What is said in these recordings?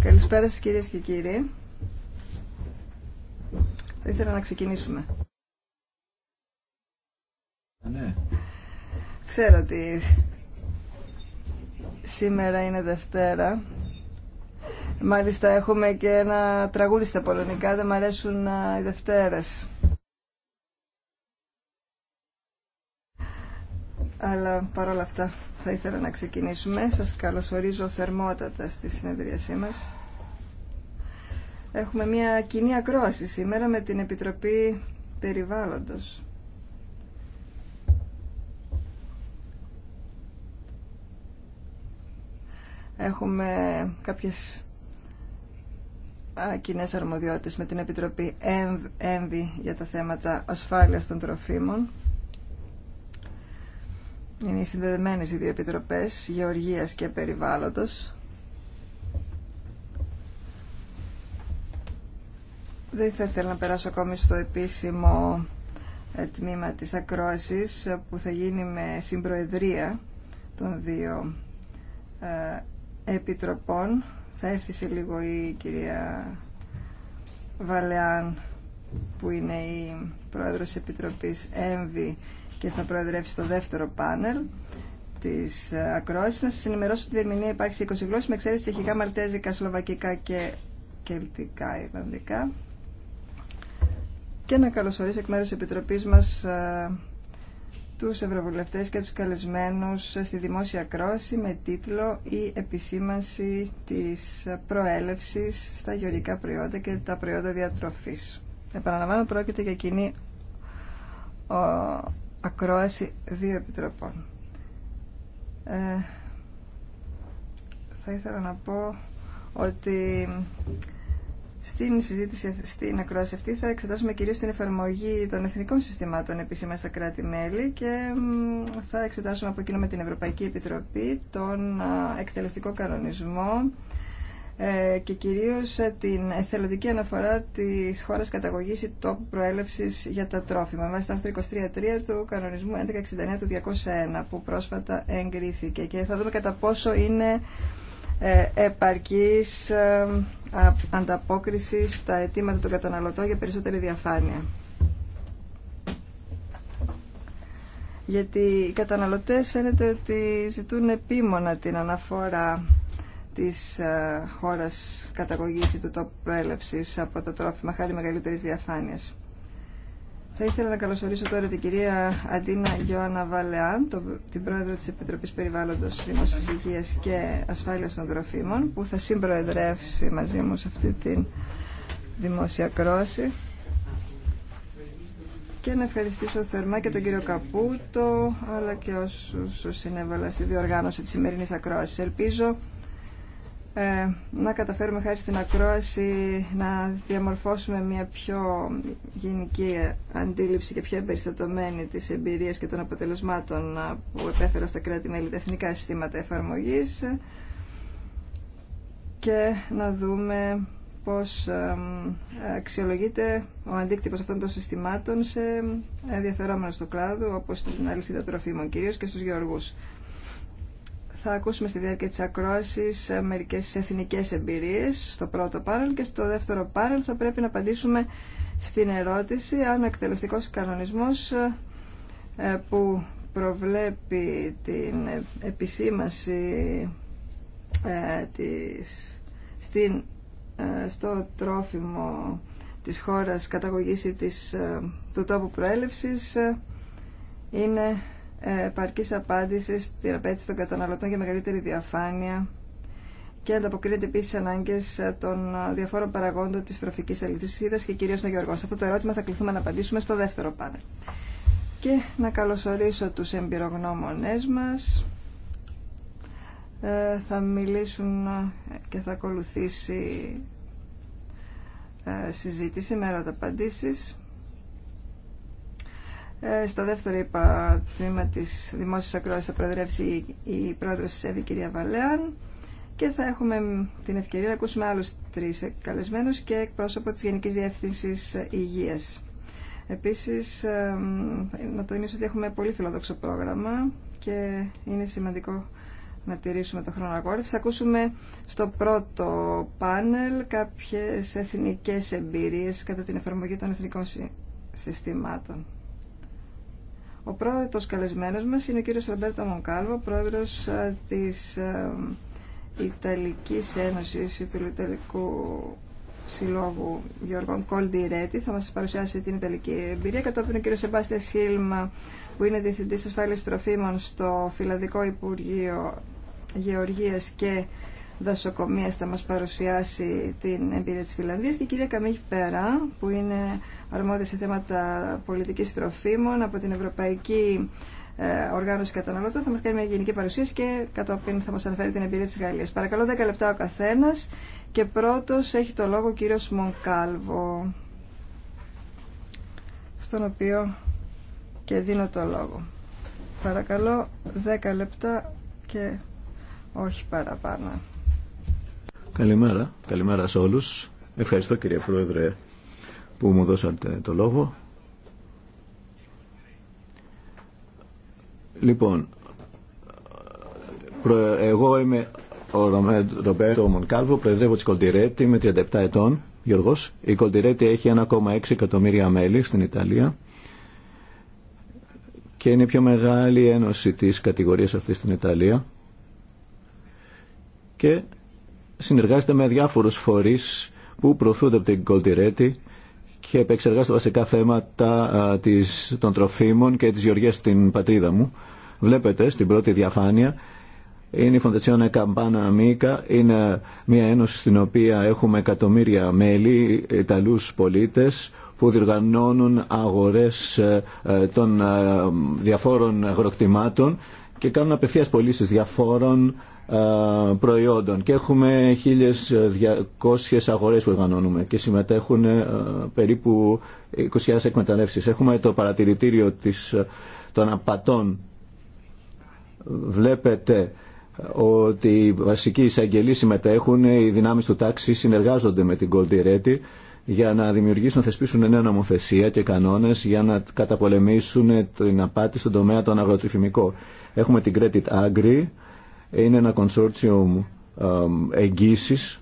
Καλησπέρα σας κυρίες και κύριοι. Θα ήθελα να ξεκινήσουμε. Ναι. Ξέρω ότι σήμερα είναι Δευτέρα. Μάλιστα έχουμε και ένα τραγούδι στα πολωνικά, δεν μου αρέσουν οι Δευτέρες. Αλλά παρόλα αυτά θα ήθελα να ξεκινήσουμε. Σας καλωσορίζω θερμότατα στη συνεδρίασή μας. Έχουμε μια κοινή ακρόαση σήμερα με την Επιτροπή Περιβάλλοντος. Έχουμε κάποιες κοινέ αρμοδιότητες με την Επιτροπή ΕΜΒΗ για τα θέματα ασφάλειας των τροφίμων είναι συνδεδεμένες οι δύο Επιτροπές, Γεωργίας και Περιβάλλοντος. Δεν θα ήθελα να περάσω ακόμη στο επίσημο ε, τμήμα της ακρόασης που θα γίνει με συμπροεδρία των δύο ε, επιτροπών. Θα έρθει σε λίγο η κυρία Βαλεάν που είναι η πρόεδρος Επιτροπής ΕΜΒΗ και θα προεδρεύσει το δεύτερο πάνελ τη ακρόαση. Να σα ενημερώσω ότι η ερμηνεία υπάρχει σε 20 γλώσσε με εξαίρεση τσεχικά, μαλτέζικα, σλοβακικά και κελτικά, ιρλανδικά. Και να καλωσορίσω εκ μέρου τη Επιτροπή μα του ευρωβουλευτέ και του καλεσμένου στη δημόσια ακρόαση με τίτλο «Η επισήμανση τη προέλευση στα γεωργικά προϊόντα και τα προϊόντα διατροφή. Επαναλαμβάνω, πρόκειται για κοινή ακρόαση δύο επιτροπών. Ε, θα ήθελα να πω ότι στην συζήτηση, στην ακρόαση αυτή θα εξετάσουμε κυρίως την εφαρμογή των εθνικών συστημάτων επίσημα στα κράτη-μέλη και θα εξετάσουμε από εκείνο με την Ευρωπαϊκή Επιτροπή τον εκτελεστικό κανονισμό ε, και κυρίως ε, την εθελοντική αναφορά της χώρας καταγωγής ή τόπου προέλευσης για τα τρόφιμα βάσει το άρθρο 23.3 του κανονισμού 1169 του 201 που πρόσφατα εγκρίθηκε και θα δούμε κατά πόσο είναι ε, επαρκής ανταπόκριση στα αιτήματα των καταναλωτών για περισσότερη διαφάνεια. Γιατί οι καταναλωτές φαίνεται ότι ζητούν επίμονα την αναφορά της ε, χώρας καταγωγής ή του τόπου προέλευσης από τα τρόφιμα χάρη μεγαλύτερης διαφάνειας. Θα ήθελα να καλωσορίσω τώρα την κυρία Αντίνα Γιώνα Βαλεάν, την πρόεδρο της Επιτροπής Περιβάλλοντος Δημόσιας Υγείας και Ασφάλειας των Τροφίμων, που θα συμπροεδρεύσει μαζί μου σε αυτή τη δημόσια κρόση. Και να ευχαριστήσω θερμά και τον κύριο Καπούτο, αλλά και όσους συνέβαλαν στη διοργάνωση της σημερινής ακρόασης. Ελπίζω ε, να καταφέρουμε χάρη στην ακρόαση να διαμορφώσουμε μια πιο γενική αντίληψη και πιο εμπεριστατωμένη της εμπειρίας και των αποτελεσμάτων που επέφερα στα κράτη-μέλη τα εθνικά συστήματα εφαρμογής και να δούμε πώς ε, αξιολογείται ο αντίκτυπος αυτών των συστημάτων σε ενδιαφερόμενους στο κλάδου όπως στην αλυσίδα τροφίμων κυρίως και στους γεωργούς θα ακούσουμε στη διάρκεια της ακρόασης ε, μερικές εθνικές εμπειρίες στο πρώτο πάρελ και στο δεύτερο πάρελ θα πρέπει να απαντήσουμε στην ερώτηση αν ο εκτελεστικός κανονισμός ε, ε, που προβλέπει την επισήμαση της, στην, στο τρόφιμο της χώρας καταγωγής της, του τόπου προέλευσης είναι ε, επαρκής απάντηση στην απέτηση των καταναλωτών για μεγαλύτερη διαφάνεια και ανταποκρίνεται επίση ανάγκε ε, των ε, διαφόρων παραγόντων τη τροφική αλυσίδα και κυρίω των γεωργών. Σε αυτό το ερώτημα θα κληθούμε να απαντήσουμε στο δεύτερο πάνελ. Και να καλωσορίσω του εμπειρογνώμονέ μα. Ε, θα μιλήσουν και θα ακολουθήσει συζήτηση με ερώτα απαντήσεις. Ε, στο δεύτερο είπα, τμήμα της δημόσιας ακρόασης θα προεδρεύσει η πρόεδρος της ΕΒΗ κυρία Βαλέαν και θα έχουμε την ευκαιρία να ακούσουμε άλλους τρεις καλεσμένους και εκπρόσωπο της Γενικής Διεύθυνσης Υγείας. Επίσης, να τονίσω ότι έχουμε πολύ φιλόδοξο πρόγραμμα και είναι σημαντικό να τηρήσουμε το χρόνο αγόρευση. Θα ακούσουμε στο πρώτο πάνελ κάποιες εθνικές εμπειρίες κατά την εφαρμογή των εθνικών συστημάτων. Ο πρώτος καλεσμένος μας είναι ο κύριος Ρομπέρτο Μονκάλβο, πρόεδρος ε, της ε, Ιταλικής Ένωσης του Ιταλικού Συλλόγου Γεωργών Κολντιρέτη. Θα μας παρουσιάσει την Ιταλική εμπειρία. Κατόπιν ο κύριος Σεμπάστια Χίλμα, που είναι Διευθυντής Ασφάλειας Τροφίμων στο Φιλανδικό Υπουργείο Γεωργίας και δασοκομείας θα μας παρουσιάσει την εμπειρία της Φιλανδίας και η κυρία Καμίχ Πέρα που είναι αρμόδια σε θέματα πολιτικής τροφίμων από την Ευρωπαϊκή ε, Οργάνωση Καταναλωτών θα μας κάνει μια γενική παρουσίαση και κατόπιν θα μας αναφέρει την εμπειρία της Γαλλίας. Παρακαλώ 10 λεπτά ο καθένας και πρώτος έχει το λόγο ο κύριος Μονκάλβο στον οποίο και δίνω το λόγο. Παρακαλώ 10 λεπτά και όχι παραπάνω. Καλημέρα. Καλημέρα σε όλους. Ευχαριστώ κύριε Πρόεδρε που μου δώσατε το λόγο. Λοιπόν, εγώ είμαι ο Ρομπέρτο Μονκάλβο, προεδρεύω της Κολτιρέτη, είμαι 37 ετών, Γιώργος. Η Κολτιρέτη έχει 1,6 εκατομμύρια μέλη στην Ιταλία και είναι η πιο μεγάλη ένωση της κατηγορίας αυτής στην Ιταλία και συνεργάζεται με διάφορους φορείς που προωθούνται από την Κολτιρέτη και επεξεργάζεται βασικά θέματα της, των τροφίμων και της γεωργίας στην πατρίδα μου. Βλέπετε στην πρώτη διαφάνεια είναι η Fondazione Καμπάνα Μίκα, είναι μια ένωση στην οποία έχουμε εκατομμύρια μέλη, Ιταλούς πολίτες, που διοργανώνουν αγορές ε, ε, των ε, διαφόρων αγροκτημάτων και κάνουν απευθείας πωλήσει διαφόρων ε, προϊόντων και έχουμε 1.200 αγορές που οργανώνουμε και συμμετέχουν ε, περίπου 20.000 εκμεταλλεύσεις. Έχουμε το παρατηρητήριο της, ε, των απατών. Βλέπετε ότι οι βασικοί εισαγγελείς συμμετέχουν, οι δυνάμεις του τάξη συνεργάζονται με την Κολτιρέτη για να δημιουργήσουν, θεσπίσουν νέα νομοθεσία και κανόνες για να καταπολεμήσουν την απάτη στον τομέα των αγροτριφημικών. Έχουμε την Credit Agri, είναι ένα consortium εγγύησης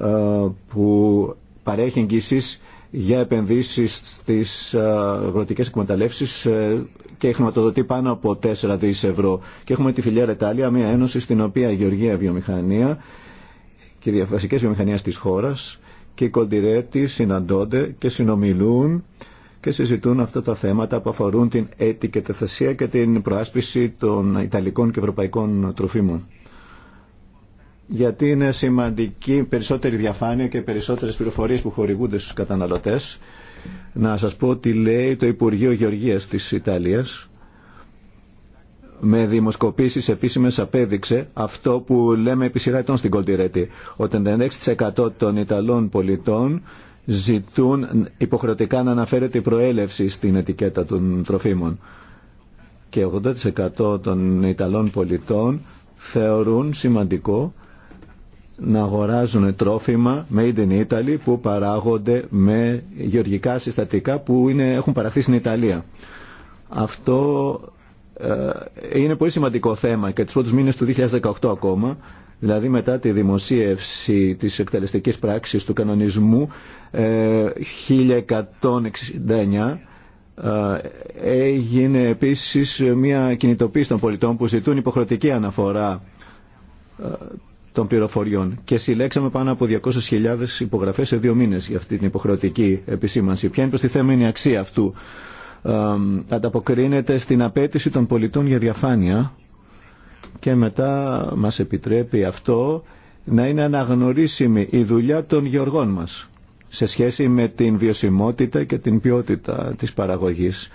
ε, που παρέχει εγγύσεις για επενδύσεις στις ε, αγροτικές εκμεταλλεύσεις ε, και χρηματοδοτεί πάνω από 4 δις ευρώ. Και έχουμε τη Φιλιά Ρετάλια, μια ένωση στην οποία η Γεωργία Βιομηχανία και οι διαφασικές βιομηχανίες της χώρας και οι κοντιρέτοι συναντώνται και συνομιλούν και συζητούν αυτά τα θέματα που αφορούν την ετικεταθεσία και την προάσπιση των Ιταλικών και Ευρωπαϊκών τροφίμων. Γιατί είναι σημαντική περισσότερη διαφάνεια και περισσότερες πληροφορίες που χορηγούνται στους καταναλωτές. Να σας πω τι λέει το Υπουργείο Γεωργίας της Ιταλίας. Με δημοσκοπήσεις επίσημες απέδειξε αυτό που λέμε επί σειρά ετών στην Κοντιρέτη. Ότι 96% των Ιταλών πολιτών ζητούν υποχρεωτικά να αναφέρεται η προέλευση στην ετικέτα των τροφίμων. Και 80% των Ιταλών πολιτών θεωρούν σημαντικό να αγοράζουν τρόφιμα made in Italy που παράγονται με γεωργικά συστατικά που είναι, έχουν παραχθεί στην Ιταλία. Αυτό ε, είναι πολύ σημαντικό θέμα και τους πρώτους μήνες του 2018 ακόμα δηλαδή μετά τη δημοσίευση της εκτελεστικής πράξης του κανονισμού 1169 ε, ε, έγινε επίσης μια κινητοποίηση των πολιτών που ζητούν υποχρεωτική αναφορά ε, των πληροφοριών και συλλέξαμε πάνω από 200.000 υπογραφές σε δύο μήνες για αυτή την υποχρεωτική επισήμανση. Ποια είναι η αξία αυτού. Ε, ανταποκρίνεται στην απέτηση των πολιτών για διαφάνεια και μετά μας επιτρέπει αυτό να είναι αναγνωρίσιμη η δουλειά των γεωργών μας σε σχέση με την βιωσιμότητα και την ποιότητα της παραγωγής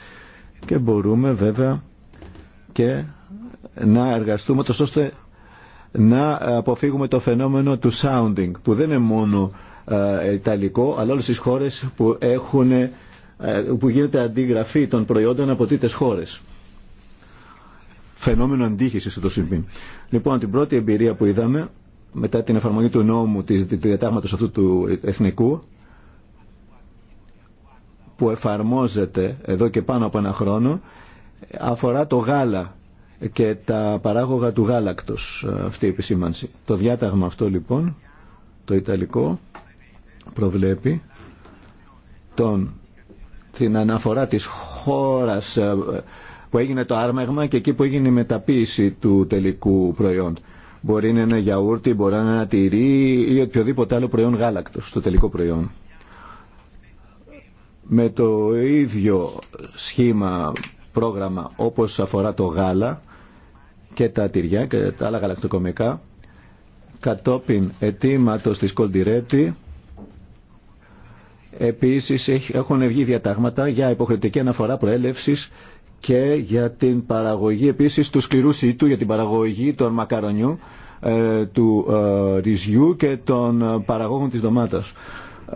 και μπορούμε βέβαια και να εργαστούμε το ώστε να αποφύγουμε το φαινόμενο του sounding που δεν είναι μόνο ε, ιταλικό αλλά όλες τις χώρες που έχουν ε, που γίνεται αντιγραφή των προϊόντων από τίτες χώρες φαινόμενο αντίχηση στο Λοιπόν, την πρώτη εμπειρία που είδαμε μετά την εφαρμογή του νόμου της, του διατάγματος αυτού του εθνικού που εφαρμόζεται εδώ και πάνω από ένα χρόνο αφορά το γάλα και τα παράγωγα του γάλακτος ε, αυτή η επισήμανση. Το διάταγμα αυτό λοιπόν, το Ιταλικό, προβλέπει τον, την αναφορά της χώρας ε, που έγινε το άρμεγμα και εκεί που έγινε η μεταποίηση του τελικού προϊόντου. Μπορεί να είναι ένα γιαούρτι, μπορεί να είναι ένα τυρί ή οποιοδήποτε άλλο προϊόν γάλακτος, το τελικό προϊόν. Με το ίδιο σχήμα, πρόγραμμα όπως αφορά το γάλα και τα τυριά και τα άλλα γαλακτοκομικά, κατόπιν ετήματος της Κολντιρέτη, επίσης έχουν βγει διατάγματα για υποχρεωτική αναφορά προέλευσης και για την παραγωγή επίσης του σκληρού σιτού, για την παραγωγή των μακαρονιού, ε, του ε, ρυζιού και των παραγόγων της ντομάτας.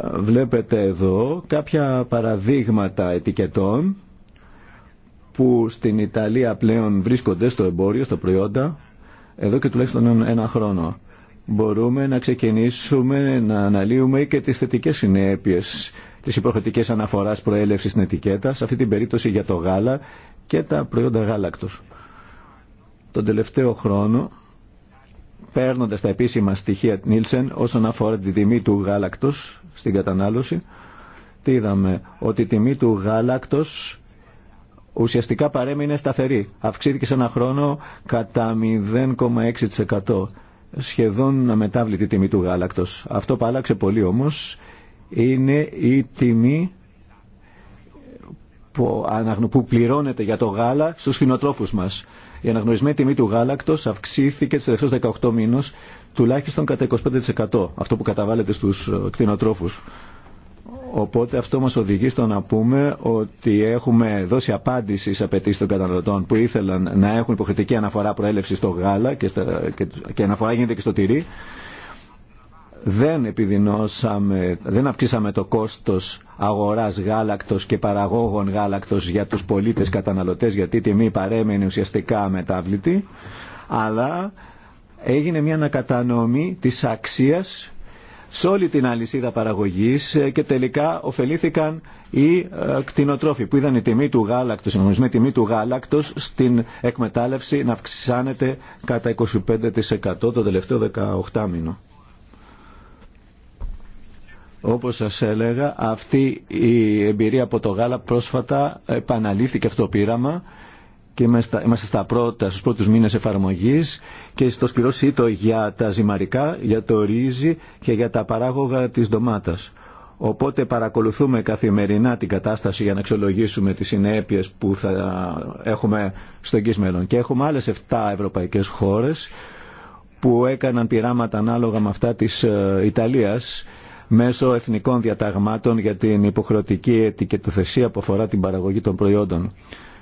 Ε, βλέπετε εδώ κάποια παραδείγματα ετικετών που στην Ιταλία πλέον βρίσκονται στο εμπόριο, στα προϊόντα, εδώ και τουλάχιστον ένα χρόνο. Μπορούμε να ξεκινήσουμε να αναλύουμε και τις θετικές συνέπειες της υποχρετικής αναφοράς προέλευσης στην ετικέτα, σε αυτή την περίπτωση για το γάλα και τα προϊόντα γάλακτος. Τον τελευταίο χρόνο, παίρνοντας τα επίσημα στοιχεία Νίλσεν όσον αφορά τη τιμή του γάλακτος στην κατανάλωση, τι είδαμε, ότι η τιμή του γάλακτος ουσιαστικά παρέμεινε σταθερή. Αυξήθηκε σε ένα χρόνο κατά 0,6%. Σχεδόν αμετάβλητη τιμή του γάλακτος. Αυτό που άλλαξε πολύ όμως είναι η τιμή που, που πληρώνεται για το γάλα στους φινοτρόφους μας. Η αναγνωρισμένη τιμή του γάλακτος αυξήθηκε τους τελευταίους 18 μήνες τουλάχιστον κατά 25% αυτό που καταβάλλεται στους ε, κτηνοτρόφους. Οπότε αυτό μας οδηγεί στο να πούμε ότι έχουμε δώσει απάντηση σε απαιτήσει των καταναλωτών που ήθελαν να έχουν υποχρετική αναφορά προέλευση στο γάλα και, και, και αναφορά γίνεται και στο τυρί δεν επιδεινώσαμε, δεν αυξήσαμε το κόστος αγοράς γάλακτος και παραγόγων γάλακτος για τους πολίτες καταναλωτές γιατί η τιμή παρέμενε ουσιαστικά αμετάβλητη αλλά έγινε μια ανακατανομή της αξίας σε όλη την αλυσίδα παραγωγής και τελικά ωφελήθηκαν οι ε, κτηνοτρόφοι που είδαν η τιμή του γάλακτος, η τιμή του γάλακτος στην εκμετάλλευση να αυξάνεται κατά 25% το τελευταίο 18 μήνο. Όπως σας έλεγα, αυτή η εμπειρία από το γάλα πρόσφατα επαναλήφθηκε αυτό το πείραμα και είμαστε στα πρώτα, στους πρώτους μήνες εφαρμογής και στο σκληρό σύτο για τα ζυμαρικά, για το ρύζι και για τα παράγωγα της ντομάτας. Οπότε παρακολουθούμε καθημερινά την κατάσταση για να αξιολογήσουμε τις συνέπειες που θα έχουμε στο εγγύς μέλλον. Και έχουμε άλλες 7 ευρωπαϊκές χώρες που έκαναν πειράματα ανάλογα με αυτά της ε, Ιταλίας μέσω εθνικών διαταγμάτων για την υποχρεωτική ετικετοθεσία που αφορά την παραγωγή των προϊόντων.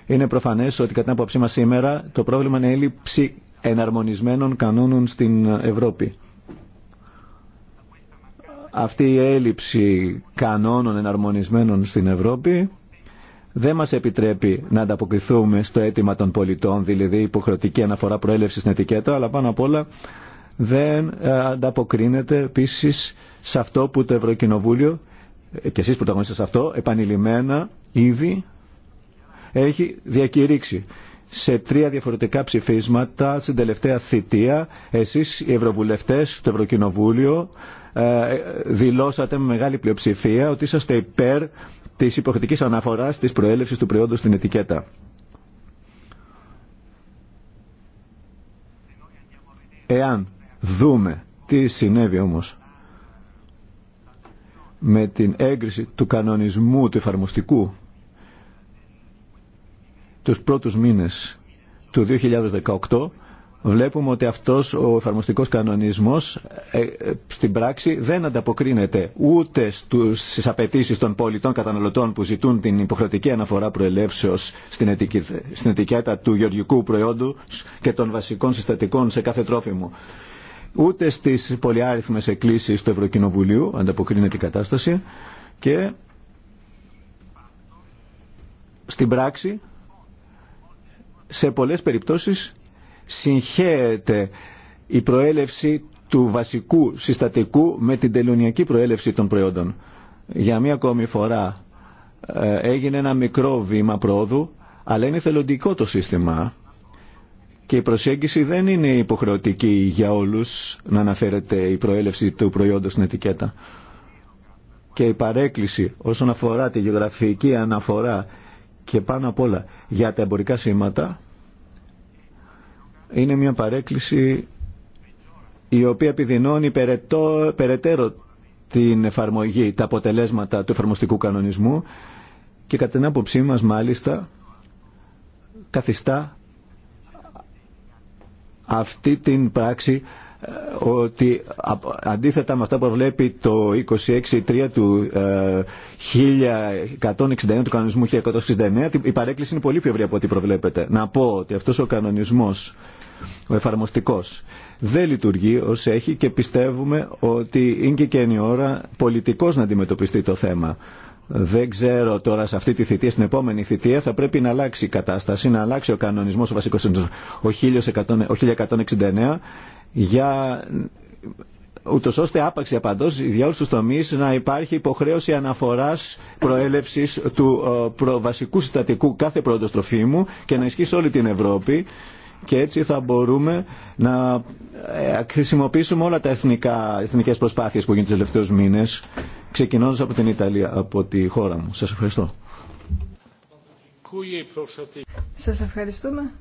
Είναι προφανές ότι κατά την άποψή μας σήμερα το πρόβλημα είναι η έλλειψη εναρμονισμένων κανόνων στην Ευρώπη. Αυτή η έλλειψη κανόνων εναρμονισμένων στην Ευρώπη δεν μας επιτρέπει να ανταποκριθούμε στο αίτημα των πολιτών, δηλαδή υποχρεωτική αναφορά προέλευσης στην ετικέτα, αλλά πάνω απ' όλα δεν ε, ανταποκρίνεται επίση σε αυτό που το Ευρωκοινοβούλιο ε, και εσείς το σε αυτό επανειλημμένα ήδη έχει διακηρύξει σε τρία διαφορετικά ψηφίσματα στην τελευταία θητεία εσείς οι Ευρωβουλευτές του Ευρωκοινοβούλιο ε, δηλώσατε με μεγάλη πλειοψηφία ότι είσαστε υπέρ της υποχρετικής αναφοράς της προέλευσης του προϊόντος στην ετικέτα. Εάν δούμε τι συνέβη όμως με την έγκριση του κανονισμού του εφαρμοστικού τους πρώτους μήνες του 2018 βλέπουμε ότι αυτός ο εφαρμοστικός κανονισμός ε, στην πράξη δεν ανταποκρίνεται ούτε στις απαιτήσει των πολιτών καταναλωτών που ζητούν την υποχρεωτική αναφορά προελεύσεως στην ετικέτα του γεωργικού προϊόντου και των βασικών συστατικών σε κάθε τρόφιμο ούτε στις πολυάριθμες εκκλήσεις του Ευρωκοινοβουλίου ανταποκρίνεται η κατάσταση και στην πράξη σε πολλές περιπτώσεις συγχέεται η προέλευση του βασικού συστατικού με την τελωνιακή προέλευση των προϊόντων. Για μία ακόμη φορά ε, έγινε ένα μικρό βήμα πρόοδου, αλλά είναι θελοντικό το σύστημα και η προσέγγιση δεν είναι υποχρεωτική για όλους να αναφέρεται η προέλευση του προϊόντος στην ετικέτα. Και η παρέκκληση όσον αφορά τη γεωγραφική αναφορά και πάνω απ' όλα για τα εμπορικά σήματα είναι μια παρέκκληση η οποία επιδεινώνει περαιτέρω την εφαρμογή, τα αποτελέσματα του εφαρμοστικού κανονισμού και κατά την άποψή μας μάλιστα καθιστά αυτή την πράξη ε, ότι αντίθετα με αυτά που βλέπει το 26.3 του 1169 ε, του κανονισμού 1169 η παρέκκληση είναι πολύ πιο ευρία από ό,τι προβλέπεται. Να πω ότι αυτός ο κανονισμός, ο εφαρμοστικός, δεν λειτουργεί ως έχει και πιστεύουμε ότι είναι και, καινή ώρα πολιτικός να αντιμετωπιστεί το θέμα. Δεν ξέρω τώρα σε αυτή τη θητεία, στην επόμενη θητεία θα πρέπει να αλλάξει η κατάσταση, να αλλάξει ο κανονισμός ο βασικός ο 1169 για ούτω ώστε άπαξ απαντό για όλου του τομεί να υπάρχει υποχρέωση αναφορά προέλευση του ε, προβασικού συστατικού κάθε πρώτο τροφίμου και να ισχύει σε όλη την Ευρώπη και έτσι θα μπορούμε να ε, χρησιμοποιήσουμε όλα τα εθνικά, εθνικές προσπάθειες που γίνονται τους τελευταίους μήνες ξεκινώντας από την Ιταλία, από τη χώρα μου. Σας ευχαριστώ. Σας ευχαριστούμε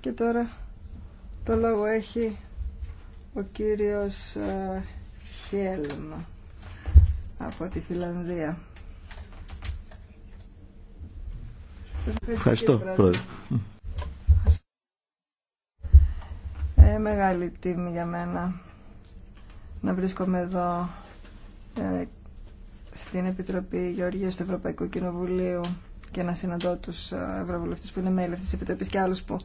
και τώρα το λόγο έχει ο κύριος ε, Χέλμ από τη Φιλανδία. Σας ευχαριστώ, ευχαριστώ πρόεδρε. Ε, μεγάλη τιμή για μένα να βρίσκομαι εδώ ε, στην Επιτροπή Γεωργίας του Ευρωπαϊκού Κοινοβουλίου και να συναντώ τους ε, ευρωβουλευτές που είναι μέλη αυτής της Επιτροπής και άλλους που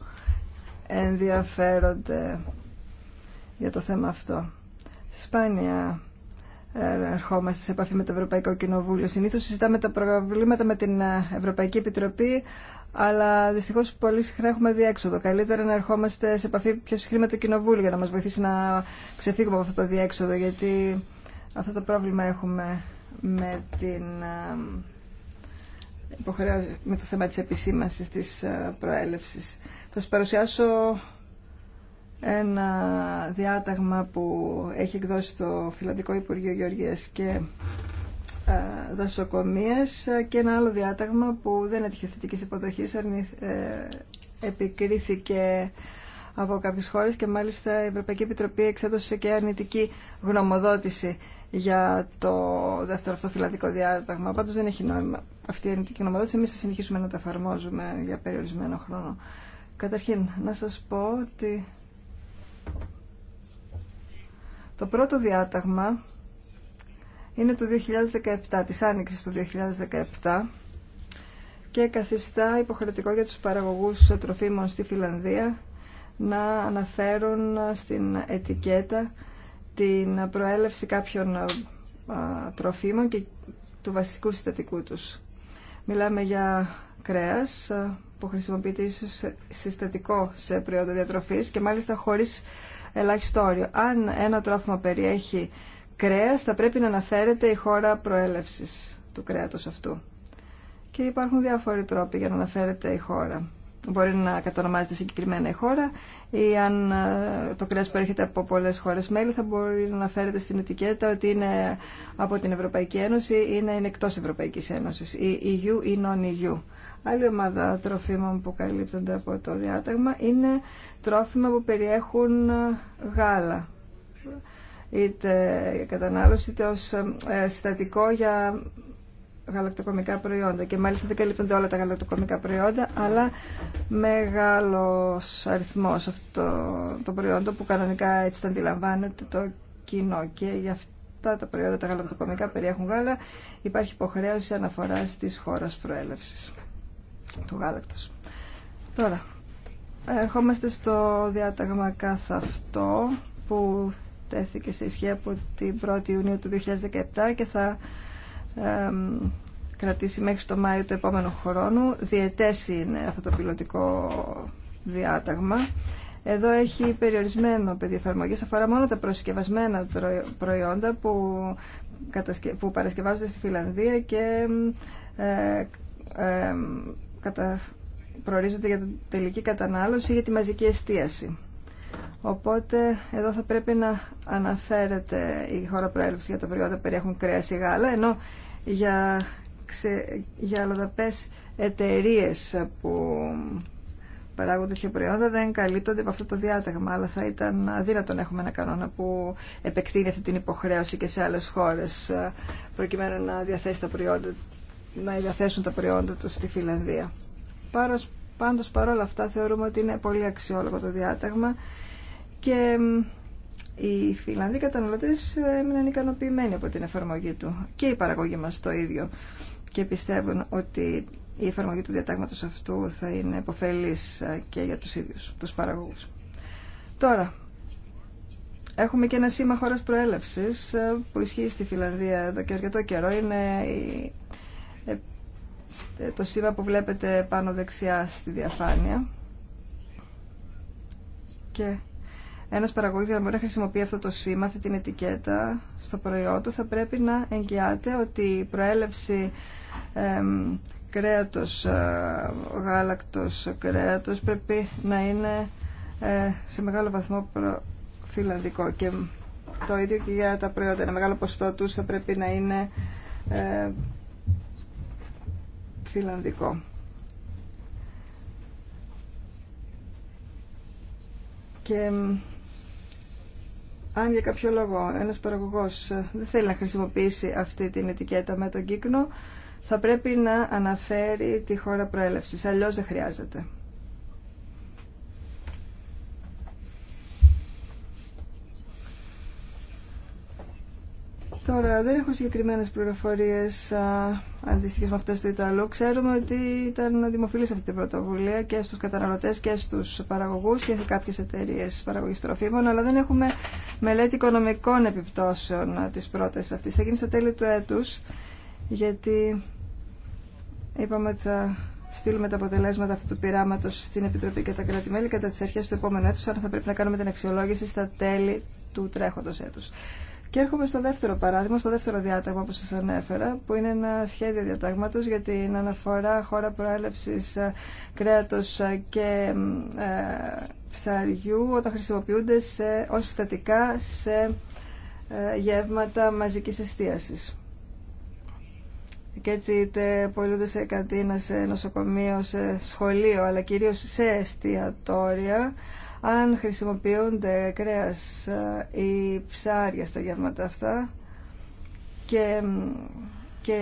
ενδιαφέρονται για το θέμα αυτό. Σπάνια ε, ερχόμαστε σε επαφή με το Ευρωπαϊκό Κοινοβούλιο. Συνήθως συζητάμε τα προβλήματα με την ε, Ευρωπαϊκή Επιτροπή, αλλά δυστυχώς πολύ συχνά έχουμε διέξοδο. Καλύτερα να ερχόμαστε σε επαφή πιο συχνά με το Κοινοβούλιο για να μας βοηθήσει να ξεφύγουμε από αυτό το διέξοδο, γιατί αυτό το πρόβλημα έχουμε με την ε, με το θέμα της επισήμασης της προέλευσης. Θα σας παρουσιάσω ένα διάταγμα που έχει εκδώσει το Φιλανδικό Υπουργείο Γεωργίας και ε, δασοκομείας και ένα άλλο διάταγμα που δεν έτυχε θετική υποδοχής ε, επικρίθηκε από κάποιες χώρες και μάλιστα η Ευρωπαϊκή Επιτροπή εξέδωσε και αρνητική γνωμοδότηση για το δεύτερο αυτό φιλανδικό διάταγμα. Πάντως δεν έχει νόημα αυτή η αρνητική γνωμοδότηση. Εμείς θα συνεχίσουμε να τα εφαρμόζουμε για περιορισμένο χρόνο. Καταρχήν, να σας πω ότι το πρώτο διάταγμα είναι το 2017, της άνοιξης του 2017 και καθιστά υποχρεωτικό για τους παραγωγούς τροφίμων στη Φιλανδία να αναφέρουν στην ετικέτα την προέλευση κάποιων τροφίμων και του βασικού συστατικού τους. Μιλάμε για κρέας, που χρησιμοποιείται ίσω συστατικό σε προϊόντα διατροφή και μάλιστα χωρί ελάχιστο όριο. Αν ένα τρόφιμα περιέχει κρέα, θα πρέπει να αναφέρεται η χώρα προέλευση του κρέατος αυτού. Και υπάρχουν διάφοροι τρόποι για να αναφέρεται η χώρα. Μπορεί να κατονομάζεται συγκεκριμένα η χώρα ή αν ε, το κρέας έρχεται από πολλέ χώρε μέλη θα μπορεί να αναφέρεται στην ετικέτα ότι είναι από την Ευρωπαϊκή Ένωση ή να είναι εκτό Ευρωπαϊκή Ένωση ή EU ή non-EU. Άλλη ομάδα τροφίμων που καλύπτονται από το διάταγμα είναι τρόφιμα που περιέχουν ε, γάλα. Είτε κατανάλωση είτε ως ε, συστατικό για γαλακτοκομικά προϊόντα. Και μάλιστα δεν καλύπτονται όλα τα γαλακτοκομικά προϊόντα, αλλά μεγάλος αριθμός αυτό το προϊόντο που κανονικά έτσι τα αντιλαμβάνεται το κοινό. Και για αυτά τα προϊόντα τα γαλακτοκομικά περιέχουν γάλα, υπάρχει υποχρέωση αναφοράς της χώρας προέλευσης του γάλακτος. Τώρα, ερχόμαστε στο διάταγμα καθ' αυτό που τέθηκε σε ισχύ από την 1η Ιουνίου του 2017 και θα κρατήσει μέχρι το Μάιο του επόμενου χρόνου. Διετές είναι αυτό το πιλωτικό διάταγμα. Εδώ έχει περιορισμένο πεδίο εφαρμογή, αφορά μόνο τα προσκευασμένα προϊόντα που, που παρασκευάζονται στη Φιλανδία και ε, ε, κατα... προορίζονται για την τελική κατανάλωση ή για τη μαζική εστίαση. Οπότε εδώ θα πρέπει να αναφέρεται η χώρα προέλευση για τα προϊόντα που περιέχουν κρέα ή γάλα, ενώ για, ξε... για εταιρείε που παράγουν τέτοια προϊόντα δεν καλύπτονται από αυτό το διάταγμα, αλλά θα ήταν αδύνατο να έχουμε ένα κανόνα που επεκτείνει αυτή την υποχρέωση και σε άλλες χώρες ε, προκειμένου να διαθέσει τα προϊόντα να υδαθέσουν τα προϊόντα τους στη Φιλανδία. Πάρος, πάντως παρόλα αυτά θεωρούμε ότι είναι πολύ αξιόλογο το διάταγμα και οι Φιλανδοί καταναλωτές ε, έμειναν ικανοποιημένοι από την εφαρμογή του και η παραγωγή μας το ίδιο και πιστεύουν ότι η εφαρμογή του διατάγματος αυτού θα είναι υποφελής ε, και για τους ίδιους, τους παραγωγούς. Τώρα, έχουμε και ένα σήμα χώρας προέλευσης ε, που ισχύει στη Φιλανδία εδώ και αρκετό καιρό. Είναι η ε, το σήμα που βλέπετε πάνω δεξιά στη διαφάνεια. Και ένας παραγωγός για να μπορεί να χρησιμοποιεί αυτό το σήμα, αυτή την ετικέτα στο προϊόν του, θα πρέπει να εγγυάται ότι η προέλευση ε, κρέατος, γάλακτος κρέατος πρέπει να είναι ε, σε μεγάλο βαθμό προ... φιλανδικό και το ίδιο και για τα προϊόντα. Ένα μεγάλο ποστό τους θα πρέπει να είναι ε, φιλανδικό. Και αν για κάποιο λόγο ένας παραγωγός ε, δεν θέλει να χρησιμοποιήσει αυτή την ετικέτα με τον κύκνο, θα πρέπει να αναφέρει τη χώρα προέλευσης, αλλιώς δεν χρειάζεται. Τώρα, δεν έχω συγκεκριμένε πληροφορίε αντίστοιχε με αυτέ του Ιταλού. Ξέρουμε ότι ήταν δημοφιλή αυτή την πρωτοβουλία και στου καταναλωτέ και στου παραγωγού και σε κάποιε εταιρείε παραγωγή τροφίμων, αλλά δεν έχουμε μελέτη οικονομικών επιπτώσεων τη πρόταση αυτή. Θα γίνει στα τέλη του έτου, γιατί είπαμε ότι θα στείλουμε τα αποτελέσματα αυτού του πειράματο στην Επιτροπή και τα κράτη-μέλη κατά τι αρχέ του επόμενου έτου, άρα θα πρέπει να κάνουμε την αξιολόγηση στα τέλη του τρέχοντο έτου. Και έρχομαι στο δεύτερο παράδειγμα, στο δεύτερο διάταγμα που σας ανέφερα, που είναι ένα σχέδιο διατάγματος για την αναφορά χώρα προέλευσης ε, κρέατος ε, και ε, ψαριού όταν χρησιμοποιούνται σε, ως συστατικά σε γεύματα μαζικής εστίασης. Και έτσι είτε πολλούνται σε καντίνα, σε νοσοκομείο, σε σχολείο, αλλά κυρίως σε εστιατόρια, αν χρησιμοποιούνται κρέας ε, ή ψάρια στα γεύματα αυτά και, και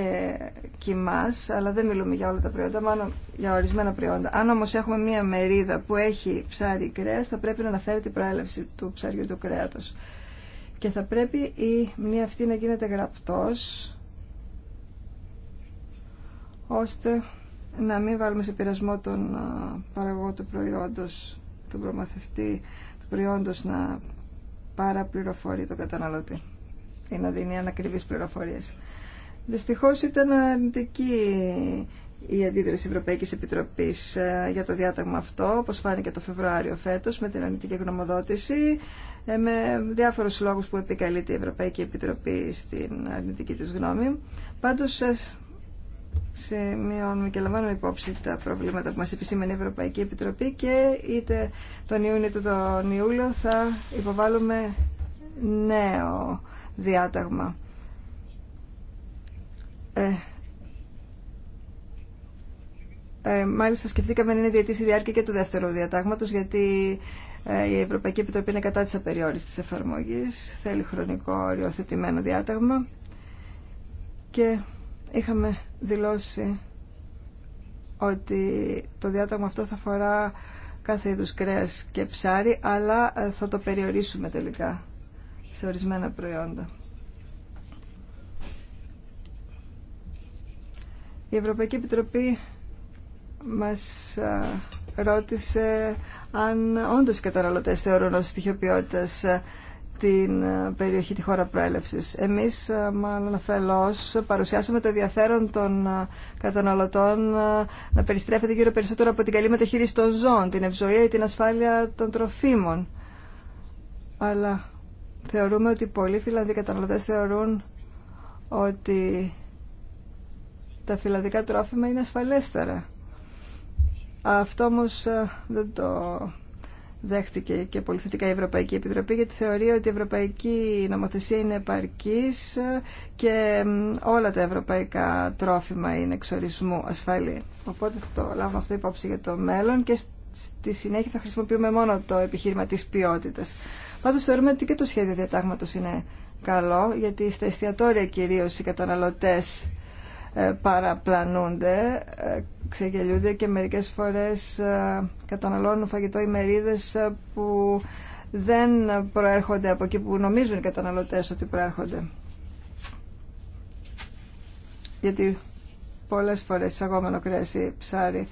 αλλά δεν μιλούμε για όλα τα προϊόντα, μάλλον για ορισμένα προϊόντα. Αν όμως έχουμε μία μερίδα που έχει ψάρι ή κρέας, θα πρέπει να αναφέρεται η κρεας θα πρεπει να αναφέρει την προελευση του ψαριού του κρέατος. Και θα πρέπει η μνή αυτή να γίνεται γραπτός, ώστε να μην βάλουμε σε πειρασμό τον ε, παραγωγό του προϊόντος του προμαθευτή του προϊόντος να παραπληροφορεί τον καταναλωτή ή να δίνει ανακριβείς πληροφορίες. Δυστυχώς ήταν αρνητική η αντίδραση Ευρωπαϊκής Επιτροπής ε, για το διάταγμα αυτό, όπως φάνηκε το Φεβρουάριο φέτος, με την αρνητική γνωμοδότηση, ε, με διάφορους λόγους που επικαλείται η Ευρωπαϊκή Επιτροπή στην αρνητική της γνώμη. Πάντως, ε, σημειώνουμε και λαμβάνουμε υπόψη τα προβλήματα που μας επισήμενε η Ευρωπαϊκή Επιτροπή και είτε τον Ιούνιο είτε τον Ιούλιο θα υποβάλλουμε νέο διάταγμα. Ε, ε, μάλιστα σκεφτήκαμε να είναι διαιτής η διάρκεια και του δεύτερου διατάγματος γιατί ε, η Ευρωπαϊκή Επιτροπή είναι κατά της απεριόριστης εφαρμογής, θέλει χρονικό οριοθετημένο διάταγμα και είχαμε δηλώσει ότι το διάταγμα αυτό θα φορά κάθε είδους κρέας και ψάρι, αλλά ε, θα το περιορίσουμε τελικά σε ορισμένα προϊόντα. Η Ευρωπαϊκή Επιτροπή μας ε, ρώτησε αν όντως οι καταναλωτές θεωρούν ως στοιχειοποιότητας ε, την ε, περιοχή, τη χώρα προέλευσης. Εμείς, ε, μάλλον αφελώς, παρουσιάσαμε το ενδιαφέρον των ε, καταναλωτών να περιστρέφεται γύρω περισσότερο από την καλή μεταχείριση των ζώων, την ευζοία ή την ασφάλεια των τροφίμων. Αλλά θεωρούμε ότι πολλοί Φιλανδοί καταναλωτές θεωρούν ότι τα φιλανδικά τρόφιμα είναι ασφαλέστερα. Αυτό όμως δεν το δέχτηκε και πολυθετικά η Ευρωπαϊκή Επιτροπή γιατί θεωρεί ότι η Ευρωπαϊκή νομοθεσία είναι επαρκής και όλα τα ευρωπαϊκά τρόφιμα είναι εξορισμού ασφαλή. Οπότε θα το λάβουμε αυτό υπόψη για το μέλλον και στη συνέχεια θα χρησιμοποιούμε μόνο το επιχείρημα της ποιότητας. Πάντως θεωρούμε ότι και το σχέδιο διατάγματος είναι καλό γιατί στα εστιατόρια κυρίως οι καταναλωτές ε, παραπλανούνται, ε, ξεγελιούνται και μερικές φορές ε, καταναλώνουν φαγητό ημερίδες που δεν προέρχονται από εκεί που νομίζουν οι καταναλωτές ότι προέρχονται. Γιατί πολλές φορές εισαγόμενο κρέας ψάρι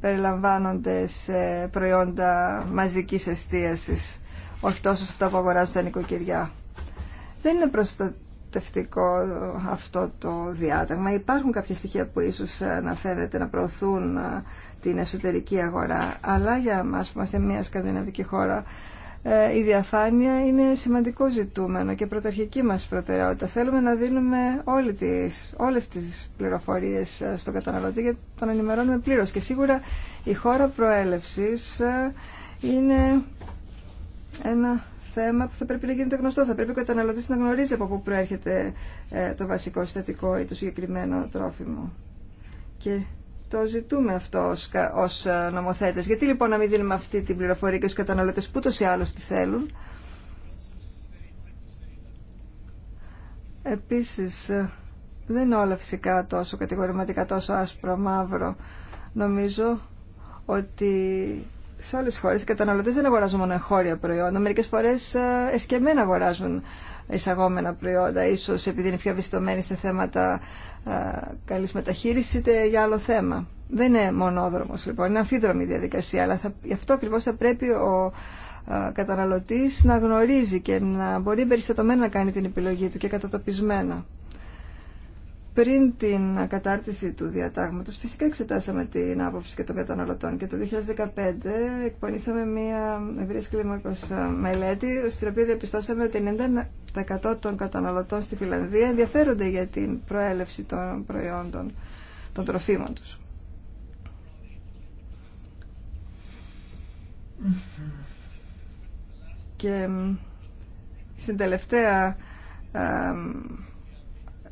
περιλαμβάνονται σε προϊόντα μαζικής εστίασης, όχι τόσο σε αυτά που αγοράζουν τα νοικοκυριά. Δεν είναι προστα απογοητευτικό αυτό το διάταγμα. Υπάρχουν κάποια στοιχεία που ίσως ε, να φαίνεται να προωθούν ε, την εσωτερική αγορά, αλλά για μας που είμαστε μια σκανδιναβική χώρα, ε, η διαφάνεια είναι σημαντικό ζητούμενο και πρωταρχική μας προτεραιότητα. Θέλουμε να δίνουμε όλες τις, όλες τις πληροφορίες στον καταναλωτή για τον ενημερώνουμε πλήρως. Και σίγουρα η χώρα προέλευσης είναι ένα θέμα που θα πρέπει να γίνεται γνωστό. Θα πρέπει ο καταναλωτή να γνωρίζει από πού προέρχεται ε, το βασικό συστατικό ή το συγκεκριμένο τρόφιμο. Και το ζητούμε αυτό ως ε, νομοθέτες. Γιατί λοιπόν να μην δίνουμε αυτή την πληροφορία και στου καταναλωτές που ή άλλως τη θέλουν. Επίσης, ε, δεν είναι όλα φυσικά τόσο κατηγορηματικά, τόσο άσπρο-μαύρο. Νομίζω ότι σε όλες τις χώρες οι καταναλωτές δεν αγοράζουν μόνο εγχώρια προϊόντα. Μερικές φορές ε, εσκεμμένα αγοράζουν εισαγόμενα προϊόντα, ίσως επειδή είναι πιο ευαισθητομένοι σε θέματα ε, καλής μεταχείρισης είτε για άλλο θέμα. Δεν είναι μονόδρομος λοιπόν, είναι αμφίδρομη διαδικασία, αλλά θα, γι' αυτό ακριβώ θα πρέπει ο ε, καταναλωτής να γνωρίζει και να μπορεί περιστατωμένα να κάνει την επιλογή του και κατατοπισμένα πριν την κατάρτιση του διατάγματος φυσικά εξετάσαμε την άποψη και των καταναλωτών και το 2015 εκπονήσαμε μια ευρύς κλίμακος ε, μελέτη στην οποία διαπιστώσαμε ότι 90% των καταναλωτών στη Φιλανδία ενδιαφέρονται για την προέλευση των προϊόντων των τροφίμων τους. Και στην τελευταία ε,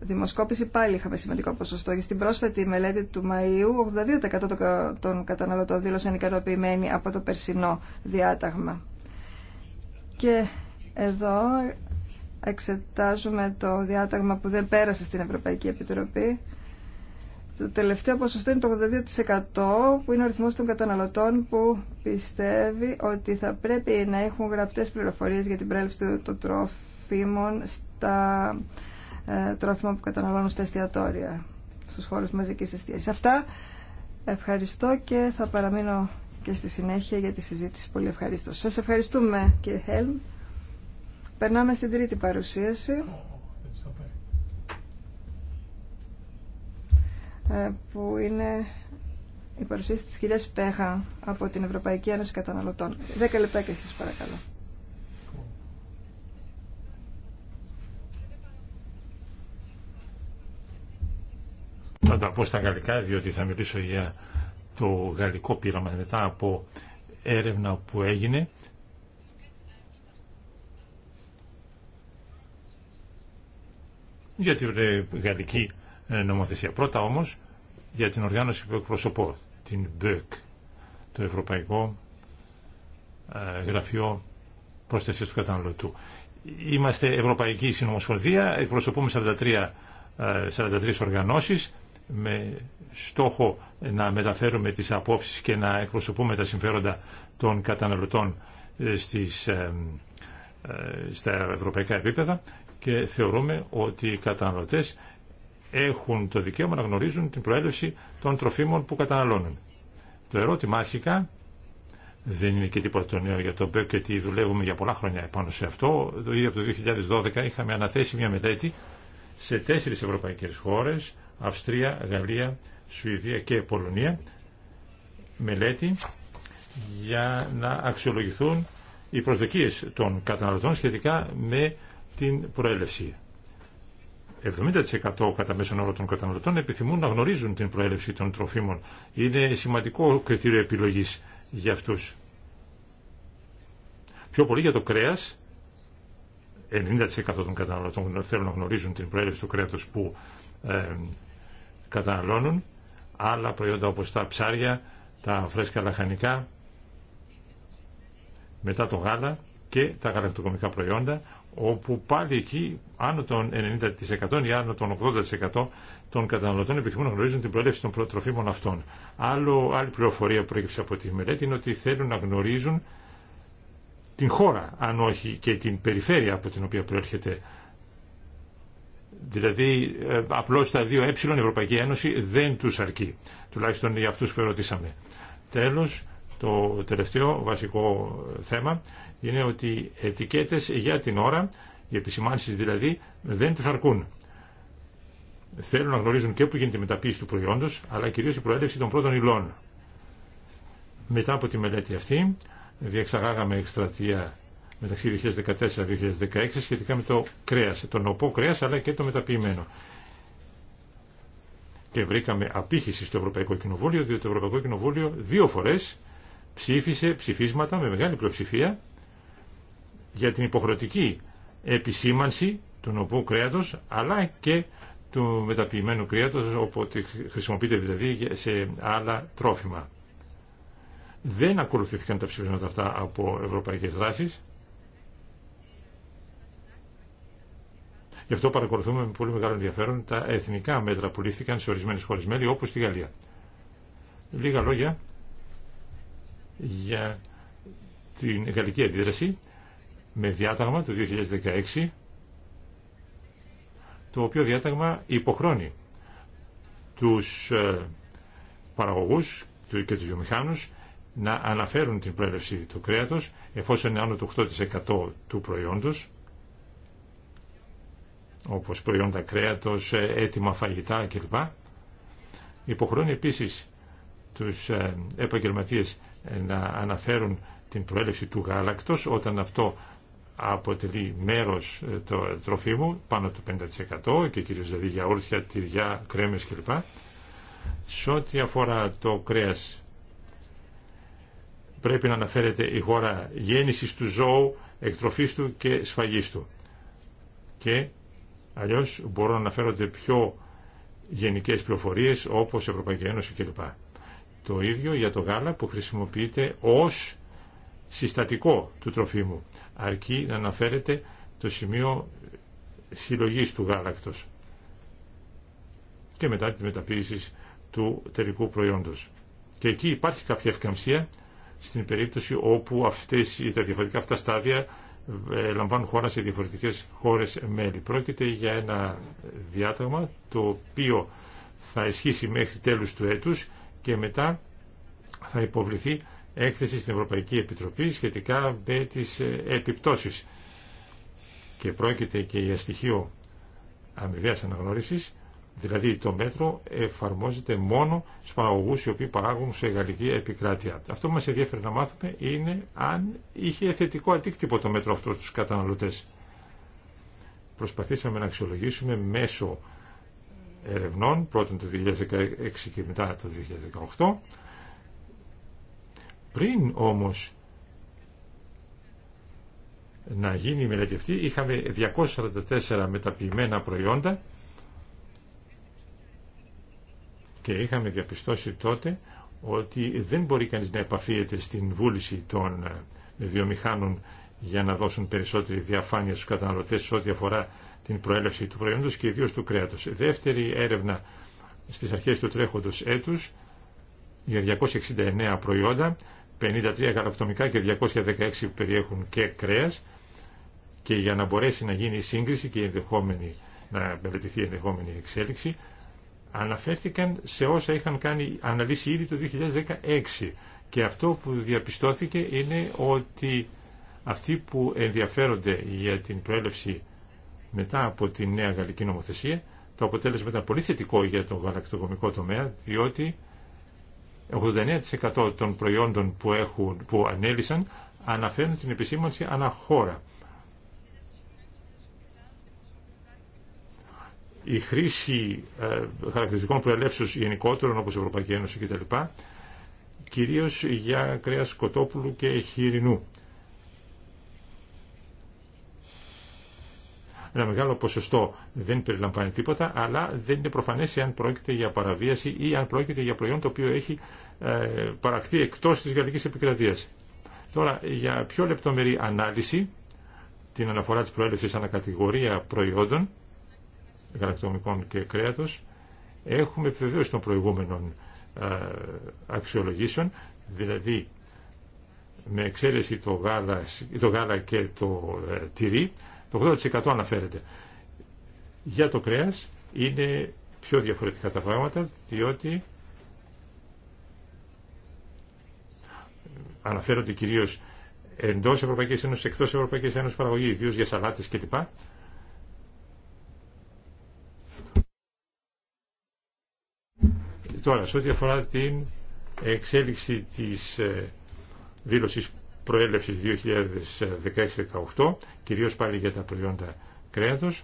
δημοσκόπηση πάλι είχαμε σημαντικό ποσοστό. Και στην πρόσφατη μελέτη του Μαΐου, 82% των καταναλωτών δήλωσαν ικανοποιημένοι από το περσινό διάταγμα. Και εδώ εξετάζουμε το διάταγμα που δεν πέρασε στην Ευρωπαϊκή Επιτροπή. Το τελευταίο ποσοστό είναι το 82% που είναι ο αριθμός των καταναλωτών που πιστεύει ότι θα πρέπει να έχουν γραπτές πληροφορίες για την πρέλευση των τρόφιμων στα ε, τρόφιμα που καταναλώνουν στα εστιατόρια, στους χώρους μαζικής εστίασης. Αυτά ευχαριστώ και θα παραμείνω και στη συνέχεια για τη συζήτηση. Πολύ ευχαριστώ. Σας ευχαριστούμε κύριε Χέλμ. Περνάμε στην τρίτη παρουσίαση ε, που είναι η παρουσίαση της κυρίας Πέχα από την Ευρωπαϊκή Ένωση Καταναλωτών. Δέκα λεπτά και εσείς παρακαλώ. Θα τα πω στα γαλλικά διότι θα μιλήσω για το γαλλικό πείραμα μετά από έρευνα που έγινε. για τη ε, γαλλική ε, νομοθεσία. Πρώτα όμως για την οργάνωση που εκπροσωπώ, την ΜΠΕΚ, το Ευρωπαϊκό ε, Γραφείο Πρόσθεσης του Καταναλωτού. Είμαστε Ευρωπαϊκή Συνομοσπονδία, εκπροσωπούμε 43, 43 οργανώσεις, με στόχο να μεταφέρουμε τις απόψεις και να εκπροσωπούμε τα συμφέροντα των καταναλωτών ε, στις, ε, ε, στα ευρωπαϊκά επίπεδα και θεωρούμε ότι οι καταναλωτές έχουν το δικαίωμα να γνωρίζουν την προέλευση των τροφίμων που καταναλώνουν. Το ερώτημα αρχικά δεν είναι και τίποτα το νέο για το και γιατί δουλεύουμε για πολλά χρόνια επάνω σε αυτό. Το από το 2012 είχαμε αναθέσει μια μελέτη σε τέσσερις ευρωπαϊκές χώρες Αυστρία, Γαλλία, Σουηδία και Πολωνία μελέτη για να αξιολογηθούν οι προσδοκίες των καταναλωτών σχετικά με την προέλευση. 70% κατά μέσον όρο των καταναλωτών επιθυμούν να γνωρίζουν την προέλευση των τροφίμων. Είναι σημαντικό κριτήριο επιλογής για αυτούς. Πιο πολύ για το κρέας, 90% των καταναλωτών θέλουν να γνωρίζουν την προέλευση του κρέατος που ε, καταναλώνουν, άλλα προϊόντα όπως τα ψάρια, τα φρέσκα λαχανικά, μετά το γάλα και τα γαλακτοκομικά προϊόντα, όπου πάλι εκεί άνω των 90% ή άνω των 80% των καταναλωτών επιθυμούν να γνωρίζουν την προέλευση των προτροφίμων αυτών. Άλλο, άλλη πληροφορία που προέκυψε από τη μελέτη είναι ότι θέλουν να γνωρίζουν την χώρα, αν όχι και την περιφέρεια από την οποία προέρχεται Δηλαδή ε, απλώς τα δύο ε, Ευρωπαϊκή Ένωση δεν τους αρκεί, τουλάχιστον για αυτούς που ερωτήσαμε. Τέλος, το τελευταίο βασικό ε, θέμα είναι ότι ετικέτες για την ώρα, οι επισημάνσεις δηλαδή, δεν τους αρκούν. Θέλουν να γνωρίζουν και που γίνεται η μεταποίηση του προϊόντος, αλλά κυρίως η προέλευση των πρώτων υλών. Μετά από τη μελέτη αυτή, διεξαγάγαμε εκστρατεία μεταξύ 2014-2016 σχετικά με το κρέας, τον οπό κρέας αλλά και το μεταποιημένο. Και βρήκαμε απήχηση στο Ευρωπαϊκό Κοινοβούλιο, διότι το Ευρωπαϊκό Κοινοβούλιο δύο φορές ψήφισε ψηφίσματα με μεγάλη πλειοψηφία για την υποχρεωτική επισήμανση του νοπού κρέατος αλλά και του μεταποιημένου κρέατος όποτε χρησιμοποιείται δηλαδή σε άλλα τρόφιμα. Δεν ακολουθήθηκαν τα ψηφίσματα αυτά από ευρωπαϊκές δράσεις Γι' αυτό παρακολουθούμε με πολύ μεγάλο ενδιαφέρον τα εθνικά μέτρα που λήφθηκαν σε ορισμένε χώρε μέλη, όπω στη Γαλλία. Λίγα λόγια για την γαλλική αντίδραση με διάταγμα του 2016 το οποίο διάταγμα υποχρώνει τους ε, παραγωγούς και τους βιομηχάνους να αναφέρουν την προέλευση του κρέατος εφόσον είναι άνω του 8% του προϊόντος όπως προϊόντα κρέατος, ε, έτοιμα φαγητά κλπ. Υποχρεώνει επίσης τους ε, επαγγελματίες ε, να αναφέρουν την προέλευση του γάλακτος όταν αυτό αποτελεί μέρος το τροφίμου πάνω του 50% και κυρίως δηλαδή για όρθια, τυριά, κρέμες κλπ. Σε ό,τι αφορά το κρέας πρέπει να αναφέρεται η χώρα γέννησης του ζώου, εκτροφής του και σφαγής του. Και Αλλιώς μπορούν να αναφέρονται πιο γενικές πληροφορίες όπως Ευρωπαϊκή Ένωση κλπ. Το ίδιο για το γάλα που χρησιμοποιείται ως συστατικό του τροφίμου. Αρκεί να αναφέρεται το σημείο συλλογής του γάλακτος και μετά τη μεταποίηση του τελικού προϊόντος. Και εκεί υπάρχει κάποια ευκαμψία στην περίπτωση όπου αυτές, τα διαφορετικά αυτά στάδια ε, λαμβάνουν χώρα σε διαφορετικές χώρες μέλη. Πρόκειται για ένα διάταγμα το οποίο θα ισχύσει μέχρι τέλους του έτους και μετά θα υποβληθεί έκθεση στην Ευρωπαϊκή Επιτροπή σχετικά με τις ε, επιπτώσεις. Και πρόκειται και για στοιχείο αμοιβαίας αναγνώρισης Δηλαδή το μέτρο εφαρμόζεται μόνο στους παραγωγούς οι οποίοι παράγουν σε γαλλική επικράτεια. Αυτό που μας ενδιαφέρει να μάθουμε είναι αν είχε θετικό αντίκτυπο το μέτρο αυτό στους καταναλωτές. Προσπαθήσαμε να αξιολογήσουμε μέσω ερευνών, πρώτον το 2016 και μετά το 2018. Πριν όμως να γίνει η μελέτη αυτή, είχαμε 244 μεταποιημένα προϊόντα και είχαμε διαπιστώσει τότε ότι δεν μπορεί κανείς να επαφίεται στην βούληση των ε, βιομηχάνων για να δώσουν περισσότερη διαφάνεια στους καταναλωτές σε ό,τι αφορά την προέλευση του προϊόντος και ιδίως του κρέατος. Δεύτερη έρευνα στις αρχές του τρέχοντος έτους για 269 προϊόντα, 53 γαλακτομικά και 216 που περιέχουν και κρέας και για να μπορέσει να γίνει η σύγκριση και η ενδεχόμενη, να μελετηθεί η ενδεχόμενη εξέλιξη αναφέρθηκαν σε όσα είχαν κάνει αναλύσει ήδη το 2016 και αυτό που διαπιστώθηκε είναι ότι αυτοί που ενδιαφέρονται για την προέλευση μετά από τη νέα γαλλική νομοθεσία το αποτέλεσμα ήταν πολύ θετικό για τον γαλακτοκομικό τομέα διότι 89% των προϊόντων που, έχουν, που ανέλησαν αναφέρουν την επισήμανση αναχώρα η χρήση ε, χαρακτηριστικών προελεύσεως γενικότερων όπως η Ευρωπαϊκή Ένωση κτλ. κυρίως για κρέας κοτόπουλου και χοιρινού. Ένα μεγάλο ποσοστό δεν περιλαμβάνει τίποτα, αλλά δεν είναι προφανές αν πρόκειται για παραβίαση ή αν πρόκειται για προϊόν το οποίο έχει ε, παραχθεί εκτός της γαλλικής επικρατείας. Τώρα, για πιο λεπτομερή ανάλυση, την αναφορά της προέλευσης ανακατηγορία προϊόντων, γαλακτοκομικών και κρέατος έχουμε επιβεβαίωση των προηγούμενων ε, αξιολογήσεων, δηλαδή με εξαίρεση το γάλα, το γάλα και το ε, τυρί, το 80% αναφέρεται. Για το κρέας είναι πιο διαφορετικά τα πράγματα, διότι αναφέρονται κυρίως εντός Ευρωπαϊκής Ένωσης, εκτός Ευρωπαϊκής Ένωσης παραγωγή, ιδίως για σαλάτες κλπ. Τώρα, σε ό,τι αφορά την εξέλιξη της ε, δήλωσης προέλευσης 2016-2018 κυρίως πάλι για τα προϊόντα κρέατος,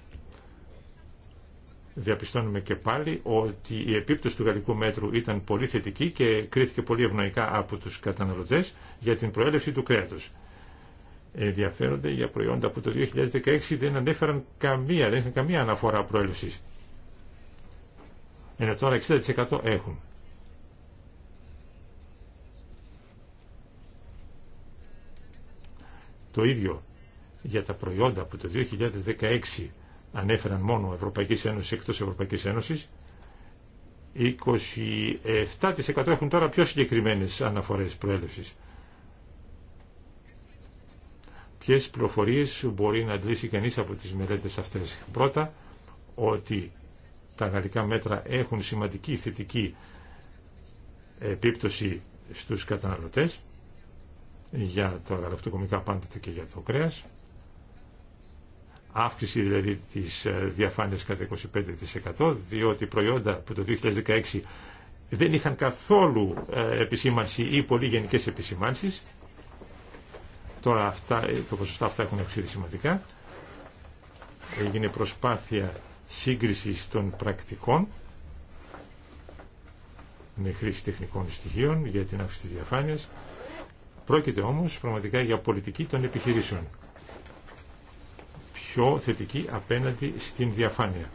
διαπιστώνουμε και πάλι ότι η επίπτωση του γαλλικού μέτρου ήταν πολύ θετική και κρίθηκε πολύ ευνοϊκά από τους καταναλωτές για την προέλευση του κρέατος. Ενδιαφέρονται για προϊόντα που το 2016 δεν ανέφεραν καμία, δεν καμία αναφορά προέλευσης ενώ τώρα 60% έχουν. Το ίδιο για τα προϊόντα που το 2016 ανέφεραν μόνο Ευρωπαϊκής Ένωσης εκτός Ευρωπαϊκής Ένωσης, 27% έχουν τώρα πιο συγκεκριμένες αναφορές προέλευσης. Ποιες πληροφορίες μπορεί να αντλήσει κανείς από τις μελέτες αυτές. Πρώτα, ότι τα γαλλικά μέτρα έχουν σημαντική θετική επίπτωση στους καταναλωτές για τα γαλακτοκομικά πάντα και για το κρέας. Αύξηση δηλαδή της ε, διαφάνειας κατά 25% διότι προϊόντα που το 2016 δεν είχαν καθόλου ε, επισήμανση ή πολύ γενικές επισήμανσεις. Τώρα αυτά, ε, το ποσοστά αυτά έχουν αυξηθεί σημαντικά. Έγινε προσπάθεια Σύγκριση των πρακτικών με χρήση τεχνικών στοιχείων για την αύξηση της διαφάνειας. Πρόκειται όμως πραγματικά για πολιτική των επιχειρήσεων. Πιο θετική απέναντι στην διαφάνεια.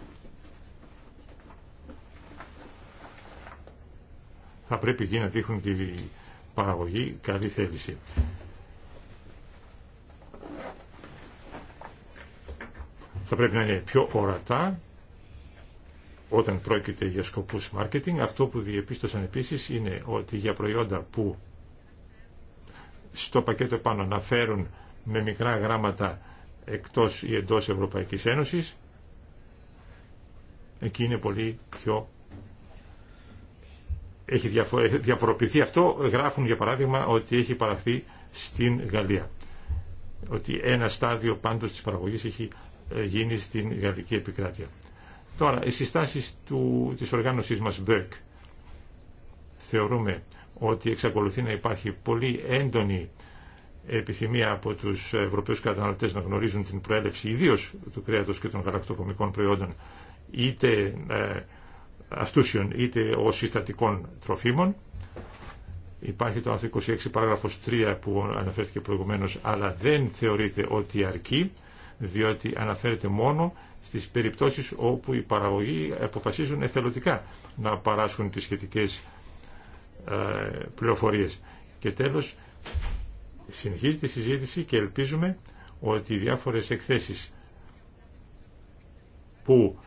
Θα πρέπει εκεί να τύχουν και οι παραγωγοί καλή θέληση. θα πρέπει να είναι πιο ορατά όταν πρόκειται για σκοπούς marketing. Αυτό που διεπίστωσαν επίσης είναι ότι για προϊόντα που στο πακέτο επάνω να φέρουν με μικρά γράμματα εκτός ή εντός Ευρωπαϊκής Ένωσης, εκεί είναι πολύ πιο... Έχει διαφοροποιηθεί αυτό, γράφουν για παράδειγμα ότι έχει παραχθεί στην Γαλλία. Ότι ένα στάδιο πάντως της παραγωγής έχει γίνει στην Γαλλική επικράτεια. Τώρα, οι συστάσεις του, της οργάνωσης μας BERC θεωρούμε ότι εξακολουθεί να υπάρχει πολύ έντονη επιθυμία από τους Ευρωπαίους καταναλωτές να γνωρίζουν την προέλευση ιδίω του κρέατος και των γαλακτοκομικών προϊόντων είτε ε, αστούσιων είτε ω συστατικών τροφίμων. Υπάρχει το άρθρο 26 παράγραφος 3 που αναφέρθηκε προηγουμένως αλλά δεν θεωρείται ότι αρκεί διότι αναφέρεται μόνο στις περιπτώσεις όπου οι παραγωγοί αποφασίζουν εθελοντικά να παράσχουν τις σχετικές ε, πληροφορίες. Και τέλος, συνεχίζει τη συζήτηση και ελπίζουμε ότι οι διάφορες εκθέσεις που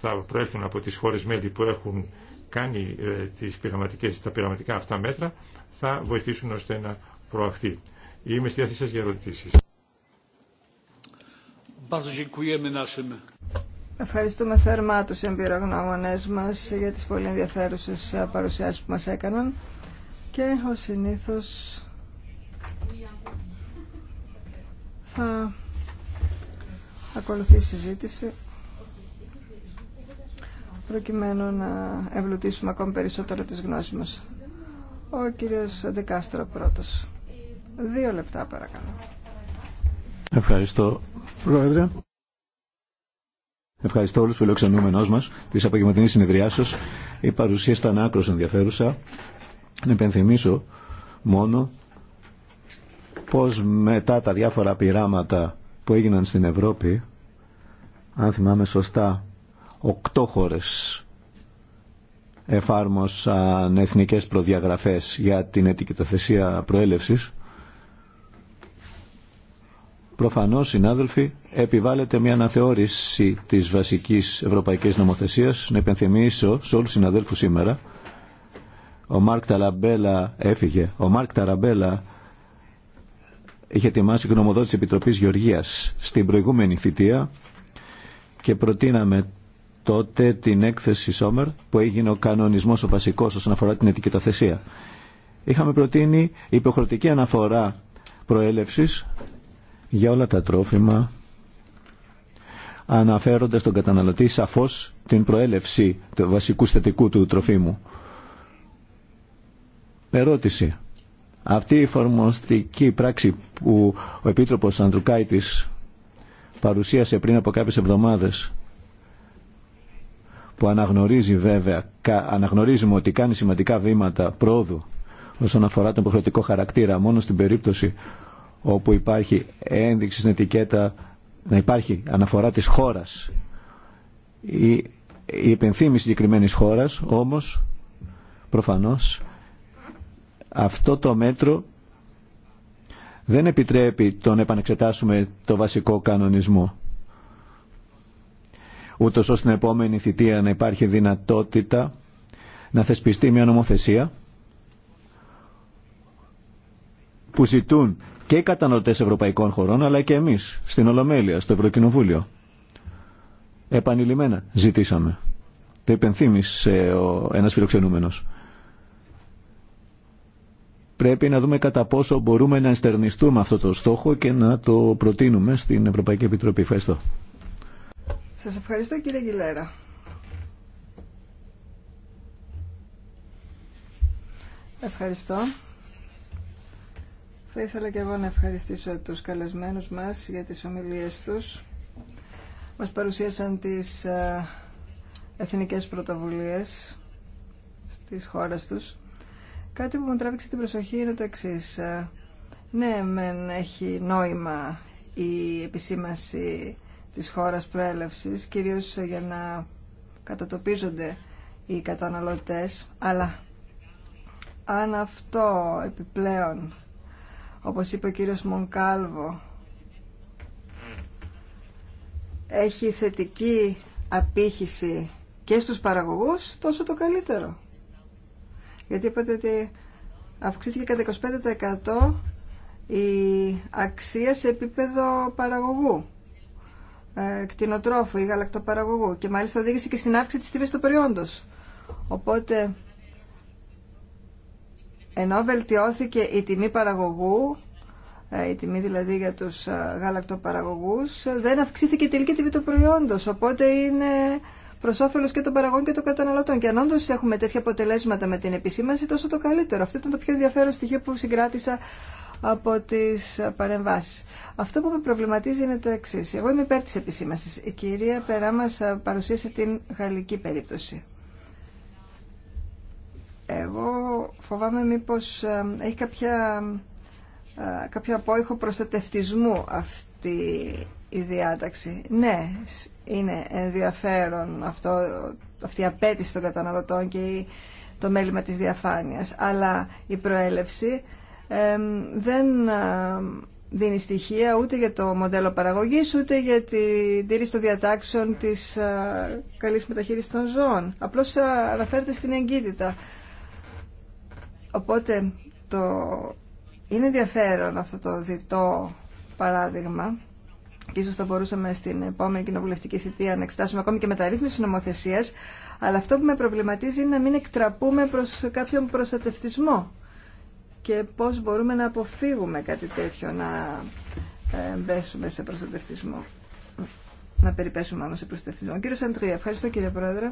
θα προέρχονται από τις χώρες μέλη που έχουν κάνει ε, τις πειραματικές, τα πειραματικά αυτά μέτρα θα βοηθήσουν ώστε να προαχθεί. Είμαι στη διάθεση σας για ερωτήσεις. Ευχαριστούμε θερμά τους εμπειρογνώμονές μας για τις πολύ ενδιαφέρουσες παρουσιάσεις που μας έκαναν και ο συνήθως θα ακολουθήσει συζήτηση προκειμένου να ευλουτίσουμε ακόμη περισσότερο τις γνώσεις μας. Ο κύριος Αντεκάστρο πρώτος. Δύο λεπτά παρακαλώ. Ευχαριστώ, Πρόεδρε. Ευχαριστώ όλου του φιλοξενούμενου μα τη απογευματινή συνεδριάσεω. Η παρουσία ήταν άκρο ενδιαφέρουσα. Να υπενθυμίσω μόνο πώ μετά τα διάφορα πειράματα που έγιναν στην Ευρώπη, αν θυμάμαι σωστά, οκτώ χώρε εφάρμοσαν εθνικές προδιαγραφές για την ετικετοθεσία προέλευσης Προφανώς, συνάδελφοι, επιβάλλεται μια αναθεώρηση της βασικής ευρωπαϊκής νομοθεσίας. Να υπενθυμίσω σε όλους τους συναδέλφους σήμερα. Ο Μάρκ Ταραμπέλα έφυγε. Ο Μάρκ Ταραμπέλα είχε ετοιμάσει γνωμοδότηση Επιτροπής Γεωργίας στην προηγούμενη θητεία και προτείναμε τότε την έκθεση Σόμερ που έγινε ο κανονισμός ο βασικός όσον αφορά την ετικεταθεσία. Είχαμε προτείνει υποχρεωτική αναφορά προέλευσης για όλα τα τρόφιμα αναφέροντας τον καταναλωτή σαφώς την προέλευση του βασικού στατικού του τροφίμου. Ερώτηση. Αυτή η εφαρμοστική πράξη που ο Επίτροπος Ανδρουκάητης παρουσίασε πριν από κάποιες εβδομάδες που αναγνωρίζει βέβαια, αναγνωρίζουμε ότι κάνει σημαντικά βήματα πρόοδου όσον αφορά τον υποχρεωτικό χαρακτήρα μόνο στην περίπτωση όπου υπάρχει ένδειξη στην ετικέτα να υπάρχει αναφορά της χώρας η, η υπενθύμηση συγκεκριμένης χώρας όμως προφανώς αυτό το μέτρο δεν επιτρέπει το να επανεξετάσουμε το βασικό κανονισμό ούτω ώστε στην επόμενη θητεία να υπάρχει δυνατότητα να θεσπιστεί μια νομοθεσία που ζητούν και οι κατανοτές ευρωπαϊκών χωρών αλλά και εμείς στην Ολομέλεια, στο Ευρωκοινοβούλιο. Επανειλημμένα ζητήσαμε. Το υπενθύμησε ένα φιλοξενούμενο. Πρέπει να δούμε κατά πόσο μπορούμε να ενστερνιστούμε αυτό το στόχο και να το προτείνουμε στην Ευρωπαϊκή Επιτροπή. Ευχαριστώ. Σας ευχαριστώ κύριε Γιλέρα. Ευχαριστώ. Θα ήθελα και εγώ να ευχαριστήσω τους καλεσμένους μας για τις ομιλίες τους. Μας παρουσίασαν τις ε, εθνικές πρωτοβουλίες στις χώρες τους. Κάτι που μου τράβηξε την προσοχή είναι το εξή. Ε, ναι, μεν έχει νόημα η επισήμαση της χώρας προέλευσης, κυρίως για να κατατοπίζονται οι καταναλωτές, αλλά αν αυτό επιπλέον όπως είπε ο κύριος Μονκάλβο, έχει θετική απήχηση και στους παραγωγούς, τόσο το καλύτερο. Γιατί είπατε ότι αυξήθηκε κατά 25% η αξία σε επίπεδο παραγωγού, ε, κτηνοτρόφου ή γαλακτοπαραγωγού και μάλιστα οδήγησε και στην αύξηση της τιμής του προϊόντος. Οπότε ενώ βελτιώθηκε η τιμή παραγωγού, ε, η τιμή δηλαδή για τους ε, γαλακτοπαραγωγούς, ε, δεν αυξήθηκε η τελική τιμή του προϊόντος, οπότε είναι προ όφελο και των παραγών και των καταναλωτών. Και αν όντω έχουμε τέτοια αποτελέσματα με την επισήμανση, τόσο το καλύτερο. Αυτό ήταν το πιο ενδιαφέρον στοιχείο που συγκράτησα από τι παρεμβάσει. Αυτό που με προβληματίζει είναι το εξή. Εγώ είμαι υπέρ τη επισήμανση. Η κυρία Περά μα παρουσίασε την γαλλική περίπτωση. Εγώ φοβάμαι μήπως ε, έχει κάποια, ε, κάποιο απόϊχο προστατευτισμού αυτή η διάταξη. Ναι, είναι ενδιαφέρον αυτό, αυτή η απέτηση των καταναλωτών και το μέλημα της διαφάνειας. Αλλά η προέλευση ε, δεν δίνει στοιχεία ούτε για το μοντέλο παραγωγής, ούτε για την τήρηση των διατάξεων της ε, καλής μεταχείρισης των ζώων. Απλώς αναφέρεται στην εγκύτητα. Οπότε το... είναι ενδιαφέρον αυτό το διτό παράδειγμα και ίσως θα μπορούσαμε στην επόμενη κοινοβουλευτική θητεία να εξετάσουμε ακόμη και μεταρρύθμιση νομοθεσίας, αλλά αυτό που με προβληματίζει είναι να μην εκτραπούμε προς κάποιον προστατευτισμό και πώς μπορούμε να αποφύγουμε κάτι τέτοιο, να ε, μπέσουμε σε προστατευτισμό. Να περιπέσουμε σε προστατευτισμό. Κύριε Σαντρία, ευχαριστώ κύριε Πρόεδρε.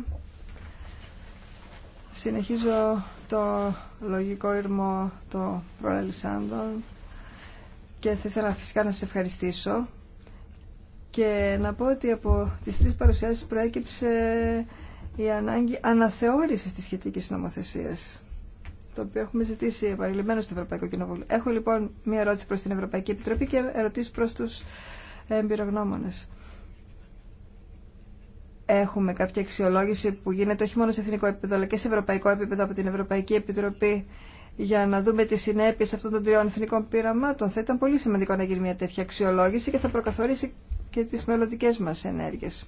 Συνεχίζω το λογικό ήρμο των προελισσάντων και θα ήθελα φυσικά να σας ευχαριστήσω και να πω ότι από τις τρεις παρουσιάσεις προέκυψε η ανάγκη αναθεώρησης της σχετικής νομοθεσίας το οποίο έχουμε ζητήσει επαγγελμένο στο Ευρωπαϊκό Κοινοβούλιο. Έχω λοιπόν μία ερώτηση προς την Ευρωπαϊκή Επιτροπή και ερωτήσεις προς τους εμπειρογνώμονες έχουμε κάποια αξιολόγηση που γίνεται όχι μόνο σε εθνικό επίπεδο αλλά και σε ευρωπαϊκό επίπεδο από την Ευρωπαϊκή Επιτροπή για να δούμε τι συνέπειε αυτών των τριών εθνικών πειραμάτων. Θα ήταν πολύ σημαντικό να γίνει μια τέτοια αξιολόγηση και θα προκαθορίσει και τι μελλοντικέ μα ενέργειες.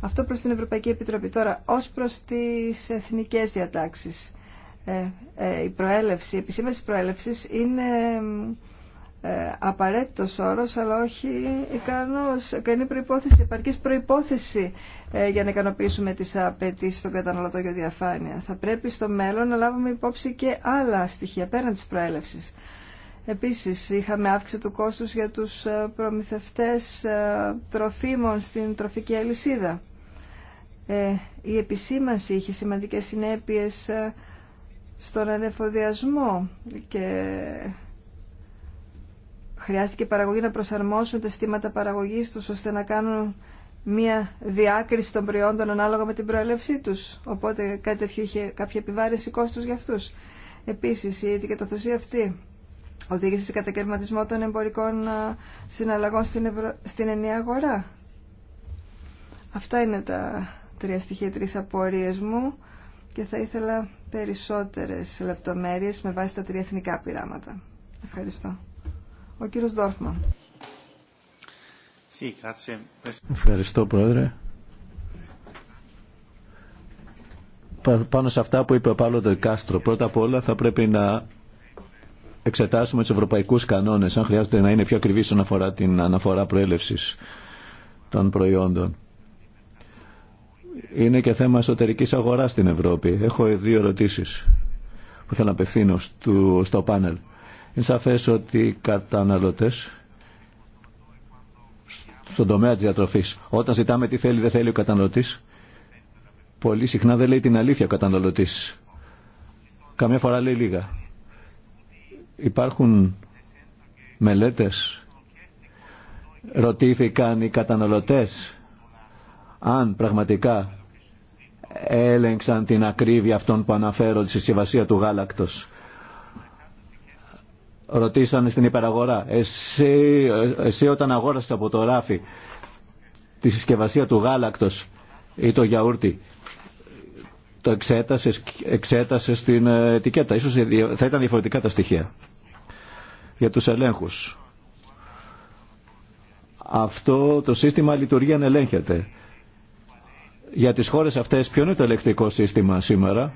Αυτό προ την Ευρωπαϊκή Επιτροπή. Τώρα, ως προς τις εθνικές διατάξεις. Ε, ε, η προέλευση, η επισήμανση προέλευση είναι ε, απαραίτητος όρος, αλλά όχι ικανός, ικανή προϋπόθεση, επαρκής προϋπόθεση ε, για να ικανοποιήσουμε τις απαιτήσει των καταναλωτών για διαφάνεια. Θα πρέπει στο μέλλον να λάβουμε υπόψη και άλλα στοιχεία πέραν της προέλευσης. Επίσης, είχαμε αύξηση του κόστους για τους ε, προμηθευτές τροφίμων στην τροφική αλυσίδα. η επισήμανση είχε σημαντικές συνέπειες στον ανεφοδιασμό και Χρειάστηκε παραγωγή παραγωγή να προσαρμόσουν τα στήματα παραγωγής του, ώστε να κάνουν μία διάκριση των προϊόντων ανάλογα με την προέλευσή τους. Οπότε κάτι τέτοιο είχε κάποια επιβάρηση κόστους για αυτούς. Επίσης, η ετικετοθεσία αυτή οδήγησε σε κατακαιρματισμό των εμπορικών συναλλαγών στην, Ευρω... στην ενιαία αγορά. Αυτά είναι τα τρία στοιχεία, τρεις απορίες μου και θα ήθελα περισσότερες λεπτομέρειες με βάση τα τρία εθνικά πειράματα. Ευχαριστώ. Ο κύριος Ντόρφμαν. Ευχαριστώ Πρόεδρε. Πάνω σε αυτά που είπε ο Παύλο Κάστρο. πρώτα απ' όλα θα πρέπει να εξετάσουμε του ευρωπαϊκούς κανόνες αν χρειάζεται να είναι πιο ακριβή όσον αφορά την αναφορά προέλευσης των προϊόντων. Είναι και θέμα εσωτερική αγοράς στην Ευρώπη. Έχω δύο ερωτήσει που θέλω να απευθύνω στο πάνελ. Είναι σαφές ότι οι καταναλωτές στον τομέα της διατροφής, όταν ζητάμε τι θέλει, δεν θέλει ο καταναλωτής, πολύ συχνά δεν λέει την αλήθεια ο καταναλωτής. Καμιά φορά λέει λίγα. Υπάρχουν μελέτες, ρωτήθηκαν οι καταναλωτές αν πραγματικά έλεγξαν την ακρίβεια αυτών που αναφέρονται στη συμβασία του γάλακτος ρωτήσανε στην υπεραγορά. Εσύ, εσύ όταν αγόρασες από το ράφι τη συσκευασία του γάλακτος ή το γιαούρτι, το εξέτασες, εξέτασες την ε, ετικέτα. Ίσως θα ήταν διαφορετικά τα στοιχεία για τους ελέγχους. Αυτό το σύστημα λειτουργεί ανελέγχεται. Για τις χώρες αυτές ποιο είναι το ελεκτικό σύστημα σήμερα.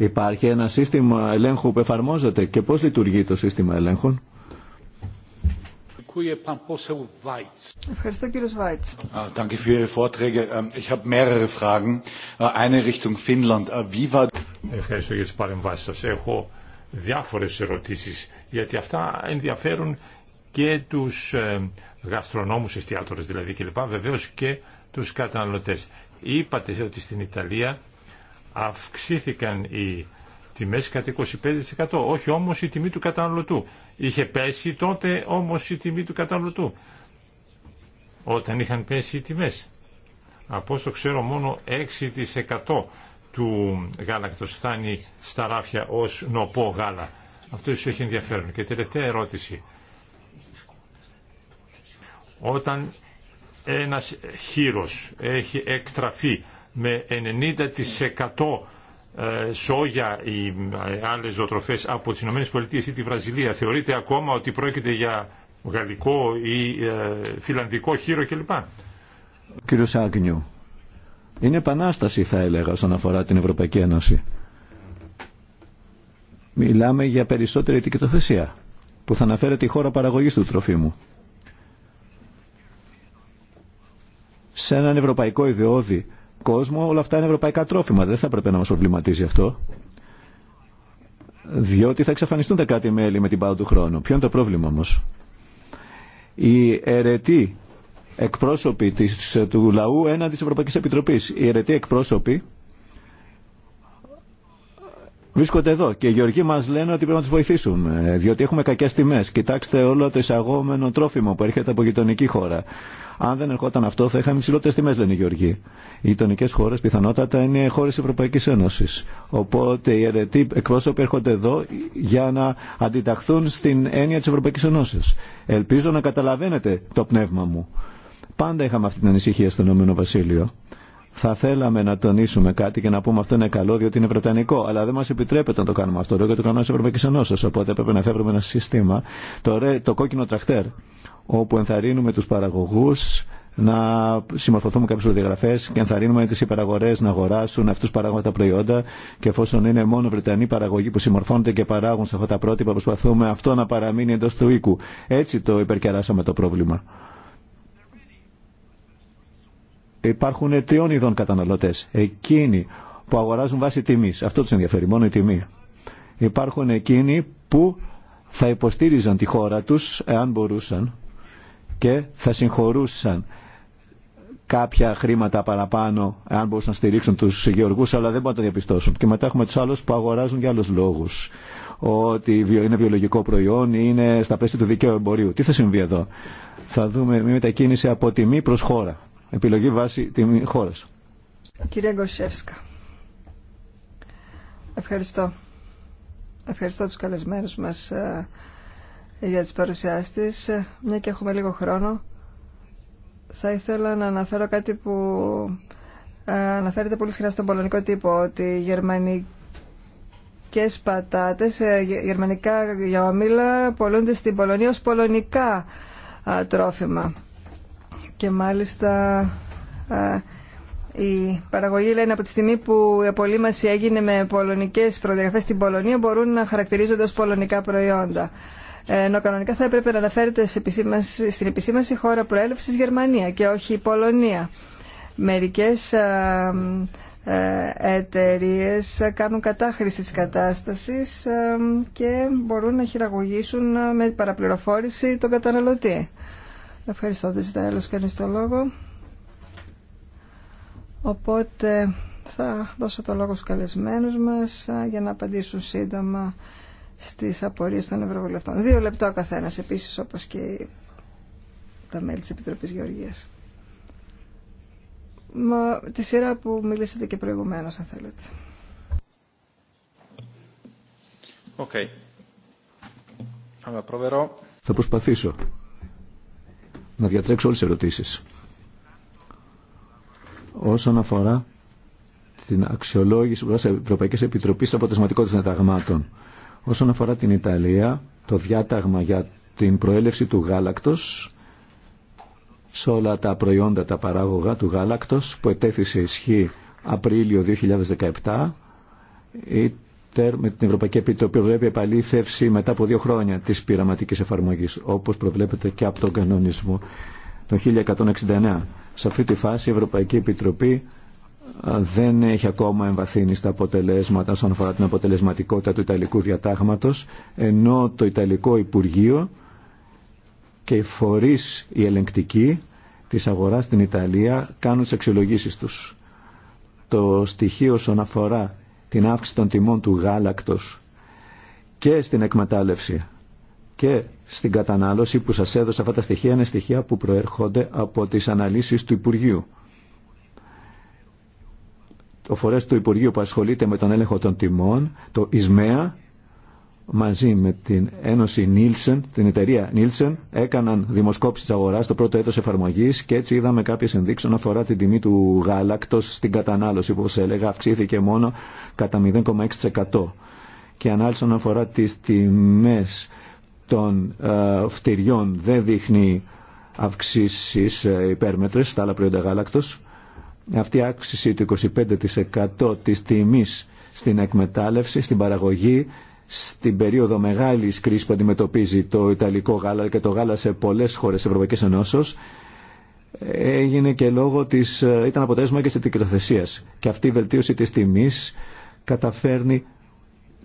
Υπάρχει ένα σύστημα ελέγχου που εφαρμόζεται και πώς λειτουργεί το σύστημα ελέγχων. Ευχαριστώ κύριο ähm, äh, äh, Ευχαριστώ για τι παρεμβάσει σα. Έχω διάφορε ερωτήσει, γιατί αυτά ενδιαφέρουν και του ε, γαστρονόμους εστιατόρε δηλαδή κλπ. βεβαίω και του καταναλωτέ. Είπατε ότι στην Ιταλία αυξήθηκαν οι τιμές κατά 25%. Όχι όμως η τιμή του καταναλωτού. Είχε πέσει τότε όμως η τιμή του καταναλωτού. Όταν είχαν πέσει οι τιμές. Από όσο ξέρω μόνο 6% του γάλακτος φτάνει στα ράφια ως νοπό γάλα. Αυτό ίσως έχει ενδιαφέρον. Και τελευταία ερώτηση. Όταν ένας χείρος έχει εκτραφεί με 90% ε, σόγια ή ε, άλλες ζωοτροφές από τις ΗΠΑ ή τη Βραζιλία. Θεωρείται ακόμα ότι πρόκειται για γαλλικό ή ε, φιλανδικό χείρο κλπ. Κύριο Σάγνιου, είναι επανάσταση θα έλεγα όσον αφορά την Ευρωπαϊκή Ένωση. Μιλάμε για περισσότερη ετικετοθεσία που θα αναφέρεται η χώρα παραγωγής του τροφίμου. Σε έναν ευρωπαϊκό ιδεώδη κόσμο, όλα αυτά είναι ευρωπαϊκά τρόφιμα. Δεν θα έπρεπε να μα προβληματίζει αυτό. Διότι θα εξαφανιστούν τα κράτη-μέλη με την πάω του χρόνου. Ποιο είναι το πρόβλημα όμω. Οι αιρετοί εκπρόσωποι της, του λαού έναντι της Ευρωπαϊκής Επιτροπής. Οι αιρετοί εκπρόσωποι βρίσκονται εδώ και οι γεωργοί μας λένε ότι πρέπει να τους βοηθήσουν. διότι έχουμε κακές τιμές. Κοιτάξτε όλο το εισαγόμενο τρόφιμο που έρχεται από γειτονική χώρα. Αν δεν ερχόταν αυτό, θα είχαμε υψηλότερε τιμέ, λένε οι Γεωργοί. Οι γειτονικέ χώρε πιθανότατα είναι χώρε Ευρωπαϊκή Ένωση. Οπότε οι αιρετοί εκπρόσωποι έρχονται εδώ για να αντιταχθούν στην έννοια τη Ευρωπαϊκή Ένωση. Ελπίζω να καταλαβαίνετε το πνεύμα μου. Πάντα είχαμε αυτή την ανησυχία στον Ηνωμένο Βασίλειο θα θέλαμε να τονίσουμε κάτι και να πούμε αυτό είναι καλό διότι είναι βρετανικό, αλλά δεν μα επιτρέπεται να το κάνουμε αυτό και το κανόνα τη Ευρωπαϊκή Ενώσεω. Οπότε έπρεπε να φεύγουμε ένα σύστημα, το, ρε, το κόκκινο τραχτέρ, όπου ενθαρρύνουμε του παραγωγού να συμμορφωθούμε κάποιε προδιαγραφέ και ενθαρρύνουμε τι υπεραγορέ να αγοράσουν αυτού που παράγουν τα προϊόντα και εφόσον είναι μόνο Βρετανοί παραγωγοί που συμμορφώνονται και παράγουν σε αυτά τα πρότυπα, προσπαθούμε αυτό να παραμείνει εντό του οίκου. Έτσι το υπερκεράσαμε το πρόβλημα. Υπάρχουν τριών ειδών καταναλωτές. Εκείνοι που αγοράζουν βάσει τιμής. Αυτό τους ενδιαφέρει, μόνο η τιμή. Υπάρχουν εκείνοι που θα υποστήριζαν τη χώρα τους εάν μπορούσαν και θα συγχωρούσαν κάποια χρήματα παραπάνω εάν μπορούσαν να στηρίξουν τους γεωργούς αλλά δεν μπορούν να το διαπιστώσουν. Και μετά έχουμε τους άλλους που αγοράζουν για άλλους λόγους. Ότι είναι βιολογικό προϊόν ή είναι στα πλαίσια του δικαίου εμπορίου. Τι θα συμβεί εδώ. Θα δούμε μια μετακίνηση από τιμή προς χώρα επιλογή βάση τη χώρα. Κυρία Γκοσέφσκα, ευχαριστώ. Ευχαριστώ τους καλεσμένους μας ε, για τις παρουσιάσεις της. Ε, μια και έχουμε λίγο χρόνο, θα ήθελα να αναφέρω κάτι που ε, αναφέρεται πολύ συχνά στον πολωνικό τύπο, ότι οι και πατάτες, γερμανικά γιαωμήλα, πολλούνται στην Πολωνία ως πολωνικά τρόφιμα. Και μάλιστα η παραγωγή λένε από τη στιγμή που η απολύμαση έγινε με πολωνικές προδιαγραφές στην Πολωνία μπορούν να χαρακτηρίζονται ως πολωνικά προϊόντα. Ε, ενώ κανονικά θα έπρεπε να αναφέρεται στην επισήμαση χώρα προέλευσης Γερμανία και όχι η Πολωνία. Μερικές ε, εταιρείε κάνουν κατάχρηση της κατάστασης και μπορούν να χειραγωγήσουν με παραπληροφόρηση τον καταναλωτή. Ευχαριστώ. Δεν ζητάει άλλος κανείς το λόγο. Οπότε θα δώσω το λόγο στους καλεσμένους μας για να απαντήσουν σύντομα στις απορίες των Ευρωβουλευτών. Δύο λεπτά ο καθένας επίσης όπως και τα μέλη της Επιτροπής Γεωργίας. Μα τη σειρά που μιλήσατε και προηγουμένως αν θέλετε. Okay. Θα προσπαθήσω να διατρέξω όλες τις ερωτήσεις. Όσον αφορά την αξιολόγηση της Ευρωπαϊκής Επιτροπής των διαταγμάτων. Όσον αφορά την Ιταλία, το διάταγμα για την προέλευση του γάλακτος σε όλα τα προϊόντα τα παράγωγα του γάλακτος που ετέθησε ισχύ Απρίλιο 2017 με την Ευρωπαϊκή Επιτροπή βλέπει επαλήθευση μετά από δύο χρόνια τη πειραματικής εφαρμογή, όπω προβλέπεται και από τον κανονισμό το 1169. Σε αυτή τη φάση η Ευρωπαϊκή Επιτροπή δεν έχει ακόμα εμβαθύνει στα αποτελέσματα όσον αφορά την αποτελεσματικότητα του Ιταλικού διατάγματος, ενώ το Ιταλικό Υπουργείο και οι φορείς οι ελεγκτικοί της αγοράς στην Ιταλία κάνουν τις αξιολογήσεις τους. Το στοιχείο όσον αφορά την αύξηση των τιμών του γάλακτος και στην εκμετάλλευση και στην κατανάλωση που σας έδωσα αυτά τα στοιχεία είναι στοιχεία που προέρχονται από τις αναλύσεις του Υπουργείου. Το φορέ του Υπουργείου που ασχολείται με τον έλεγχο των τιμών, το ΙΣΜΕΑ, μαζί με την Ένωση Nielsen, την εταιρεία Nielsen, έκαναν δημοσκόπηση τη αγορά το πρώτο έτος εφαρμογής και έτσι είδαμε κάποιες ενδείξεις όσον αφορά την τιμή του γάλακτος στην κατανάλωση που όπως έλεγα αυξήθηκε μόνο κατά 0,6% και ανάλυση όσον αφορά τις τιμές των ε, φτηριών δεν δείχνει αυξήσεις ε, υπέρμετρες στα άλλα προϊόντα γάλακτος. Αυτή η αύξηση του 25% της τιμής στην εκμετάλλευση, στην παραγωγή στην περίοδο μεγάλης κρίσης που αντιμετωπίζει το Ιταλικό γάλα και το γάλα σε πολλές χώρες Ευρωπαϊκής Ευρωπαϊκή έγινε και λόγω της, ήταν αποτέλεσμα και τη κυριοθεσία. Και αυτή η βελτίωση της τιμής καταφέρνει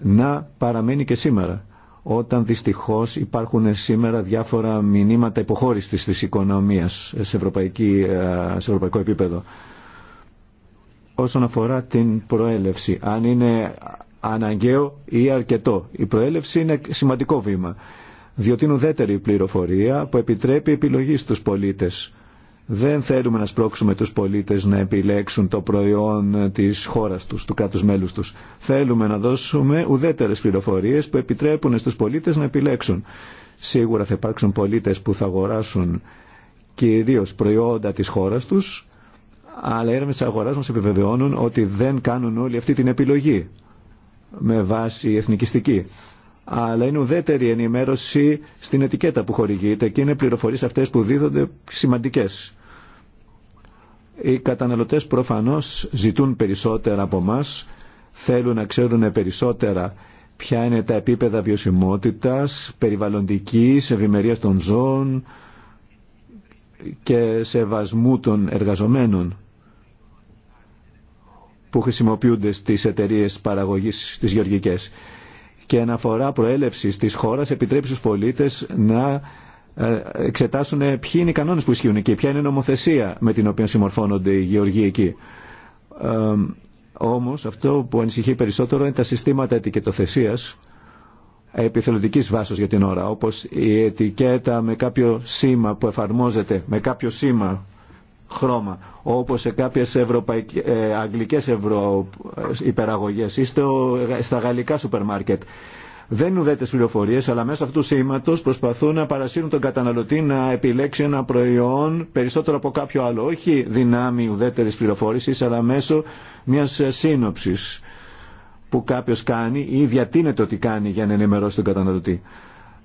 να παραμένει και σήμερα. Όταν δυστυχώς υπάρχουν σήμερα διάφορα μηνύματα υποχώρησης της οικονομίας σε, σε ευρωπαϊκό επίπεδο. Όσον αφορά την προέλευση, αν είναι αναγκαίο ή αρκετό. Η προέλευση είναι σημαντικό βήμα, διότι είναι ουδέτερη πληροφορία που επιτρέπει επιλογή στους πολίτες. Δεν θέλουμε να σπρώξουμε τους πολίτες να επιλέξουν το προϊόν της χώρας τους, του κράτους μέλους τους. Θέλουμε να δώσουμε ουδέτερες πληροφορίες που επιτρέπουν στους πολίτες να επιλέξουν. Σίγουρα θα υπάρξουν πολίτες που θα αγοράσουν κυρίως προϊόντα της χώρας τους, αλλά οι έρευνες της αγοράς μας επιβεβαιώνουν ότι δεν κάνουν όλη αυτή την επιλογή με βάση εθνικιστική. Αλλά είναι ουδέτερη ενημέρωση στην ετικέτα που χορηγείται και είναι πληροφορίες αυτές που δίδονται σημαντικές. Οι καταναλωτές προφανώς ζητούν περισσότερα από μας, θέλουν να ξέρουν περισσότερα ποια είναι τα επίπεδα βιωσιμότητας, περιβαλλοντικής, ευημερίας των ζώων και σεβασμού των εργαζομένων που χρησιμοποιούνται στις εταιρείες παραγωγής της γεωργικές. Και αναφορά προέλευσης της χώρας επιτρέπει στους πολίτες να ε, εξετάσουν ποιοι είναι οι κανόνες που ισχύουν εκεί, ποια είναι η νομοθεσία με την οποία συμμορφώνονται οι γεωργοί εκεί. όμως αυτό που ανησυχεί περισσότερο είναι τα συστήματα ετικετοθεσίας επιθελοντικής βάσης για την ώρα, όπως η ετικέτα με κάποιο σήμα που εφαρμόζεται, με κάποιο σήμα χρώμα, όπως σε κάποιες ευρωπαϊκές, ε, αγγλικές ευρω... Ε, υπεραγωγές ή στο, ε, στα γαλλικά σούπερ μάρκετ. Δεν είναι ουδέτες πληροφορίες, αλλά μέσα αυτού του σήματος προσπαθούν να παρασύρουν τον καταναλωτή να επιλέξει ένα προϊόν περισσότερο από κάποιο άλλο. Όχι δυνάμει ουδέτερης πληροφόρησης, αλλά μέσω μιας ε, σύνοψης που κάποιος κάνει ή διατείνεται ότι κάνει για να ενημερώσει τον καταναλωτή.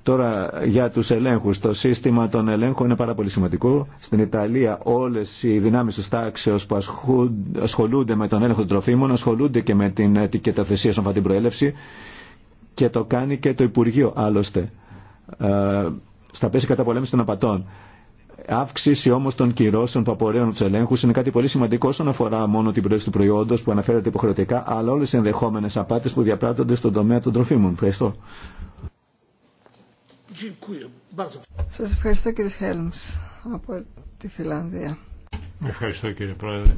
Τώρα για τους ελέγχους. Το σύστημα των ελέγχων είναι πάρα πολύ σημαντικό. Στην Ιταλία όλες οι δυνάμεις της τάξεως που ασχολούνται με τον έλεγχο των τροφίμων ασχολούνται και με την ετικεταθεσία σαν την προέλευση και το κάνει και το Υπουργείο άλλωστε ε, στα πέση καταπολέμηση των απατών. Αύξηση όμω των κυρώσεων που απορρέουν του ελέγχου είναι κάτι πολύ σημαντικό όσον αφορά μόνο την προέλευση του προϊόντο που αναφέρεται υποχρεωτικά, αλλά όλε οι ενδεχόμενε απάτε που διαπράττονται στον τομέα των τροφίμων. Ευχαριστώ. Σας ευχαριστώ κύριε Χέλμς από τη Φιλανδία. Ευχαριστώ κύριε Πρόεδρε.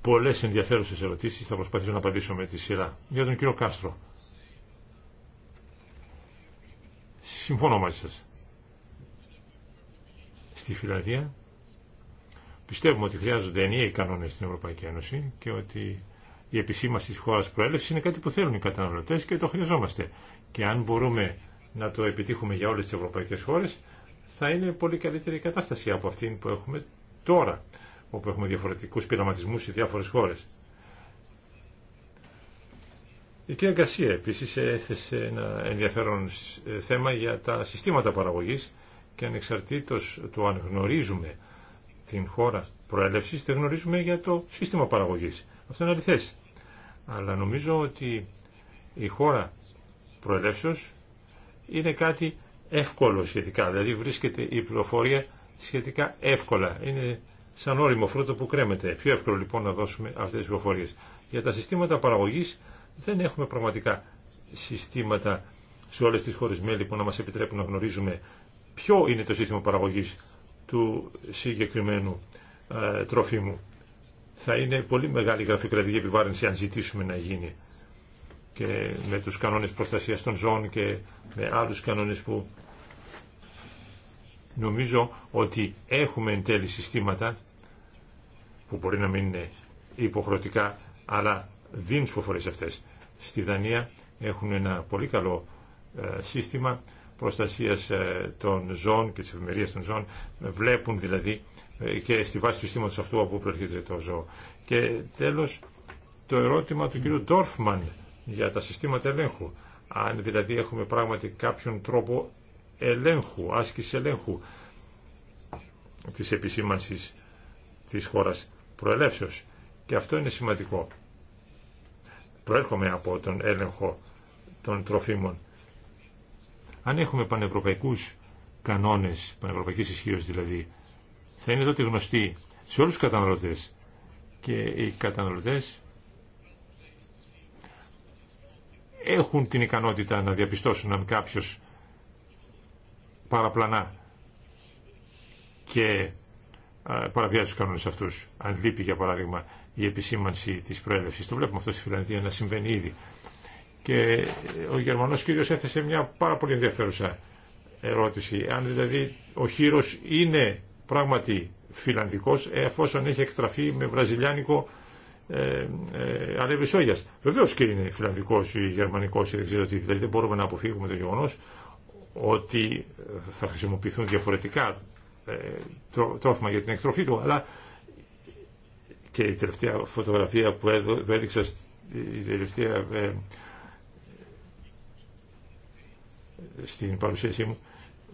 Πολλές ενδιαφέρουσες ερωτήσεις, θα προσπαθήσω να απαντήσω με τη σειρά. Για τον κύριο Κάστρο. Συμφωνώ μαζί σας. Στη Φιλανδία πιστεύουμε ότι χρειάζονται ενιαίοι κανόνες στην Ευρωπαϊκή Ένωση και ότι η επισήμαση της χώρας προέλευσης είναι κάτι που θέλουν οι καταναλωτές και το χρειαζόμαστε. Και αν μπορούμε να το επιτύχουμε για όλες τις ευρωπαϊκές χώρες, θα είναι πολύ καλύτερη η κατάσταση από αυτήν που έχουμε τώρα, όπου έχουμε διαφορετικούς πειραματισμούς σε διάφορες χώρες. Η κυρία Γκασία επίσης έθεσε ένα ενδιαφέρον θέμα για τα συστήματα παραγωγής και ανεξαρτήτως του αν γνωρίζουμε την χώρα προέλευσης, δεν γνωρίζουμε για το σύστημα παραγωγής. Αυτό είναι αληθές. Αλλά νομίζω ότι η χώρα προελεύσεως είναι κάτι εύκολο σχετικά. Δηλαδή βρίσκεται η πληροφορία σχετικά εύκολα. Είναι σαν όριμο φρούτο που κρέμεται. Πιο εύκολο λοιπόν να δώσουμε αυτές τις πληροφορίες. Για τα συστήματα παραγωγής δεν έχουμε πραγματικά συστήματα σε όλες τις χώρες μέλη που να μας επιτρέπουν να γνωρίζουμε ποιο είναι το σύστημα παραγωγής του συγκεκριμένου ε, τροφίμου θα είναι πολύ μεγάλη γραφειοκρατική επιβάρυνση αν ζητήσουμε να γίνει και με τους κανόνες προστασίας των ζώων και με άλλους κανόνες που νομίζω ότι έχουμε εν τέλει συστήματα που μπορεί να μην είναι υποχρεωτικά αλλά δίνουν σποφορές αυτές. Στη Δανία έχουν ένα πολύ καλό ε, σύστημα προστασίας ε, των ζώων και της ευημερίας των ζώων βλέπουν δηλαδή ε, και στη βάση του συστήματος αυτού από όπου προέρχεται το ζώο. Και τέλος το ερώτημα του κύριου Ντόρφμαν για τα συστήματα ελέγχου. Αν δηλαδή έχουμε πράγματι κάποιον τρόπο ελέγχου, άσκηση ελέγχου της επισήμανσης της χώρας προελεύσεως. Και αυτό είναι σημαντικό. Προέρχομαι από τον έλεγχο των τροφίμων. Αν έχουμε πανευρωπαϊκούς κανόνες, πανευρωπαϊκής ισχύω δηλαδή, θα είναι τότε γνωστή σε όλους τους καταναλωτές και οι καταναλωτές έχουν την ικανότητα να διαπιστώσουν αν κάποιος παραπλανά και παραβιάζει τους κανόνες αυτούς. Αν λείπει για παράδειγμα η επισήμανση της προέλευσης. Το βλέπουμε αυτό στη Φιλανδία να συμβαίνει ήδη. Και ε, ο Γερμανός κύριος έθεσε μια πάρα πολύ ενδιαφέρουσα ερώτηση. Αν δηλαδή ο χείρος είναι πράγματι φιλανδικός εφόσον έχει εκτραφεί με βραζιλιάνικο ε, ε, αλεύρι και είναι φιλανδικός ή γερμανικός ή δεν ξέρω τι. Δηλαδή δεν μπορούμε να αποφύγουμε το γεγονό ότι θα χρησιμοποιηθούν διαφορετικά ε, τρό, τρόφιμα για την εκτροφή του, αλλά και η τελευταία φωτογραφία που έδειξα, η τελευταία ε, στην παρουσίασή μου,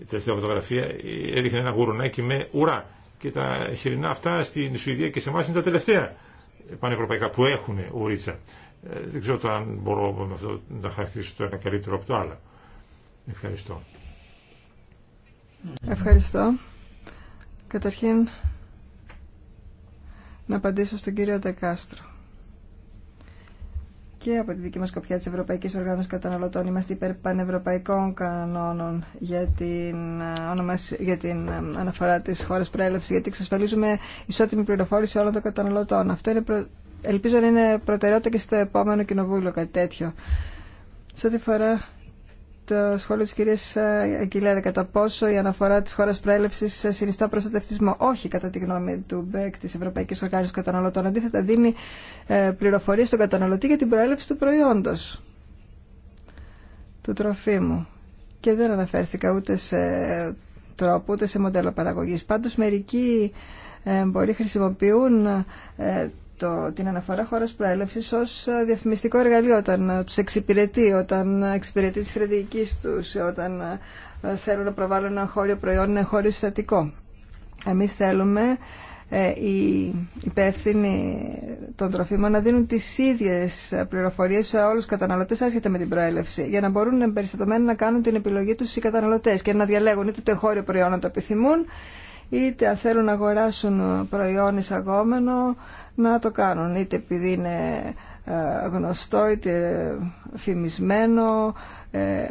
η τελευταία φωτογραφία έδειχνε ένα γουρουνάκι με ουρά. Και τα χοιρινά αυτά στην Σουηδία και σε εμά είναι τα τελευταία πανευρωπαϊκά που έχουν ουρίτσα. Ε, δεν ξέρω το αν μπορώ αυτό να χαρακτηρίσω το ένα καλύτερο από το άλλο. Ευχαριστώ. Ευχαριστώ. Καταρχήν να απαντήσω στον κύριο Τεκάστρο και από τη δική μας κοπιά της Ευρωπαϊκής Οργάνωσης Καταναλωτών είμαστε υπέρ πανευρωπαϊκών κανόνων για την, ε, για την ε, αναφορά της χώρας προέλευσης γιατί εξασφαλίζουμε ισότιμη πληροφόρηση όλων των καταναλωτών. Αυτό ελπίζω να είναι προτεραιότητα και στο επόμενο κοινοβούλιο κάτι τέτοιο. Σε ό,τι φορά το σχόλιο της κυρίας ε, Αγγιλέρα κατά πόσο η αναφορά της χώρας προέλευσης ε, συνιστά προστατευτισμό. Όχι κατά τη γνώμη του ΜΠΕΚ της Ευρωπαϊκής Οργάνωσης Καταναλωτών. Αντίθετα δίνει ε, πληροφορίες στον καταναλωτή για την προέλευση του προϊόντος του τροφίμου. Και δεν αναφέρθηκα ούτε σε τρόπο ούτε σε μοντέλο παραγωγής. Πάντως μερικοί μπορεί χρησιμοποιούν το, την αναφορά χώρα προέλευση ω ε, διαφημιστικό εργαλείο όταν ε, του εξυπηρετεί, όταν εξυπηρετεί τη στρατηγική του, ε, όταν θέλουν να προβάλλουν ένα χώριο προϊόν, ένα χώριο συστατικό. Εμεί θέλουμε οι υπεύθυνοι των τροφίμων να δίνουν τι ίδιε πληροφορίε σε όλου του καταναλωτέ, άσχετα με την προέλευση για να μπορούν εμπεριστατωμένοι να κάνουν την επιλογή του οι καταναλωτέ και να διαλέγουν είτε το χώριο προϊόν να το επιθυμούν είτε αν θέλουν να αγοράσουν προϊόν εισαγόμενο να το κάνουν. Είτε επειδή είναι ε, γνωστό, είτε φημισμένο, ε,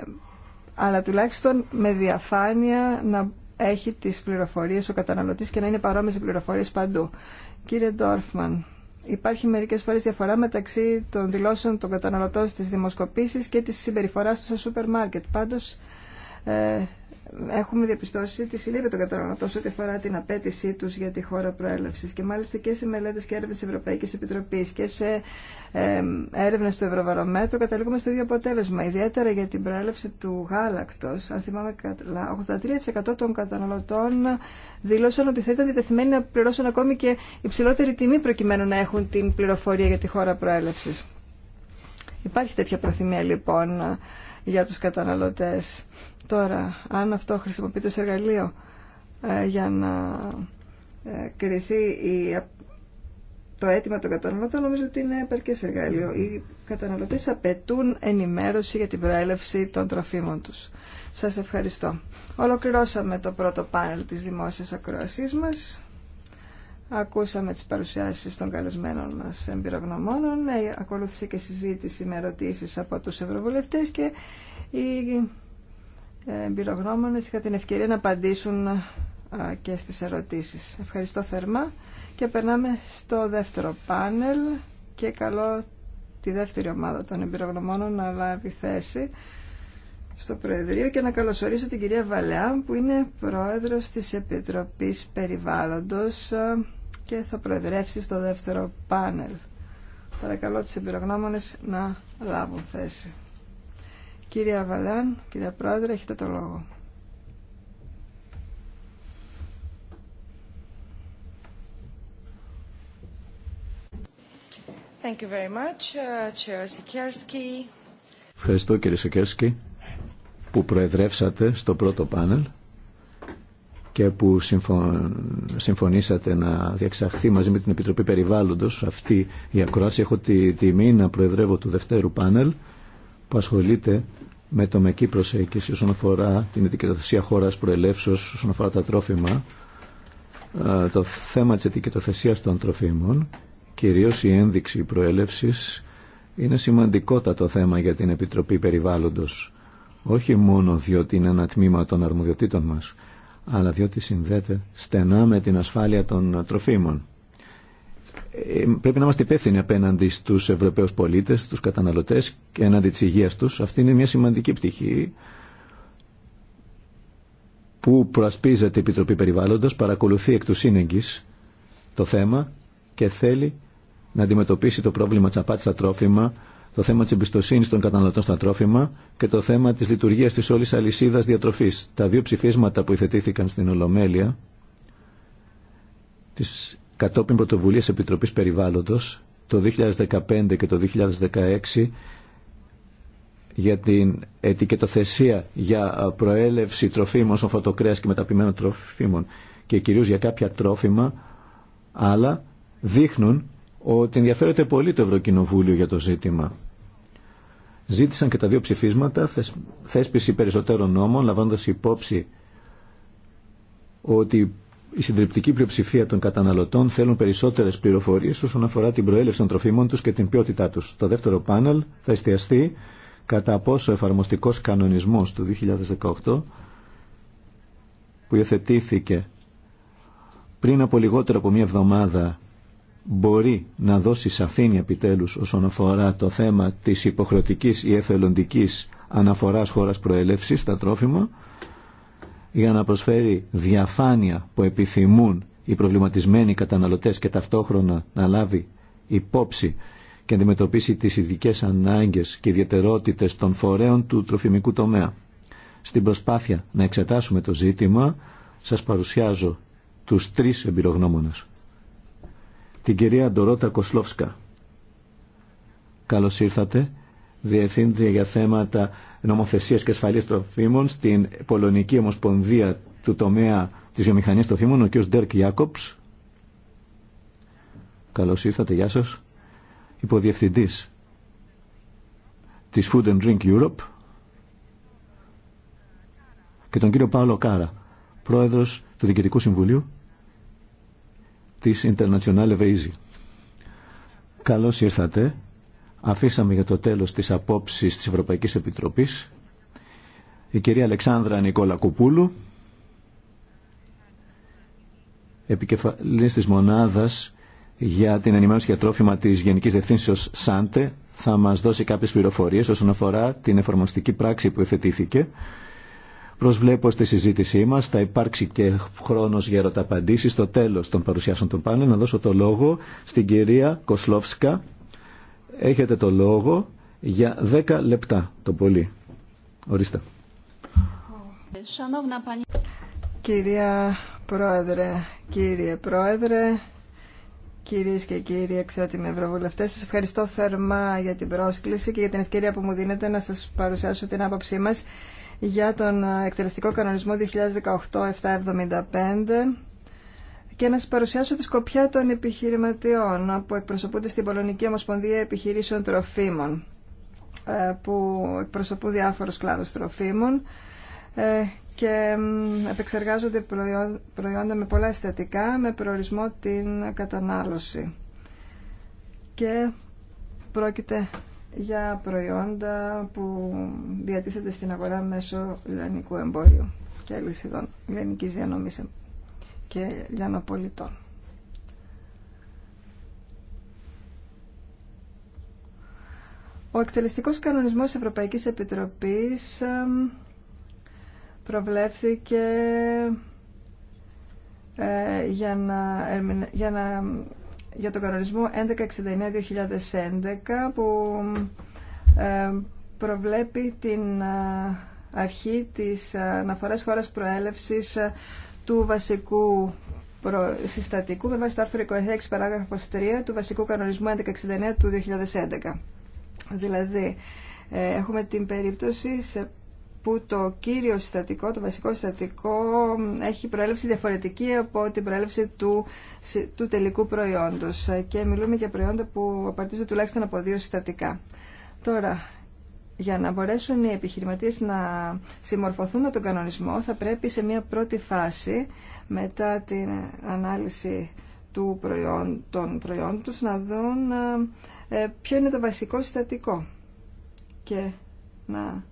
αλλά τουλάχιστον με διαφάνεια να έχει τις πληροφορίες ο καταναλωτής και να είναι παρόμοιες οι πληροφορίες παντού. Κύριε Ντόρφμαν, υπάρχει μερικές φορές διαφορά μεταξύ των δηλώσεων των καταναλωτών στις δημοσκοπήσεις και της συμπεριφοράς του σε σούπερ μάρκετ. Πάντως, ε, έχουμε διαπιστώσει τη συλλήπεια των καταναλωτών ό,τι αφορά την απέτησή του για τη χώρα προέλευση. Και μάλιστα και σε μελέτε και έρευνε τη Ευρωπαϊκή Επιτροπή και σε ε, έρευνε του Ευρωβαρομέτρου καταλήγουμε στο ίδιο αποτέλεσμα. Ιδιαίτερα για την προέλευση του γάλακτο, αν θυμάμαι καλά, 83% των καταναλωτών δήλωσαν ότι θα ήταν διτεθειμένοι να πληρώσουν ακόμη και υψηλότερη τιμή προκειμένου να έχουν την πληροφορία για τη χώρα προέλευση. Υπάρχει τέτοια προθυμία λοιπόν για τους καταναλωτές Τώρα, αν αυτό χρησιμοποιείται ως εργαλείο ε, για να ε, κρυθεί το αίτημα των καταναλωτών, νομίζω ότι είναι επαρκές εργαλείο. Οι καταναλωτές απαιτούν ενημέρωση για την προέλευση των τροφίμων τους. Σας ευχαριστώ. Ολοκληρώσαμε το πρώτο πάνελ της δημόσιας ακροασίας μας. Ακούσαμε τις παρουσιάσεις των καλεσμένων μας εμπειρογνωμόνων. Ε, ακολούθησε και συζήτηση με ερωτήσει από τους ευρωβουλευτές και η εμπειρογνώμονες είχα την ευκαιρία να απαντήσουν και στις ερωτήσεις. Ευχαριστώ θερμά και περνάμε στο δεύτερο πάνελ και καλό τη δεύτερη ομάδα των εμπειρογνωμόνων να λάβει θέση στο Προεδρείο και να καλωσορίσω την κυρία Βαλεάν που είναι πρόεδρος της Επιτροπής Περιβάλλοντος και θα προεδρεύσει στο δεύτερο πάνελ. Παρακαλώ τους εμπειρογνώμονες να λάβουν θέση. Κύριε Αβαλάν, κύριε Πρόεδρε, έχετε το λόγο. Uh, Ευχαριστώ κύριε Σικέρσκι που προεδρεύσατε στο πρώτο πάνελ και που συμφωνήσατε να διαξαχθεί μαζί με την Επιτροπή Περιβάλλοντος αυτή η ακρόαση. Έχω τη τιμή να προεδρεύω του δευτέρου πάνελ που ασχολείται με τομεκή προσέγγιση όσον αφορά την ετικετοθεσία χώρας προελεύσεως, όσον αφορά τα τρόφιμα, ε, το θέμα της ετικετοθεσίας των τροφίμων, κυρίως η ένδειξη προέλευσης, είναι σημαντικότατο θέμα για την Επιτροπή Περιβάλλοντος. Όχι μόνο διότι είναι ένα τμήμα των αρμοδιοτήτων μας, αλλά διότι συνδέεται στενά με την ασφάλεια των τροφίμων. Ε, πρέπει να είμαστε υπεύθυνοι απέναντι στου Ευρωπαίου πολίτε, στου καταναλωτέ και έναντι τη υγεία του. Αυτή είναι μια σημαντική πτυχή που προασπίζεται η Επιτροπή περιβάλλοντο, παρακολουθεί εκ του σύνεγγυς το θέμα και θέλει να αντιμετωπίσει το πρόβλημα τη απάτη στα τρόφιμα, το θέμα της εμπιστοσύνης των καταναλωτών στα τρόφιμα και το θέμα της λειτουργίας της όλης αλυσίδας διατροφής. Τα δύο ψηφίσματα που υθετήθηκαν στην Ολομέλεια της κατόπιν πρωτοβουλίας Επιτροπής Περιβάλλοντος το 2015 και το 2016 για την ετικετοθεσία για προέλευση τροφίμων στον φωτοκρέας και μεταπημένων τροφίμων και κυρίως για κάποια τρόφιμα αλλά δείχνουν ότι ενδιαφέρεται πολύ το Ευρωκοινοβούλιο για το ζήτημα. Ζήτησαν και τα δύο ψηφίσματα θέσπιση περισσότερων νόμων λαμβάνοντας υπόψη ότι η συντριπτική πλειοψηφία των καταναλωτών θέλουν περισσότερες πληροφορίες όσον αφορά την προέλευση των τροφίμων του και την ποιότητά του. Το δεύτερο πάνελ θα εστιαστεί κατά πόσο εφαρμοστικό κανονισμό του 2018 που υιοθετήθηκε πριν από λιγότερο από μία εβδομάδα μπορεί να δώσει σαφήνεια επιτέλου, όσον αφορά το θέμα τη υποχρεωτική ή εθελοντική αναφορά χώρα προέλευση στα τρόφιμα για να προσφέρει διαφάνεια που επιθυμούν οι προβληματισμένοι καταναλωτές και ταυτόχρονα να λάβει υπόψη και αντιμετωπίσει τις ειδικέ ανάγκες και ιδιαιτερότητες των φορέων του τροφιμικού τομέα. Στην προσπάθεια να εξετάσουμε το ζήτημα, σας παρουσιάζω τους τρεις εμπειρογνώμονες. Την κυρία Ντορότα Κοσλόφσκα. Καλώς ήρθατε, Διευθύντρια για θέματα νομοθεσία και των τροφίμων στην Πολωνική Ομοσπονδία του τομέα της των τροφίμων, ο κ. Ντέρκ Ιάκοψ. Καλώς ήρθατε, γεια σας. Υποδιευθυντής της Food and Drink Europe και τον κύριο Παύλο Κάρα, πρόεδρος του Διοικητικού Συμβουλίου της International Evasion. Καλώς ήρθατε αφήσαμε για το τέλος της απόψεις της Ευρωπαϊκής Επιτροπής η κυρία Αλεξάνδρα Νικόλα Κουπούλου επικεφαλής της μονάδας για την ενημέρωση για τρόφιμα της Γενικής Διευθύνσεως ΣΑΝΤΕ θα μας δώσει κάποιες πληροφορίες όσον αφορά την εφαρμοστική πράξη που εθετήθηκε. Προσβλέπω στη συζήτησή μας, θα υπάρξει και χρόνος για ερωταπαντήσεις στο τέλος των παρουσιάσεων των πάνελ. Να δώσω το λόγο στην κυρία Κοσλόφσκα, Έχετε το λόγο για 10 λεπτά το πολύ. Ορίστε. Κυρία Πρόεδρε, κύριε Πρόεδρε, κύριε και κύριοι εξότιμοι ευρωβουλευτέ, σα ευχαριστώ θερμά για την πρόσκληση και για την ευκαιρία που μου δίνετε να σας παρουσιάσω την άποψή μας για τον εκτελεστικό κανονισμό 2018-775 και να σα παρουσιάσω τη σκοπιά των επιχειρηματιών που εκπροσωπούνται στην Πολωνική Ομοσπονδία Επιχειρήσεων Τροφίμων ε, που εκπροσωπούν διάφορους κλάδους τροφίμων ε, και επεξεργάζονται προϊόντα με πολλά συστατικά με προορισμό την κατανάλωση. Και πρόκειται για προϊόντα που διατίθεται στην αγορά μέσω λιανικού εμπόριου και αλυσίδων λιανικής διανομής και λιανοπολιτών. Ο εκτελεστικός κανονισμός της Ευρωπαϊκής Επιτροπής προβλέφθηκε ε, για, για, να, για τον κανονισμό 1169-2011 που προβλέπει την ε, αρχή της ε, αναφοράς χώρας προέλευσης του βασικού συστατικού με βάση το άρθρο 26 παράγραφος 3 του βασικού κανονισμού 1169 του 2011. Δηλαδή, ε, έχουμε την περίπτωση σε που το κύριο συστατικό, το βασικό συστατικό έχει προέλευση διαφορετική από την προέλευση του, του τελικού προϊόντος ε, και μιλούμε για προϊόντα που απαρτίζονται τουλάχιστον από δύο συστατικά. Τώρα, για να μπορέσουν οι επιχειρηματίες να συμμορφωθούν με τον κανονισμό θα πρέπει σε μια πρώτη φάση μετά την ανάλυση του προϊόν, των προϊόντων τους να δουν ε, ποιο είναι το βασικό συστατικό και να,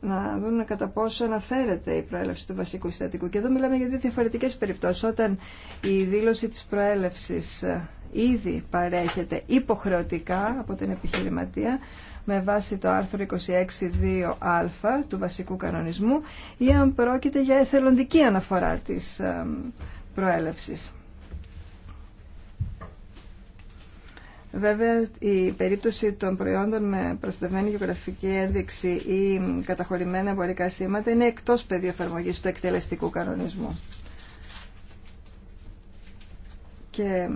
να δουν κατά πόσο αναφέρεται η προέλευση του βασικού συστατικού. Και εδώ μιλάμε για δύο διαφορετικές περιπτώσεις. Όταν η δήλωση της προέλευσης ε, ήδη παρέχεται υποχρεωτικά από την επιχειρηματία, με βάση το άρθρο 26.2α του βασικού κανονισμού ή αν πρόκειται για εθελοντική αναφορά της προέλευσης. Βέβαια, η περίπτωση των προϊόντων με προστατευμένη γεωγραφική ένδειξη ή καταχωρημένα εμπορικά σήματα είναι εκτός πεδίου εφαρμογή του εκτελεστικού κανονισμού. Και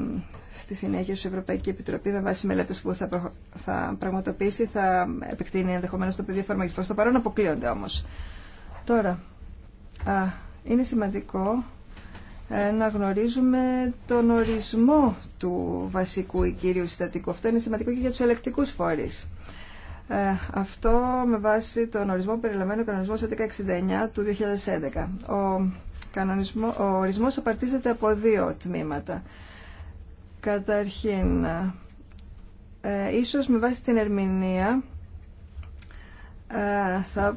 στη συνέχεια η Ευρωπαϊκή Επιτροπή με βάση μελέτε που θα, προ... θα πραγματοποιήσει θα επεκτείνει ενδεχομένω το πεδίο εφαρμογή. Προ το παρόν αποκλείονται όμω. Τώρα, α, είναι σημαντικό ε, να γνωρίζουμε τον ορισμό του βασικού ή κύριου συστατικού. Αυτό είναι σημαντικό και για τους ελεκτικού φορείς. Ε, αυτό με βάση τον ορισμό περιλαμβάνει ο κανονισμό 1169 του 2011. Ο, κανονισμό, ο ορισμός απαρτίζεται από δύο τμήματα. Καταρχήν, ε, ίσως με βάση την ερμηνεία ε, θα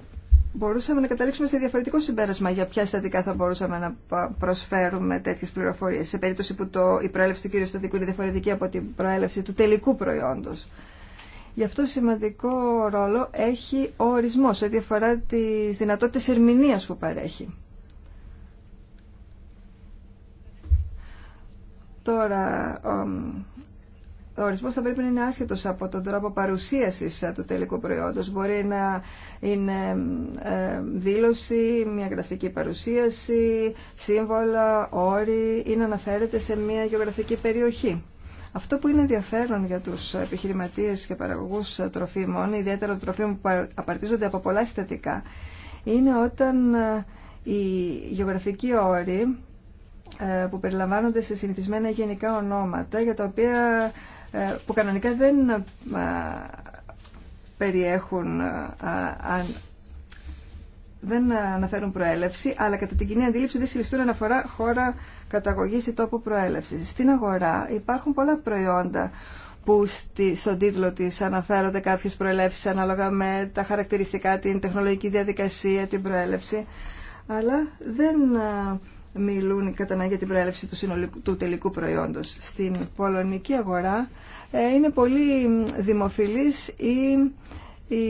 μπορούσαμε να καταλήξουμε σε διαφορετικό συμπέρασμα για ποια στατικά θα μπορούσαμε να προσφέρουμε τέτοιε πληροφορίε, σε περίπτωση που το, η προέλευση του κύριου στατικού είναι διαφορετική από την προέλευση του τελικού προϊόντο. Γι' αυτό σημαντικό ρόλο έχει ο ορισμό ό,τι αφορά τι δυνατότητε ερμηνεία που παρέχει. Τώρα, ο ορισμός θα πρέπει να είναι άσχετος από τον τρόπο παρουσίασης ε, του τελικού προϊόντος. Μπορεί να είναι ε, δήλωση, μια γραφική παρουσίαση, σύμβολα, όροι ή να αναφέρεται σε μια γεωγραφική περιοχή. Αυτό που είναι ενδιαφέρον για τους επιχειρηματίες και παραγωγούς τροφίμων, ιδιαίτερα τροφίμων που απαρτίζονται από πολλά συστατικά, είναι όταν ε, οι γεωγραφικοί όροι ε, που περιλαμβάνονται σε συνηθισμένα γενικά ονόματα για τα οποία ε, που κανονικά δεν ε, περιέχουν δεν αναφέρουν προέλευση, αλλά κατά την κοινή αντίληψη δεν συλληστούν αναφορά χώρα καταγωγή ή τόπο προέλευση. Στην αγορά υπάρχουν πολλά προϊόντα που στον τίτλο τη αναφέρονται κάποιε προελεύσει ανάλογα με τα χαρακτηριστικά, την τεχνολογική διαδικασία, την προέλευση, αλλά δεν μιλούν κατά για την προέλευση του, τελικού προϊόντος. Στην πολωνική αγορά ε, είναι πολύ δημοφιλής η, η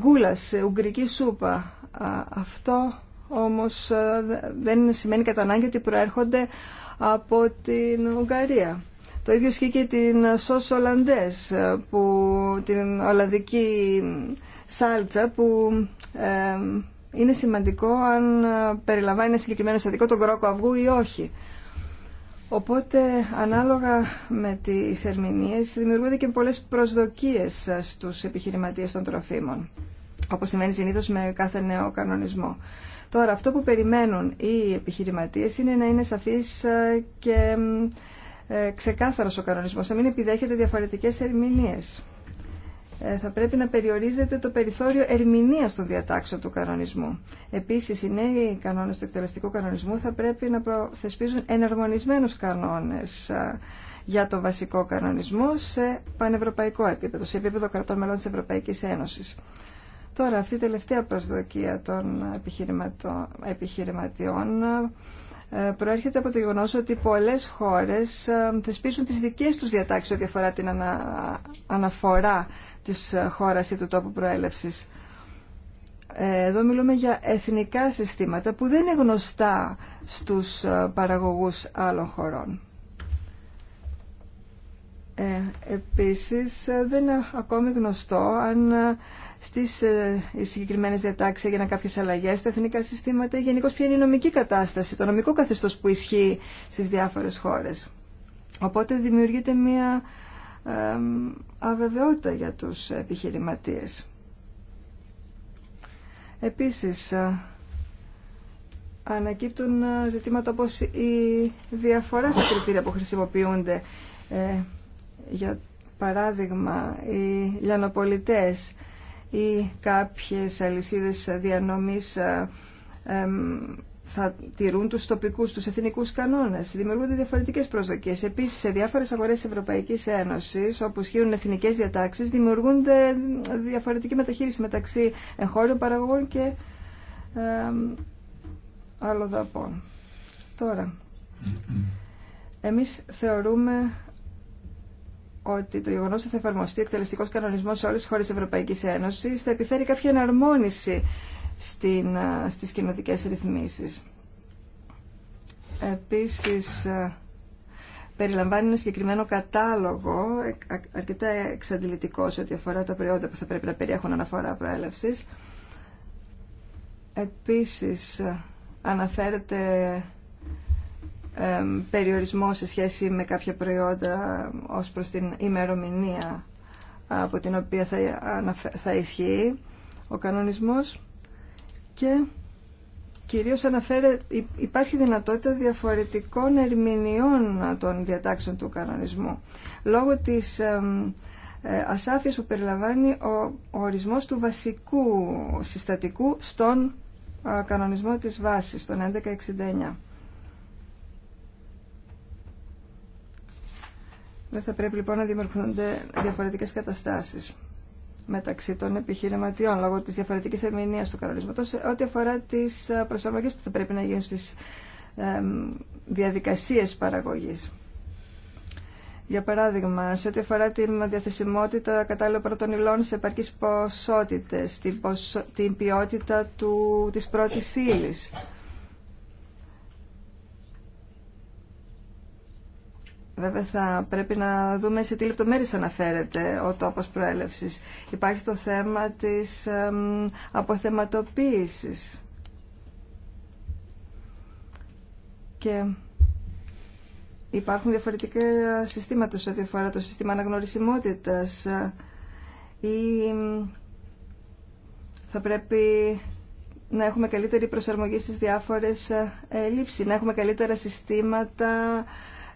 γκούλας, ε, ουγγρική σούπα. αυτό όμως ε, δεν σημαίνει κατά ανάγκη ότι προέρχονται από την Ουγγαρία. Το ίδιο ισχύει και την σος Ολλανδές, που, την Ολλανδική σάλτσα που είναι σημαντικό αν ε, περιλαμβάνει ένα συγκεκριμένο συστατικό τον κρόκο αυγού ή όχι. Οπότε, ανάλογα με τις ερμηνείες, δημιουργούνται και πολλές προσδοκίες ε, στους επιχειρηματίες των τροφίμων, όπως σημαίνει συνήθως με κάθε νέο κανονισμό. Τώρα, αυτό που περιμένουν οι επιχειρηματίες είναι να είναι σαφής ε, και ξεκάθαρος ο κανονισμός, να μην επιδέχεται διαφορετικές ερμηνείες. Ε, θα πρέπει να περιορίζεται το περιθώριο ερμηνεία των διατάξεων του κανονισμού. Επίσης, οι νέοι κανόνες του εκτελεστικού κανονισμού θα πρέπει να προθεσπίζουν εναρμονισμένου κανόνες ε, για το βασικό κανονισμό σε πανευρωπαϊκό επίπεδο, σε επίπεδο κρατών μελών της Ευρωπαϊκής Ένωσης. Τώρα, αυτή η τελευταία προσδοκία των επιχειρηματιών ε, προέρχεται από το γεγονός ότι πολλές χώρες ε, θεσπίσουν τις δικές τους διατάξεις ό,τι αφορά την αναφορά της χώρας ή του τόπου προέλευσης. Ε, εδώ μιλούμε για εθνικά συστήματα που δεν είναι γνωστά στους παραγωγούς άλλων χωρών. Ε, επίσης δεν είναι ακόμη γνωστό αν στις ε, συγκεκριμένε διατάξει έγιναν κάποιε αλλαγέ, στα εθνικά συστήματα. Γενικώ ποια είναι η νομική κατάσταση, το νομικό καθεστώς που ισχύει στις διάφορες χώρες. Οπότε δημιουργείται μία αβεβαιότητα για τους επιχειρηματίες. Επίσης, ε, ανακύπτουν ε, ζητήματα όπως η διαφορά στα κριτήρια που χρησιμοποιούνται. για παράδειγμα, οι λιανοπολιτές ή κάποιες αλυσίδες διανομής ε, θα τηρούν τους τοπικούς, τους εθνικούς κανόνες. Δημιουργούνται διαφορετικές προσδοκίες. Επίσης, σε διάφορες αγορές Ευρωπαϊκής Ένωσης, όπου ισχύουν εθνικές διατάξεις, δημιουργούνται διαφορετική μεταχείριση μεταξύ εγχώριων παραγωγών και ε, άλλων Τώρα, εμείς θεωρούμε ότι το γεγονό ότι θα εφαρμοστεί εκτελεστικό κανονισμό σε όλε τι χώρε Ευρωπαϊκή Ένωση θα επιφέρει κάποια εναρμόνιση στι κοινοτικέ ρυθμίσει. Επίση, περιλαμβάνει ένα συγκεκριμένο κατάλογο, ε, αρκετά εξαντλητικό σε ό,τι αφορά τα προϊόντα που θα πρέπει να περιέχουν αναφορά προέλευση. Επίση, αναφέρεται περιορισμό σε σχέση με κάποια προϊόντα ως προς την ημερομηνία από την οποία θα, θα ισχύει ο κανονισμός και κυρίως αναφέρει υπάρχει δυνατότητα διαφορετικών ερμηνεών των διατάξεων του κανονισμού λόγω της ε, ασάφειας που περιλαμβάνει ο ορισμός του βασικού συστατικού στον κανονισμό της βάσης, τον 1169. Δεν θα πρέπει λοιπόν να δημιουργούνται διαφορετικές καταστάσεις μεταξύ των επιχειρηματιών λόγω της διαφορετικής ερμηνείας του Τόσο ό,τι αφορά τις ε, προσαρμογές που θα πρέπει να γίνουν στις διαδικασίε διαδικασίες παραγωγής. Για παράδειγμα, σε ό,τι αφορά τη διαθεσιμότητα κατάλληλων πρώτων σε επαρκείς ποσότητες, την, ποιότητα του... της πρώτης Βέβαια θα πρέπει να δούμε σε τι λεπτομέρειες αναφέρεται ο τόπος προέλευσης. Υπάρχει το θέμα της αποθεματοποίησης. Και υπάρχουν διαφορετικά συστήματα σε ό,τι αφορά το σύστημα αναγνωρισιμότητας ή θα πρέπει να έχουμε καλύτερη προσαρμογή στις διάφορες ε, λήψεις, να έχουμε καλύτερα συστήματα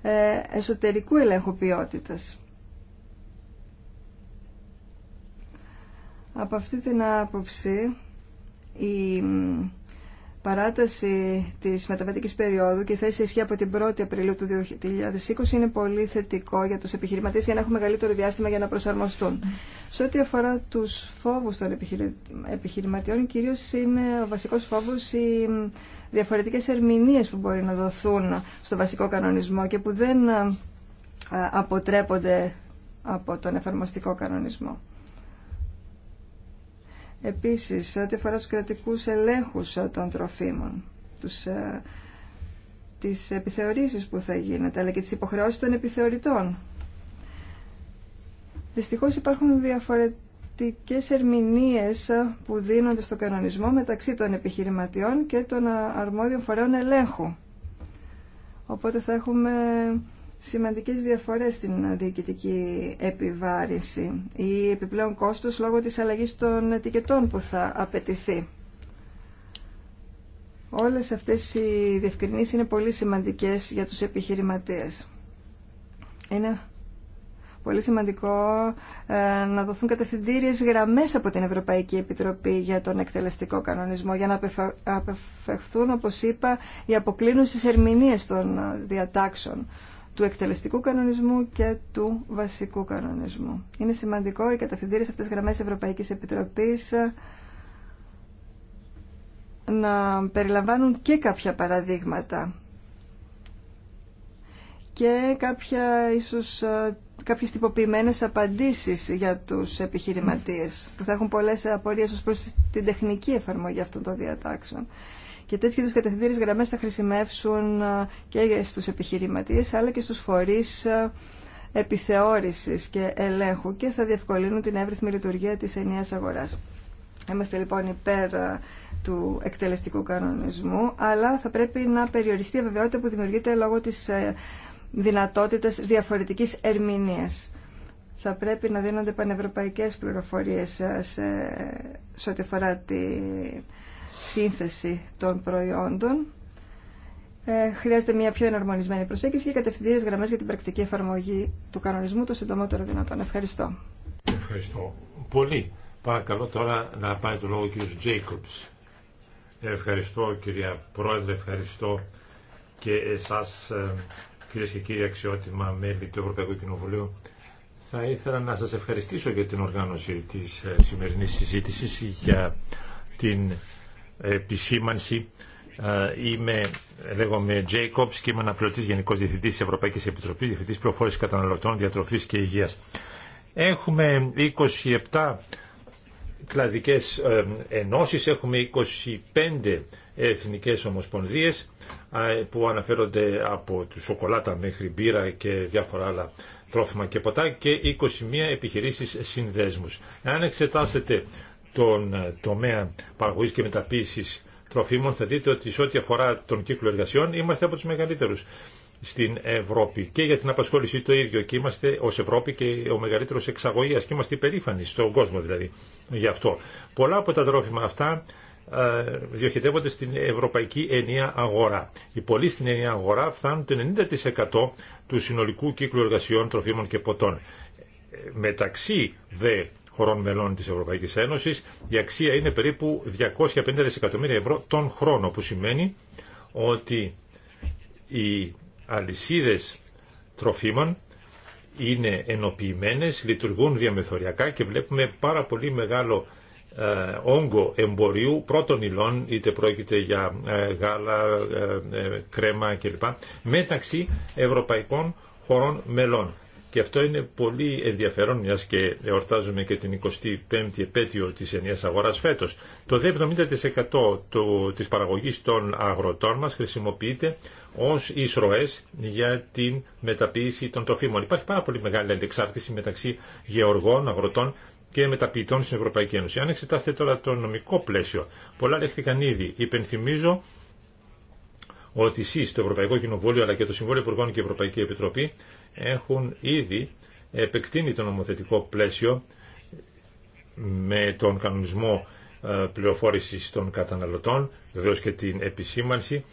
ε, εσωτερικού ελέγχου ποιότητας. Από αυτή την άποψη η παράταση της μεταβατικής περίοδου και η θέση ισχύ από την 1η Απριλίου του 2020 είναι πολύ θετικό για τους επιχειρηματίες για να έχουν μεγαλύτερο διάστημα για να προσαρμοστούν. Σε ό,τι αφορά τους φόβους των επιχειρηματιών, κυρίως είναι ο βασικός φόβος οι διαφορετικές ερμηνείες που μπορεί να δοθούν στο βασικό κανονισμό και που δεν ε, ε, αποτρέπονται από τον εφαρμοστικό κανονισμό. Επίσης, ό,τι αφορά τους κρατικούς ελέγχους των τροφίμων, τους, ε, τις επιθεωρήσεις που θα γίνεται, αλλά και τις υποχρεώσεις των επιθεωρητών. Δυστυχώς υπάρχουν διαφορετικές ερμηνείες που δίνονται στο κανονισμό μεταξύ των επιχειρηματιών και των αρμόδιων φορέων ελέγχου. Οπότε θα έχουμε σημαντικές διαφορές στην διοικητική επιβάρηση ή επιπλέον κόστος λόγω της αλλαγής των ετικετών που θα απαιτηθεί. Όλες αυτές οι διευκρινήσεις είναι πολύ σημαντικές για τους επιχειρηματίες. Είναι πολύ σημαντικό ε, να δοθούν κατευθυντήριες γραμμές από την Ευρωπαϊκή Επιτροπή για τον εκτελεστικό κανονισμό για να απεφευχθούν, όπως είπα, οι αποκλίνουσες ερμηνείες των διατάξεων του εκτελεστικού κανονισμού και του βασικού κανονισμού. Είναι σημαντικό οι καταθεντήρες αυτές γραμμές Ευρωπαϊκής Επιτροπής ε, να περιλαμβάνουν και κάποια παραδείγματα και κάποια, ίσως, ε, κάποιες τυποποιημένες απαντήσεις για τους επιχειρηματίες που θα έχουν πολλές απορίες ως προς την τεχνική εφαρμογή αυτών των διατάξεων. Και τέτοιου είδου κατευθυντήριε γραμμέ θα χρησιμεύσουν ε, και στου επιχειρηματίε αλλά και στου φορεί ε, επιθεώρησης και ελέγχου και θα διευκολύνουν την εύρυθμη λειτουργία της ενιαίας αγοράς. Είμαστε λοιπόν υπέρ ε, του εκτελεστικού κανονισμού, αλλά θα πρέπει να περιοριστεί η βεβαιότητα που δημιουργείται λόγω της δυνατότητας διαφορετικής ερμηνείας. Θα πρέπει να δίνονται πανευρωπαϊκές πληροφορίες σε, σε ό,τι αφορά την σύνθεση των προϊόντων. Ε, χρειάζεται μια πιο εναρμονισμένη προσέγγιση και κατευθυντήριες γραμμές για την πρακτική εφαρμογή του κανονισμού το συντομότερο δυνατόν. Ευχαριστώ. Ευχαριστώ πολύ. Παρακαλώ τώρα να πάρει το λόγο ο κ. Ευχαριστώ κυρία Πρόεδρε, ευχαριστώ και εσάς ε, κυρίες και κύριοι αξιότιμα μέλη του Ευρωπαϊκού Κοινοβουλίου. Θα ήθελα να σας ευχαριστήσω για την οργάνωση της ε, σημερινής για την επισήμανση. Είμαι, λέγομαι Jacobs και είμαι αναπληρωτής Γενικός Διευθυντής της Ευρωπαϊκής Επιτροπής, Διευθυντής Προφόρησης Καταναλωτών, Διατροφής και Υγείας. Έχουμε 27 κλαδικές ε, ενώσεις, έχουμε 25 εθνικές ομοσπονδίες που αναφέρονται από τη σοκολάτα μέχρι μπύρα και διάφορα άλλα τρόφιμα και ποτά και 21 επιχειρήσεις συνδέσμους. Εάν εξετάσετε τον ε, τομέα παραγωγής και μεταποίησης τροφίμων θα δείτε ότι σε ό,τι αφορά τον κύκλο εργασιών είμαστε από τους μεγαλύτερους στην Ευρώπη και για την απασχόληση το ίδιο και είμαστε ως Ευρώπη και ο μεγαλύτερος εξαγωγίας και είμαστε υπερήφανοι στον κόσμο δηλαδή γι' αυτό. Πολλά από τα τρόφιμα αυτά ε, διοχετεύονται στην ευρωπαϊκή ενία αγορά. Οι πολλοί στην ενία αγορά φτάνουν το 90% του συνολικού κύκλου εργασιών τροφίμων και ποτών. Ε, μεταξύ δε χωρών μελών της Ευρωπαϊκής Ένωσης. Η αξία είναι περίπου 250 δισεκατομμύρια ευρώ τον χρόνο, που σημαίνει ότι οι αλυσίδες τροφίμων είναι ενοποιημένες, λειτουργούν διαμεθοριακά και βλέπουμε πάρα πολύ μεγάλο ε, όγκο εμπορίου πρώτων υλών, είτε πρόκειται για ε, γάλα, ε, κρέμα κλπ. μεταξύ ευρωπαϊκών χωρών μελών. Και αυτό είναι πολύ ενδιαφέρον, μιας και εορτάζουμε και την 25η επέτειο της ενιαίας αγοράς φέτος. Το 70% τη της παραγωγής των αγροτών μας χρησιμοποιείται ως εισρωές για την μεταποίηση των τροφίμων. Υπάρχει πάρα πολύ μεγάλη ανεξάρτηση μεταξύ γεωργών, αγροτών και μεταποιητών στην Ευρωπαϊκή Ένωση. Αν εξετάσετε τώρα το νομικό πλαίσιο, πολλά λέχθηκαν ήδη. Υπενθυμίζω ότι εσεί, το Ευρωπαϊκό Κοινοβούλιο αλλά και το Συμβούλιο Υπουργών και η Ευρωπαϊκή Επιτροπή έχουν ήδη επεκτείνει το νομοθετικό πλαίσιο με τον κανονισμό ε, πληροφόρησης των καταναλωτών, βεβαίω και την επισήμανση,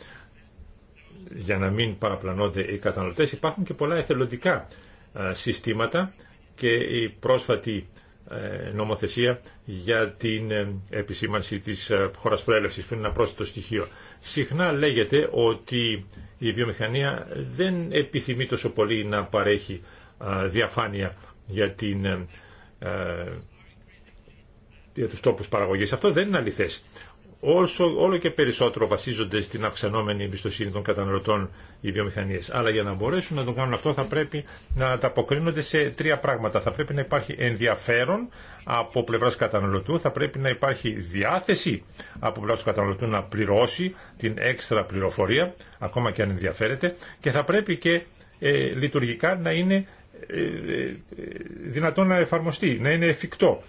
για να μην παραπλανώνται οι καταναλωτές. Υπάρχουν και πολλά εθελοντικά ε, συστήματα και η πρόσφατη ε, νομοθεσία για την ε, επισήμανση της ε, χώρας προέλευσης που είναι ένα πρόσθετο στοιχείο. Συχνά λέγεται ότι η βιομηχανία δεν επιθυμεί τόσο πολύ να παρέχει διαφάνεια για, την, για τους τόπους παραγωγής. Αυτό δεν είναι αληθές όσο όλο και περισσότερο βασίζονται στην αυξανόμενη εμπιστοσύνη των καταναλωτών οι βιομηχανίε. Αλλά για να μπορέσουν να το κάνουν αυτό θα πρέπει να τα αποκρίνονται σε τρία πράγματα. Θα πρέπει να υπάρχει ενδιαφέρον από πλευρά καταναλωτού, θα πρέπει να υπάρχει διάθεση από πλευρά του καταναλωτού να πληρώσει την έξτρα πληροφορία, ακόμα και αν ενδιαφέρεται, και θα πρέπει και ε, λειτουργικά να είναι ε, ε, ε, δυνατόν να εφαρμοστεί, να είναι εφικτό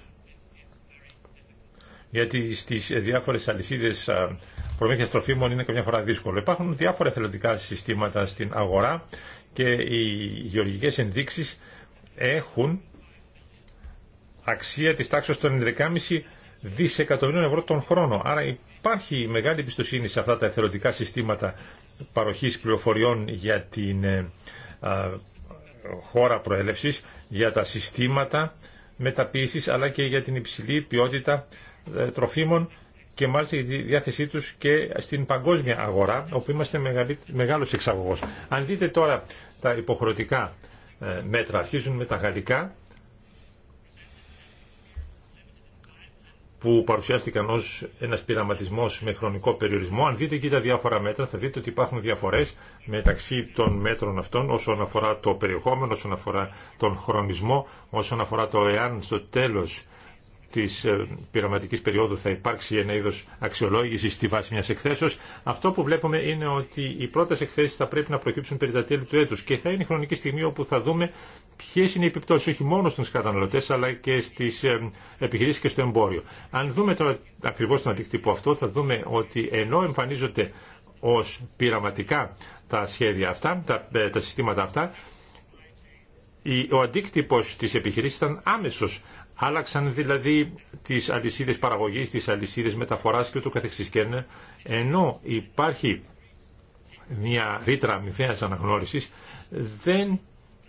γιατί στις διάφορες αλυσίδες προμήθειας τροφίμων είναι καμιά φορά δύσκολο. Υπάρχουν διάφορα εθελοντικά συστήματα στην αγορά και οι γεωργικές ενδείξεις έχουν αξία της τάξης των 11,5 δισεκατομμυρίων ευρώ τον χρόνο. Άρα υπάρχει μεγάλη εμπιστοσύνη σε αυτά τα εθελοντικά συστήματα παροχής πληροφοριών για την ε, χώρα προέλευσης, για τα συστήματα μεταποίηση, αλλά και για την υψηλή ποιότητα ε, τροφίμων και μάλιστα η διάθεσή του και στην παγκόσμια αγορά, όπου είμαστε μεγάλος εξαγωγό. Αν δείτε τώρα τα υποχρεωτικά ε, μέτρα, αρχίζουν με τα γαλλικά, που παρουσιάστηκαν ως ένας πειραματισμός με χρονικό περιορισμό. Αν δείτε και τα διάφορα μέτρα θα δείτε ότι υπάρχουν διαφορές μεταξύ των μέτρων αυτών όσον αφορά το περιεχόμενο, όσον αφορά τον χρονισμό, όσον αφορά το εάν στο τέλος της ε, πειραματικής περίοδου θα υπάρξει ένα είδος αξιολόγηση στη βάση μιας εκθέσεως. Αυτό που βλέπουμε είναι ότι οι πρώτες εκθέσεις θα πρέπει να προκύψουν περί τα τέλη του έτους και θα είναι η χρονική στιγμή όπου θα δούμε ποιες είναι οι επιπτώσεις όχι μόνο στους καταναλωτές αλλά και στις ε, επιχειρήσεις και στο εμπόριο. Αν δούμε τώρα ακριβώς τον αντίκτυπο αυτό θα δούμε ότι ενώ εμφανίζονται ως πειραματικά τα σχέδια αυτά, τα, ε, τα συστήματα αυτά, ο αντίκτυπος της επιχειρήσης ήταν άμεσος Άλλαξαν δηλαδή τις αλυσίδες παραγωγής, τις αλυσίδες μεταφοράς και ούτω καθεξής. Και ενώ υπάρχει μια ρήτρα αμοιβαίας αναγνώρισης, δεν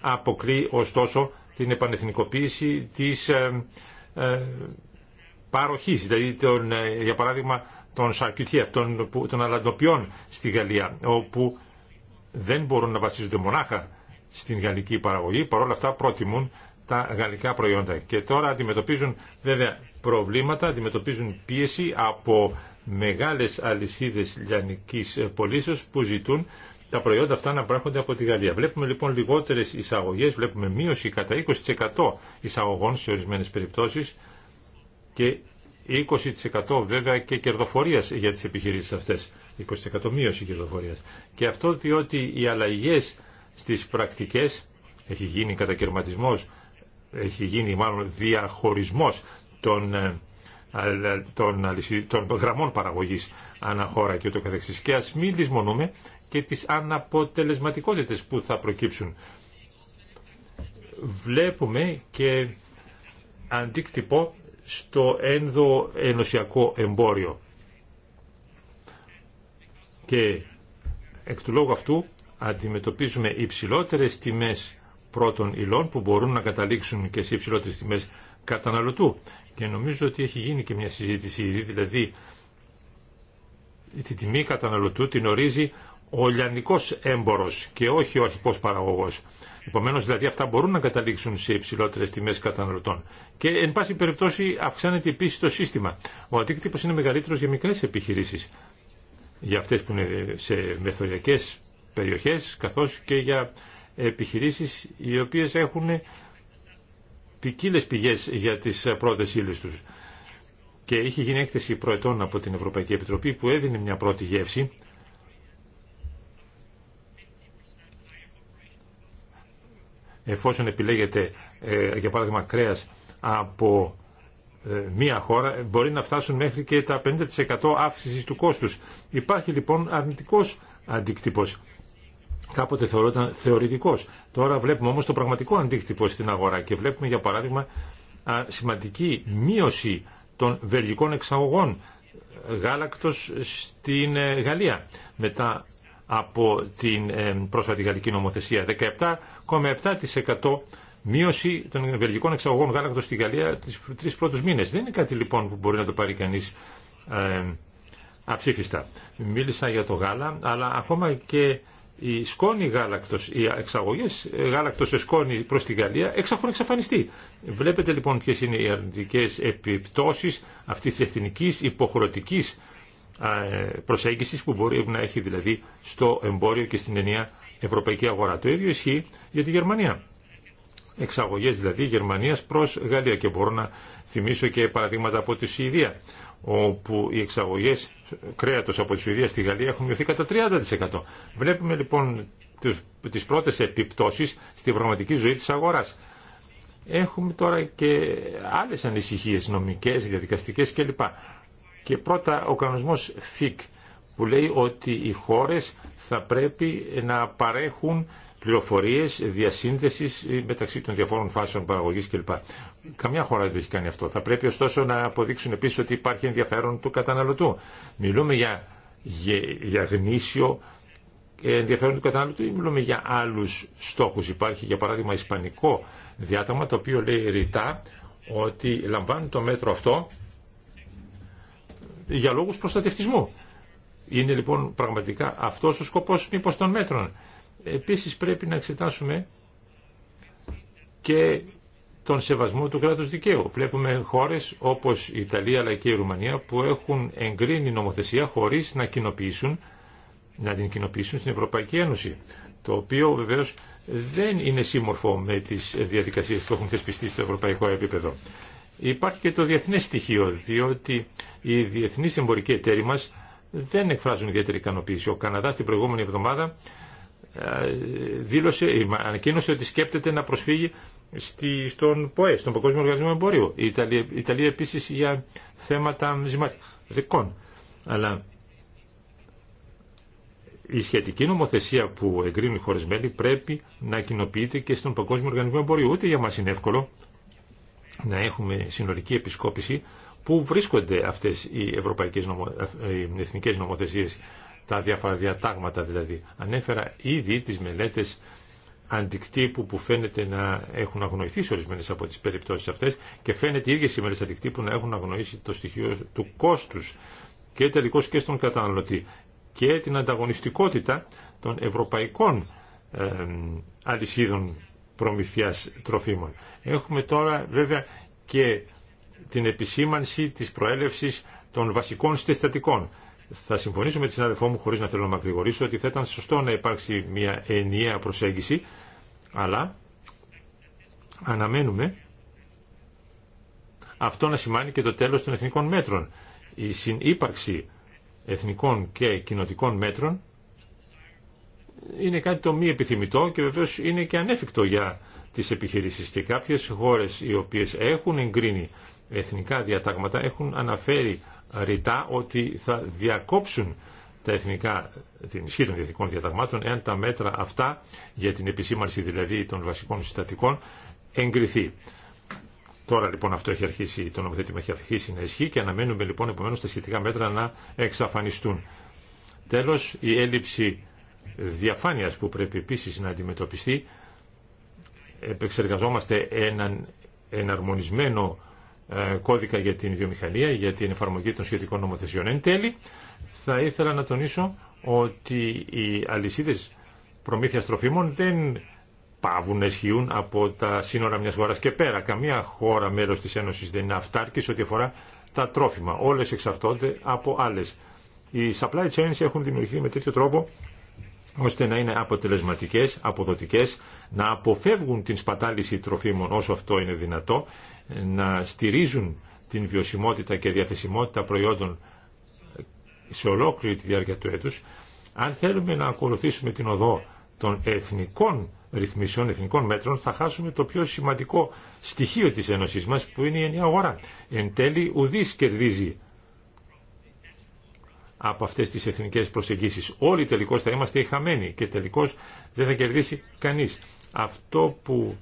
αποκλεί ωστόσο την επανεθνικοποίηση της ε, ε παροχής, δηλαδή τον, ε, για παράδειγμα των σαρκιουτιέφ, των, των αλαντοπιών στη Γαλλία, όπου δεν μπορούν να βασίζονται μονάχα στην γαλλική παραγωγή, παρόλα αυτά προτιμούν τα γαλλικά προϊόντα. Και τώρα αντιμετωπίζουν βέβαια προβλήματα, αντιμετωπίζουν πίεση από μεγάλες αλυσίδες λιανικής πωλήσεως που ζητούν τα προϊόντα αυτά να προέρχονται από τη Γαλλία. Βλέπουμε λοιπόν λιγότερες εισαγωγές, βλέπουμε μείωση κατά 20% εισαγωγών σε ορισμένες περιπτώσεις και 20% βέβαια και κερδοφορίας για τις επιχειρήσεις αυτές. 20% μείωση κερδοφορίας. Και αυτό διότι οι αλλαγές στις πρακτικές, έχει γίνει κατακαιρματισμός έχει γίνει μάλλον διαχωρισμός των, ε, των, των γραμμών παραγωγής αναχώρα και ούτω καθεξής. Και ας μην λησμονούμε και τις αναποτελεσματικότητες που θα προκύψουν. Βλέπουμε και αντίκτυπο στο ένδο ενωσιακό εμπόριο. Και εκ του λόγου αυτού αντιμετωπίζουμε υψηλότερες τιμές πρώτων υλών που μπορούν να καταλήξουν και σε υψηλότερε τιμέ καταναλωτού. Και νομίζω ότι έχει γίνει και μια συζήτηση ήδη, δηλαδή τη τιμή καταναλωτού την ορίζει ο λιανικός έμπορος και όχι ο αρχικός παραγωγός. Επομένω, δηλαδή αυτά μπορούν να καταλήξουν σε υψηλότερες τιμές καταναλωτών. Και εν πάση περιπτώσει αυξάνεται επίσης το σύστημα. Ο αντίκτυπος είναι μεγαλύτερος για μικρές επιχειρήσεις. Για αυτές που είναι σε μεθοριακές περιοχές καθώς και για επιχειρήσεις οι οποίες έχουν ποικίλε πηγές για τις πρώτες ύλε τους. Και είχε γίνει έκθεση προετών από την Ευρωπαϊκή Επιτροπή που έδινε μια πρώτη γεύση εφόσον επιλέγεται ε, για παράδειγμα κρέας από ε, μία χώρα μπορεί να φτάσουν μέχρι και τα 50% αύξησης του κόστους. Υπάρχει λοιπόν αρνητικός αντίκτυπος κάποτε θεωρούταν θεωρητικός. Τώρα βλέπουμε όμως το πραγματικό αντίκτυπο στην αγορά και βλέπουμε για παράδειγμα σημαντική μείωση των βελγικών εξαγωγών ε, γάλακτος στην ε, Γαλλία μετά από την ε, πρόσφατη γαλλική νομοθεσία. 17,7% μείωση των βελγικών εξαγωγών γάλακτος στη Γαλλία τις τρεις πρώτους μήνες. Δεν είναι κάτι λοιπόν που μπορεί να το πάρει κανείς αψήφιστα. Μίλησα για το γάλα, αλλά ακόμα και η σκόνη γάλακτος, οι εξαγωγές ε, γάλακτος σε σκόνη προς την Γαλλία έχουν εξαφανιστεί. Βλέπετε λοιπόν ποιες είναι οι αρνητικές επιπτώσεις αυτής της εθνικής υποχρεωτικής ε, προσέγγισης που μπορεί να έχει δηλαδή στο εμπόριο και στην ενιαία ευρωπαϊκή αγορά. Το ίδιο ισχύει για τη Γερμανία. Εξαγωγές δηλαδή Γερμανίας προς Γαλλία και μπορώ να θυμίσω και παραδείγματα από τη όπου οι εξαγωγέ κρέατος από τη Σουηδία στη Γαλλία έχουν μειωθεί κατά 30%. Βλέπουμε λοιπόν τι πρώτε πρώτες επιπτώσεις στην πραγματική ζωή της αγοράς. Έχουμε τώρα και άλλες ανησυχίε νομικές, διαδικαστικέ κλπ. Και πρώτα ο κανονισμός ΦΙΚ που λέει ότι οι χώρες θα πρέπει να παρέχουν πληροφορίες διασύνδεσης μεταξύ των διαφόρων φάσεων παραγωγής κλπ. Καμιά χώρα δεν το έχει κάνει αυτό. Θα πρέπει ωστόσο να αποδείξουν επίση ότι υπάρχει ενδιαφέρον του καταναλωτού. Μιλούμε για, για, γνήσιο ε, ενδιαφέρον του καταναλωτού ή μιλούμε για άλλους στόχους. Υπάρχει για παράδειγμα ισπανικό διάταγμα το οποίο λέει ρητά ότι λαμβάνουν το μέτρο αυτό για λόγους προστατευτισμού. Είναι λοιπόν πραγματικά αυτό ο σκοπό μήπω των μέτρων. Επίση πρέπει να εξετάσουμε και τον σεβασμό του κράτους δικαίου. Βλέπουμε χώρες όπως η Ιταλία αλλά και η Ρουμανία που έχουν εγκρίνει νομοθεσία χωρίς να, κοινοποιήσουν, να την κοινοποιήσουν στην Ευρωπαϊκή Ένωση. Το οποίο βεβαίως δεν είναι σύμμορφο με τις διαδικασίες που έχουν θεσπιστεί στο ευρωπαϊκό επίπεδο. Υπάρχει και το διεθνές στοιχείο, διότι οι διεθνείς εμπορικοί εταίροι μας δεν εκφράζουν ιδιαίτερη ικανοποίηση. Ο Καναδάς την προηγούμενη εβδομάδα ε, δήλωσε, ανακοίνωσε ότι σκέπτεται να προσφύγει στη, στον ΠΟΕ, στον Παγκόσμιο Οργανισμό Εμπορίου. Η Ιταλία, η Ιταλία επίσης για θέματα ζυμαρικών. Αλλά η σχετική νομοθεσία που εγκρίνουν οι χώρες μέλη πρέπει να κοινοποιείται και στον Παγκόσμιο Οργανισμό Εμπορίου. Ούτε για μας είναι εύκολο να έχουμε συνολική επισκόπηση που βρίσκονται αυτές οι, ευρωπαϊκές οι εθνικές νομοθεσίες, τα διάφορα διατάγματα δηλαδή. Ανέφερα ήδη τις μελέτες αντικτύπου που φαίνεται να έχουν αγνοηθεί σε ορισμένε από τι περιπτώσει αυτέ και φαίνεται οι ίδιε οι μέρε αντικτύπου να έχουν αγνοήσει το στοιχείο του κόστου και τελικώ και στον καταναλωτή και την ανταγωνιστικότητα των ευρωπαϊκών αλυσίδων προμηθειάς τροφίμων. Έχουμε τώρα βέβαια και την επισήμανση της προέλευσης των βασικών συστατικών. Θα συμφωνήσω με τη συνάδελφό μου, χωρίς να θέλω να μακρηγορήσω, ότι θα ήταν σωστό να υπάρξει μια ενιαία προσέγγιση, αλλά αναμένουμε αυτό να σημάνει και το τέλος των εθνικών μέτρων. Η συνύπαρξη εθνικών και κοινοτικών μέτρων είναι κάτι το μη επιθυμητό και βεβαίως είναι και ανέφικτο για τις επιχειρήσεις και κάποιες χώρες οι οποίες έχουν εγκρίνει εθνικά διατάγματα έχουν αναφέρει ρητά ότι θα διακόψουν τα εθνικά, την ισχύ των εθνικών διαταγμάτων εάν τα μέτρα αυτά για την επισήμανση δηλαδή των βασικών συστατικών εγκριθεί. Τώρα λοιπόν αυτό έχει αρχίσει, το νομοθέτημα έχει αρχίσει να ισχύει και αναμένουμε λοιπόν επομένως τα σχετικά μέτρα να εξαφανιστούν. Τέλος, η έλλειψη διαφάνειας που πρέπει επίσης να αντιμετωπιστεί. Επεξεργαζόμαστε έναν εναρμονισμένο ε, κώδικα για την βιομηχανία, για την εφαρμογή των σχετικών νομοθεσιών. Εν τέλει, θα ήθελα να τονίσω ότι οι αλυσίδες προμήθειας τροφίμων δεν πάβουν να ισχύουν από τα σύνορα μιας χώρα και πέρα. Καμία χώρα μέλο τη Ένωση δεν είναι σε ό,τι αφορά τα τρόφιμα. Όλες εξαρτώνται από άλλε. Οι supply chains έχουν δημιουργηθεί με τέτοιο τρόπο ώστε να είναι αποτελεσματικές, αποδοτικές να αποφεύγουν την σπατάληση τροφίμων όσο αυτό είναι δυνατό, να στηρίζουν την βιωσιμότητα και διαθεσιμότητα προϊόντων σε ολόκληρη τη διάρκεια του έτους, αν θέλουμε να ακολουθήσουμε την οδό των εθνικών ρυθμίσεων, εθνικών μέτρων, θα χάσουμε το πιο σημαντικό στοιχείο της Ένωσης μας, που είναι η ενιαία αγορά. Εν τέλει, ουδής κερδίζει από αυτές τις εθνικές προσεγγίσεις. Όλοι τελικώ θα είμαστε χαμένοι και τελικώ δεν θα κερδίσει κανείς. Αυτό που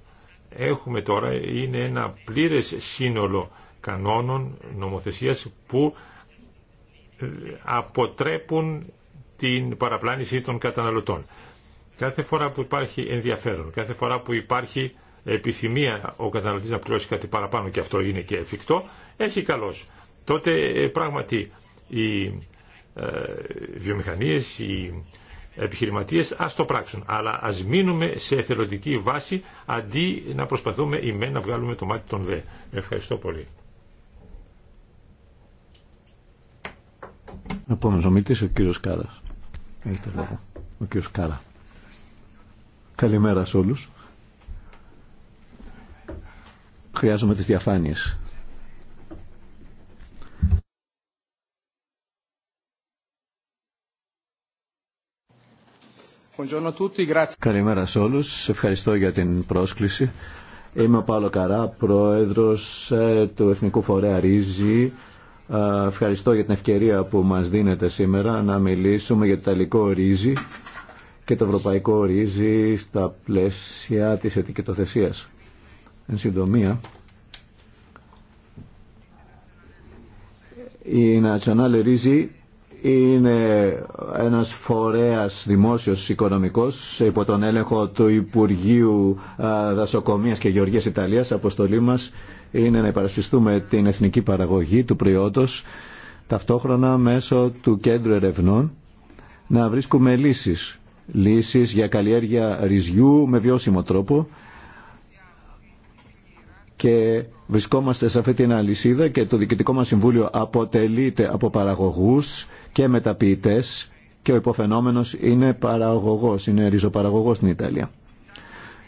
έχουμε τώρα είναι ένα πλήρες σύνολο κανόνων νομοθεσίας που αποτρέπουν την παραπλάνηση των καταναλωτών. Κάθε φορά που υπάρχει ενδιαφέρον, κάθε φορά που υπάρχει επιθυμία ο καταναλωτής να πληρώσει κάτι παραπάνω και αυτό είναι και εφικτό, έχει καλός. Τότε ε, πράγματι ε, βιομηχανίες, οι επιχειρηματίες, ας το πράξουν. Αλλά ας μείνουμε σε εθελοντική βάση αντί να προσπαθούμε να βγάλουμε το μάτι των δε. Ευχαριστώ πολύ. ο κύριος Κάρας. Έχετε λόγο. Ο κύριος Κάρα. Καλημέρα σε όλους. Χρειάζομαι τις διαφάνειες. Καλημέρα σε όλους. ευχαριστώ για την πρόσκληση. Είμαι ο Παύλο Καρά, πρόεδρο ε, του Εθνικού Φορέα Ρίζη. Ε, ευχαριστώ για την ευκαιρία που μα δίνετε σήμερα να μιλήσουμε για το Ιταλικό Ρίζη και το Ευρωπαϊκό Ρίζη στα πλαίσια της ετικετοθεσίας. Εν συντομία, η Nationale Ρίζη είναι ένας φορέας δημόσιος οικονομικός υπό τον έλεγχο του Υπουργείου Δασοκομείας και Γεωργίας Ιταλίας. Αποστολή μας είναι να υπαρασπιστούμε την εθνική παραγωγή του προϊόντος ταυτόχρονα μέσω του κέντρου ερευνών να βρίσκουμε λύσεις. Λύσεις για καλλιέργεια ρυζιού με βιώσιμο τρόπο και Βρισκόμαστε σε αυτή την αλυσίδα και το Διοικητικό μας Συμβούλιο αποτελείται από παραγωγούς και μεταποιητές και ο υποφαινόμενος είναι παραγωγός, είναι ριζοπαραγωγός στην Ιταλία.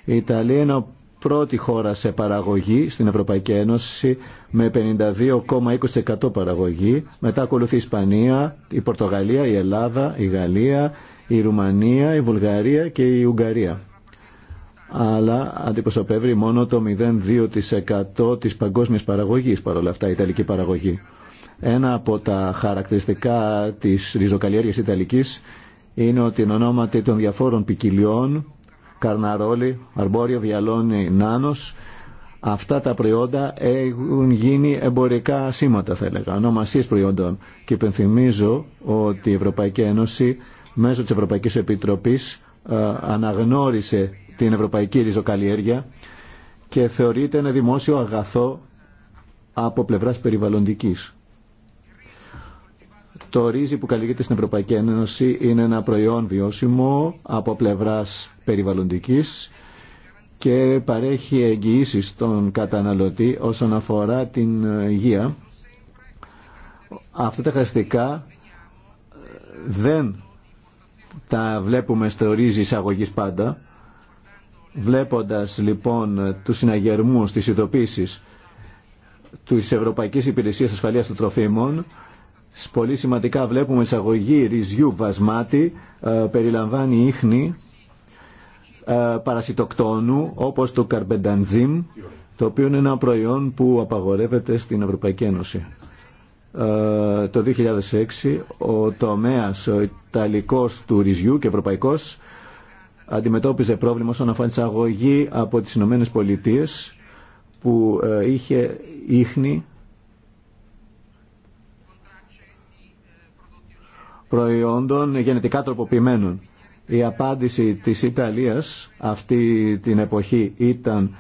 Η Ιταλία είναι πρώτη χώρα σε παραγωγή στην Ευρωπαϊκή Ένωση με 52,20% παραγωγή. Μετά ακολουθεί η Ισπανία, η Πορτογαλία, η Ελλάδα, η Γαλλία, η Ρουμανία, η Βουλγαρία και η Ουγγαρία αλλά αντιπροσωπεύει μόνο το 0,2% της παγκόσμιας παραγωγής παρόλα αυτά η Ιταλική παραγωγή. Ένα από τα χαρακτηριστικά της ριζοκαλλιέργειας Ιταλικής είναι ότι εν ονόματι των διαφόρων ποικιλιών, καρναρόλι, αρμπόριο, βιαλόνι, νάνος, αυτά τα προϊόντα έχουν γίνει εμπορικά σήματα θα έλεγα, ονομασίες προϊόντων. Και υπενθυμίζω ότι η Ευρωπαϊκή Ένωση μέσω της Ευρωπαϊκής Επιτροπής ε, αναγνώρισε την ευρωπαϊκή ριζοκαλλιέργεια και θεωρείται ένα δημόσιο αγαθό από πλευράς περιβαλλοντικής. Το ρύζι που καλλιεργείται στην Ευρωπαϊκή Ένωση είναι ένα προϊόν βιώσιμο από πλευράς περιβαλλοντικής και παρέχει εγγυήσει στον καταναλωτή όσον αφορά την υγεία. Αυτά τα χαριστικά δεν τα βλέπουμε στο ρύζι εισαγωγής πάντα. Βλέποντας λοιπόν του συναγερμούς, τις ειδοποίησεις της Ευρωπαϊκής Υπηρεσίας Ασφαλείας των Τροφίμων, πολύ σημαντικά βλέπουμε εισαγωγή ρυζιού βασμάτη, ε, περιλαμβάνει ίχνη ε, παρασιτοκτόνου όπως το καρπενταντζίμ, το οποίο είναι ένα προϊόν που απαγορεύεται στην Ευρωπαϊκή Ένωση. Ε, το 2006 ο τομέας ο Ιταλικός του ρυζιού και Ευρωπαϊκός αντιμετώπιζε πρόβλημα στον αφορά από τις Ηνωμένε Πολιτείε που ε, είχε ίχνη προϊόντων γενετικά τροποποιημένων. Η απάντηση της Ιταλίας αυτή την εποχή ήταν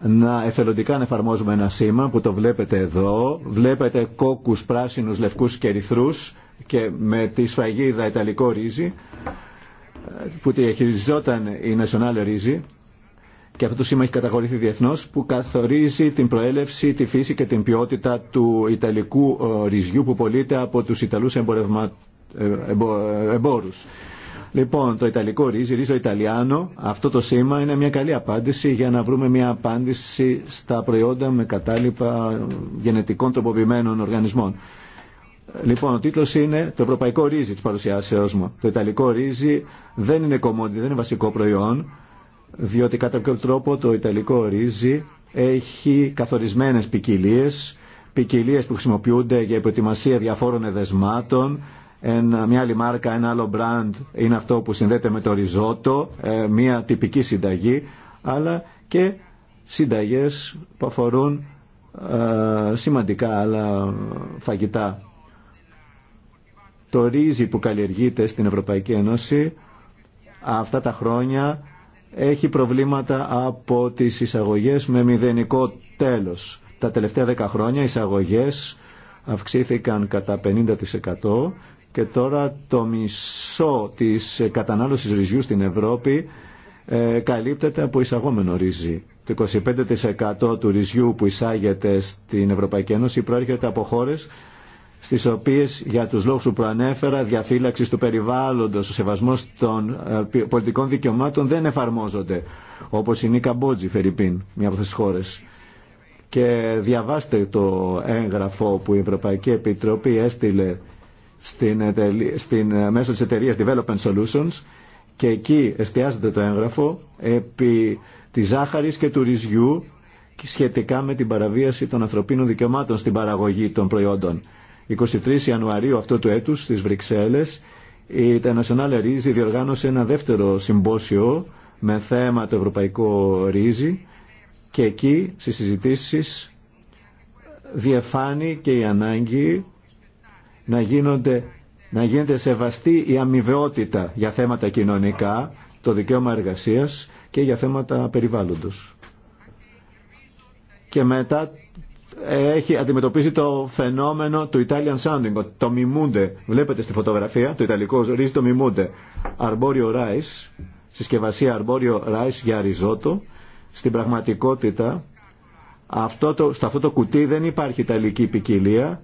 να εθελοντικά να εφαρμόζουμε ένα σήμα που το βλέπετε εδώ. Βλέπετε κόκκους, πράσινους, λευκούς και ρυθρούς και με τη σφαγίδα ιταλικό ρύζι που διαχειριζόταν η National Rizzi και αυτό το σήμα έχει καταχωρηθεί διεθνώ, που καθορίζει την προέλευση, τη φύση και την ποιότητα του Ιταλικού ε, ρυζιού που πωλείται από του Ιταλού εμπορευμα... Ε, ε, εμπόρου. Λοιπόν, το Ιταλικό ρύζι, ρύζο Ιταλιάνο, αυτό το σήμα είναι μια καλή απάντηση για να βρούμε μια απάντηση στα προϊόντα με κατάλοιπα γενετικών τροποποιημένων οργανισμών. Λοιπόν, ο τίτλο είναι Το Ευρωπαϊκό Ρύζι τη παρουσιάσεω μου. Το Ιταλικό ρύζι δεν είναι κομμόντι, δεν είναι βασικό προϊόν, διότι κατά κάποιο τρόπο το Ιταλικό ρύζι έχει καθορισμένε ποικιλίε, ποικιλίε που χρησιμοποιούνται για υποετοιμασία διαφόρων εδεσμάτων. Ένα, μια άλλη μάρκα, ένα άλλο μπραντ είναι αυτό που συνδέεται με το ριζότο, ε, μια τυπική συνταγή, αλλά και συνταγές που αφορούν ε, σημαντικά άλλα φαγητά το ρύζι που καλλιεργείται στην Ευρωπαϊκή Ένωση αυτά τα χρόνια έχει προβλήματα από τις εισαγωγές με μηδενικό τέλος. Τα τελευταία δέκα χρόνια οι εισαγωγές αυξήθηκαν κατά 50% και τώρα το μισό της κατανάλωσης ρυζιού στην Ευρώπη ε, καλύπτεται από εισαγόμενο ρύζι. Το 25% του ρυζιού που εισάγεται στην Ευρωπαϊκή Ένωση προέρχεται από χώρες στις οποίες για τους λόγους που προανέφερα διαφύλαξη του περιβάλλοντος, ο σεβασμός των ε, πολιτικών δικαιωμάτων δεν εφαρμόζονται όπως είναι η Καμπότζη, Φερρυπίν, μια από τις χώρες. Και διαβάστε το έγγραφο που η Ευρωπαϊκή Επιτροπή έστειλε στην, στην, ε, μέσω της εταιρείας Development Solutions και εκεί εστιάζεται το έγγραφο επί της ζάχαρης και του ρυζιού σχετικά με την παραβίαση των ανθρωπίνων δικαιωμάτων στην παραγωγή των προϊόντων. 23 Ιανουαρίου αυτού του έτους στις Βρυξέλλες η International Ρίζη διοργάνωσε ένα δεύτερο συμπόσιο με θέμα το ευρωπαϊκό ρύζι και εκεί στις συζητήσεις διεφάνει και η ανάγκη να, γίνονται, να γίνεται σεβαστή η αμοιβαιότητα για θέματα κοινωνικά, το δικαίωμα εργασίας και για θέματα περιβάλλοντος. Και μετά έχει αντιμετωπίσει το φαινόμενο του Italian Sounding. Το μιμούνται. Βλέπετε στη φωτογραφία, το ιταλικό ρύζι το μιμούνται. Αρμπόριο ράις, συσκευασία αρμπόριο ράις για ριζότο. Στην πραγματικότητα, αυτό το, στο αυτό το κουτί δεν υπάρχει ιταλική ποικιλία.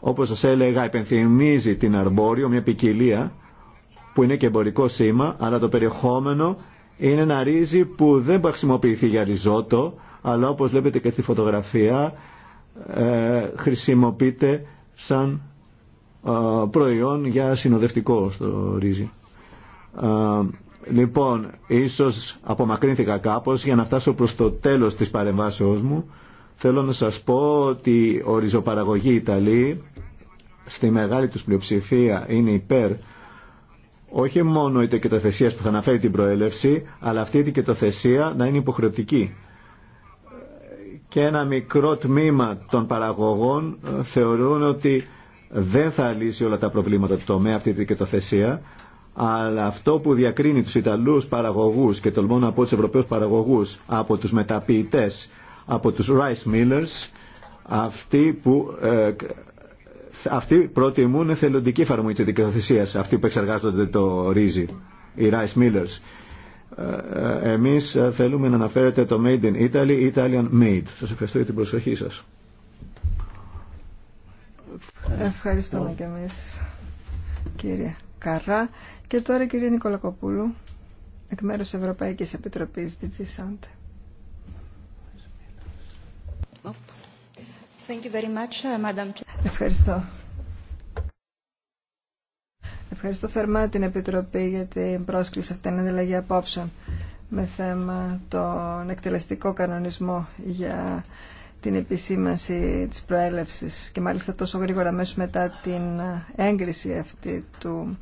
Όπως σας έλεγα, υπενθυμίζει την αρμπόριο, μια ποικιλία που είναι και εμπορικό σήμα, αλλά το περιεχόμενο είναι ένα ρύζι που δεν χρησιμοποιηθεί για ριζότο, αλλά όπως βλέπετε και στη φωτογραφία ε, χρησιμοποιείται σαν ε, προϊόν για συνοδευτικό στο ρύζι. Ε, λοιπόν, ίσως απομακρύνθηκα κάπως για να φτάσω προς το τέλος της παρεμβάσεώς μου. Θέλω να σας πω ότι ο ριζοπαραγωγή Ιταλή, στη μεγάλη τους πλειοψηφία είναι υπέρ όχι μόνο η τοκετοθεσία που θα αναφέρει την προέλευση, αλλά αυτή η τοκετοθεσία να είναι υποχρεωτική και ένα μικρό τμήμα των παραγωγών ε, θεωρούν ότι δεν θα λύσει όλα τα προβλήματα του τομέα αυτή τη δικαιοθεσία, αλλά αυτό που διακρίνει τους Ιταλούς παραγωγούς και τολμώ να πω τους Ευρωπαίους παραγωγούς από τους μεταποιητές, από τους rice millers, αυτοί που ε, αυτοί προτιμούν θελοντική εφαρμογή της δικαιοθεσίας, αυτοί που εξεργάζονται το ρύζι, οι rice millers. Ε, ε, εμείς ε, θέλουμε να αναφέρετε το Made in Italy, Italian Made. Σας ευχαριστώ για την προσοχή σας. Ευχαριστούμε και εμείς κύριε Καρά. Και τώρα κύριε Νικολακοπούλου, εκ μέρους Ευρωπαϊκής Επιτροπής Διτσισάντε. Thank you very much, uh, Madam. Ευχαριστώ. Ευχαριστώ θερμά την Επιτροπή για την πρόσκληση αυτήν την ανταλλαγή απόψεων με θέμα τον εκτελεστικό κανονισμό για την επισήμανση της προέλευσης και μάλιστα τόσο γρήγορα μέσω μετά την έγκριση αυτή του,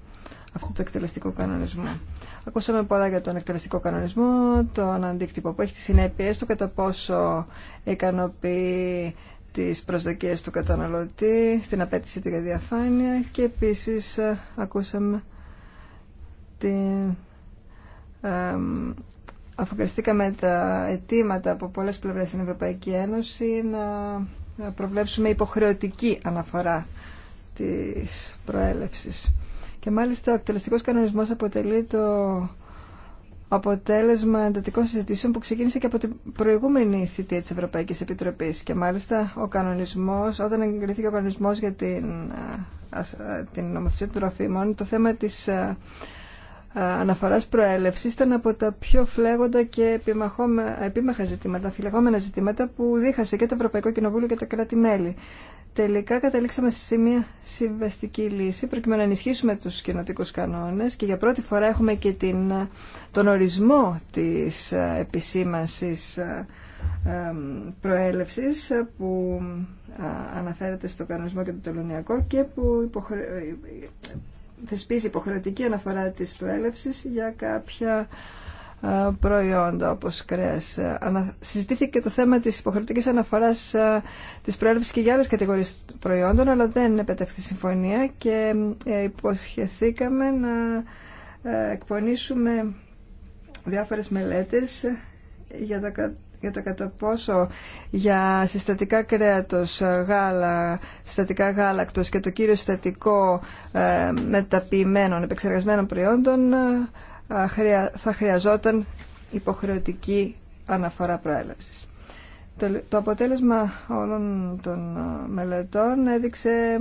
αυτού του εκτελεστικού κανονισμού. Ακούσαμε πολλά για τον εκτελεστικό κανονισμό, τον αντίκτυπο που έχει τις συνέπειες του, κατά πόσο ικανοποιεί τις προσδοκίες του καταναλωτή, στην απέτηση του για διαφάνεια και επίσης ε, ακούσαμε την... τα αιτήματα από πολλές πλευρές στην Ευρωπαϊκή Ένωση να προβλέψουμε υποχρεωτική αναφορά της προέλευσης. Και μάλιστα ο εκτελεστικός κανονισμός αποτελεί το αποτέλεσμα εντατικών συζητήσεων που ξεκίνησε και από την προηγούμενη θητεία της Ευρωπαϊκής Επιτροπής και μάλιστα ο κανονισμός, όταν εγκριθήκε ο κανονισμός για την, την νομοθεσία των τροφίμων το θέμα της αναφοράς προέλευσης ήταν από τα πιο φλέγοντα και επίμαχα ζητήματα, ζητήματα που δίχασε και το Ευρωπαϊκό Κοινοβούλιο και τα κράτη-μέλη τελικά καταλήξαμε σε μια συμβαστική λύση προκειμένου να ενισχύσουμε τους κοινοτικούς κανόνες και για πρώτη φορά έχουμε και την, τον ορισμό της ε, επισήμανσης ε, προέλευσης ε, που αναφέρεται στο κανονισμό και το τελωνιακό και που υποχρε... θεσπίζει υποχρεωτική αναφορά της προέλευσης για κάποια ε, προϊόντα όπως κρέας. Ε, συζητήθηκε το θέμα της υποχρεωτικής αναφοράς ε, της προέλευσης και για άλλες κατηγορίες προϊόντων, αλλά δεν επετεύχθη συμφωνία και υποσχεθήκαμε να εκπονήσουμε διάφορες μελέτες για τα για το κατά πόσο για συστατικά κρέατος, γάλα, συστατικά γάλακτος και το κύριο συστατικό μεταποιημένων, επεξεργασμένων προϊόντων θα χρειαζόταν υποχρεωτική αναφορά προέλευσης. Το αποτέλεσμα όλων των μελετών έδειξε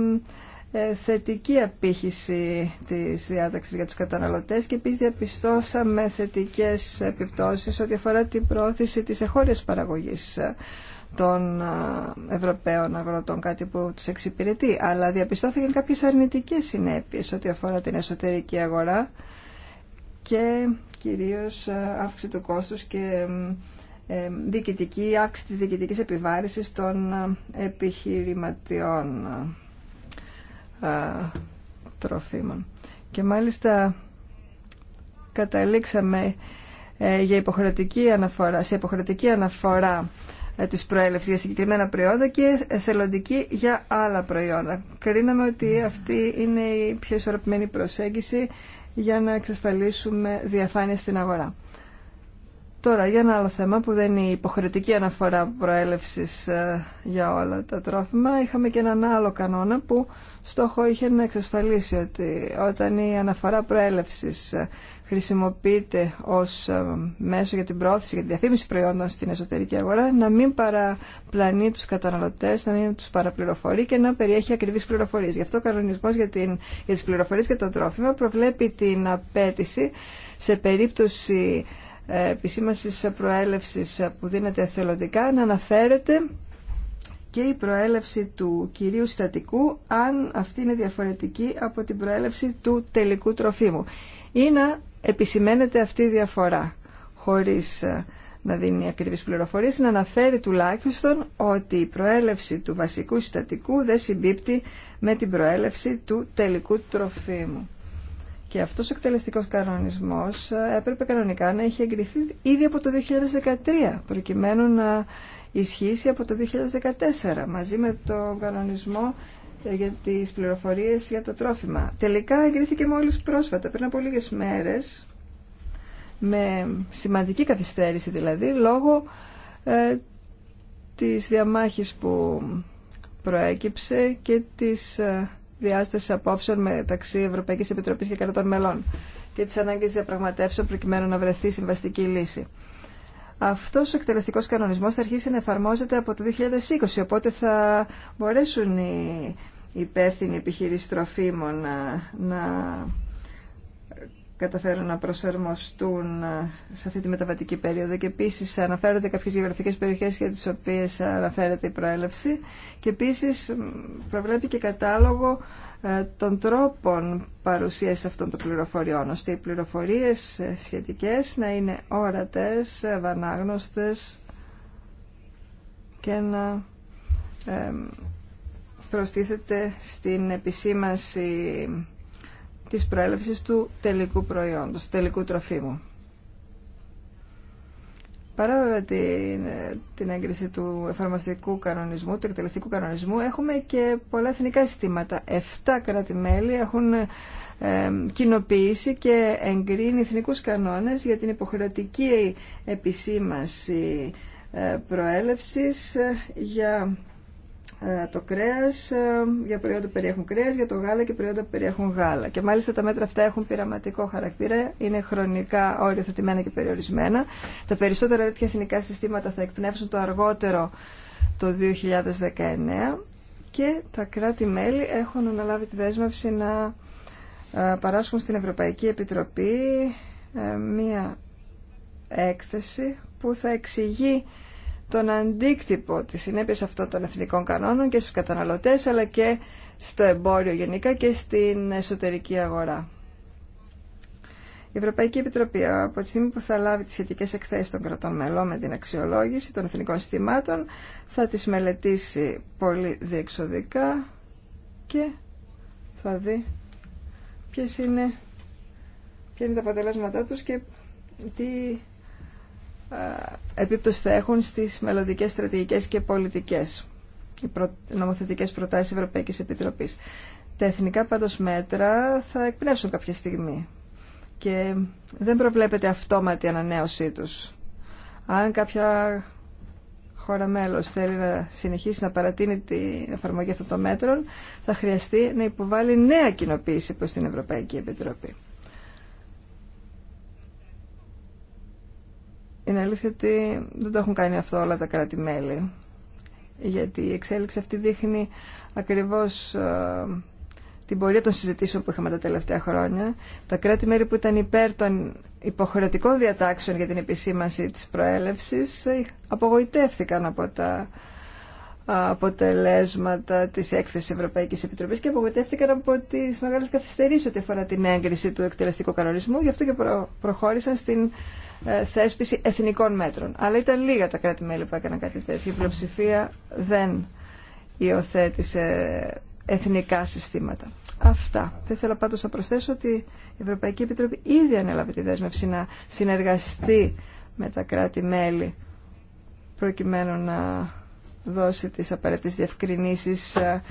ε, θετική απήχηση της διάταξης για τους καταναλωτές και επίσης διαπιστώσαμε θετικές επιπτώσεις ό,τι αφορά την πρόθεση της εχώριας παραγωγής ε, των Ευρωπαίων αγροτών, κάτι που τους εξυπηρετεί. Αλλά διαπιστώθηκαν κάποιες αρνητικές συνέπειες ό,τι αφορά την εσωτερική αγορά και κυρίως ε, αύξηση του κόστους και ε, ε, διοικητική, αύξηση της διοικητικής επιβάρησης των επιχειρηματιών τροφίμων. Και μάλιστα καταλήξαμε για υποχρεωτική αναφορά, σε υποχρεωτική αναφορά της προέλευσης για συγκεκριμένα προϊόντα και εθελοντική για άλλα προϊόντα. Κρίναμε ότι αυτή είναι η πιο ισορροπημένη προσέγγιση για να εξασφαλίσουμε διαφάνεια στην αγορά. Τώρα, για ένα άλλο θέμα που δεν είναι η υποχρεωτική αναφορά προέλευσης ε, για όλα τα τρόφιμα, είχαμε και έναν άλλο κανόνα που στόχο είχε να εξασφαλίσει ότι όταν η αναφορά προέλευσης χρησιμοποιείται ως ε, μέσο για την πρόθεση, και τη διαφήμιση προϊόντων στην εσωτερική αγορά, να μην παραπλανεί τους καταναλωτές, να μην τους παραπληροφορεί και να περιέχει ακριβείς πληροφορίες. Γι' αυτό ο κανονισμός για, την, για τις πληροφορίες και το τρόφιμα προβλέπει την απέτηση σε περίπτωση ε, επισήμασης προέλευσης που δίνεται εθελοντικά να αναφέρεται και η προέλευση του κυρίου συστατικού αν αυτή είναι διαφορετική από την προέλευση του τελικού τροφίμου ή να επισημαίνεται αυτή η διαφορά χωρίς ε, να δίνει ακριβείς πληροφορίες να αναφέρει τουλάχιστον ότι η προέλευση του βασικού συστατικού δεν συμπίπτει με την προέλευση του τελικού τροφίμου. Και αυτός ο εκτελεστικός κανονισμός ε, έπρεπε κανονικά να έχει εγκριθεί ήδη από το 2013 προκειμένου να ισχύσει από το 2014 μαζί με τον κανονισμό ε, για τις πληροφορίες για τα τρόφιμα. Τελικά εγκρίθηκε μόλις πρόσφατα, πριν από λίγες μέρες, με σημαντική καθυστέρηση δηλαδή, λόγω ε, της διαμάχης που προέκυψε και της ε, διάστασης απόψεων μεταξύ Ευρωπαϊκής Επιτροπής και Κρατών Μελών και της ανάγκης διαπραγματεύσεων προκειμένου να βρεθεί συμβαστική λύση. Αυτό ο εκτελεστικός κανονισμός θα αρχίσει να εφαρμόζεται από το 2020, οπότε θα μπορέσουν οι υπεύθυνοι επιχειρήσει τροφίμων να, ε, να καταφέρουν να προσαρμοστούν ε, σε αυτή τη μεταβατική περίοδο και επίσης αναφέρονται κάποιες γεωγραφικέ περιοχέ για τις οποίες αναφέρεται η προέλευση και επίσης προβλέπει και κατάλογο ε, των τρόπων παρουσίας αυτών των πληροφοριών, ώστε οι πληροφορίες ε, σχετικές να είναι όρατες, ευανάγνωστες και να προστίθεται στην επισήμανση της προέλευσης του τελικού προϊόντος, του τελικού τροφίμου. Παρά βέβαια την, έγκριση του εφαρμοστικού κανονισμού, του εκτελεστικού κανονισμού, έχουμε και πολλά εθνικά συστήματα. Εφτά κράτη-μέλη έχουν ε, κοινοποιήσει και εγκρίνει εθνικούς κανόνες για την υποχρεωτική επισήμαση ε, προέλευσης ε, για ε, το κρέας, ε, για προϊόντα που περιέχουν κρέας, για το γάλα και προϊόντα που περιέχουν γάλα. Και μάλιστα τα μέτρα αυτά έχουν πειραματικό χαρακτήρα, είναι χρονικά οριοθετημένα και περιορισμένα. Τα περισσότερα τέτοια εθνικά συστήματα θα εκπνεύσουν το αργότερο το 2019 και τα κράτη-μέλη έχουν αναλάβει τη δέσμευση να ε, παράσχουν στην Ευρωπαϊκή Επιτροπή μία έκθεση που θα εξηγεί τον αντίκτυπο της συνέπειας αυτών των εθνικών κανόνων και στους καταναλωτές αλλά και στο εμπόριο γενικά και στην εσωτερική αγορά. Η Ευρωπαϊκή Επιτροπή από τη στιγμή που θα λάβει τις σχετικές εκθέσεις των κρατών μελών με την αξιολόγηση των εθνικών συστημάτων θα τις μελετήσει πολύ διεξοδικά και θα δει ποιες είναι, τα αποτελέσματά τους και τι ε, επίπτωση θα έχουν στις μελλοντικές στρατηγικές και πολιτικές οι νομοθετικές προτάσεις Ευρωπαϊκής Επιτροπής. Τα εθνικά πάντως μέτρα θα εκπνεύσουν κάποια στιγμή και δεν προβλέπεται αυτόματη ανανέωσή τους. Αν κάποια χώρα μέλος θέλει να συνεχίσει να παρατείνει την εφαρμογή αυτών των μέτρων, θα χρειαστεί να υποβάλει νέα κοινοποίηση προς την Ευρωπαϊκή Επιτροπή. Είναι αλήθεια ότι δεν το έχουν κάνει αυτό όλα τα κράτη-μέλη. Γιατί η εξέλιξη αυτή δείχνει ακριβώς ε, την πορεία των συζητήσεων που είχαμε τα τελευταία χρόνια. Τα κράτη-μέλη που ήταν υπέρ των υποχρεωτικών διατάξεων για την επισήμανση της προέλευσης ε, απογοητεύτηκαν από τα ε, αποτελέσματα της έκθεσης Ευρωπαϊκής Επιτροπής και απογοητεύτηκαν από τις μεγάλες καθυστερήσει ό,τι αφορά την έγκριση του εκτελεστικού κανονισμού. Γι' αυτό και προχώρησαν στην ε, θέσπιση εθνικών μέτρων. Αλλά ήταν λίγα τα κράτη-μέλη που έκαναν κάτι τέτοιο. Η πλειοψηφία δεν υιοθέτησε εθνικά συστήματα. Αυτά. Θα ήθελα πάντως να προσθέσω ότι η Ευρωπαϊκή Επιτροπή ήδη ανέλαβε τη δέσμευση να συνεργαστεί με τα κράτη-μέλη προκειμένου να δώσει τις απαραίτητες διευκρινήσεις ε,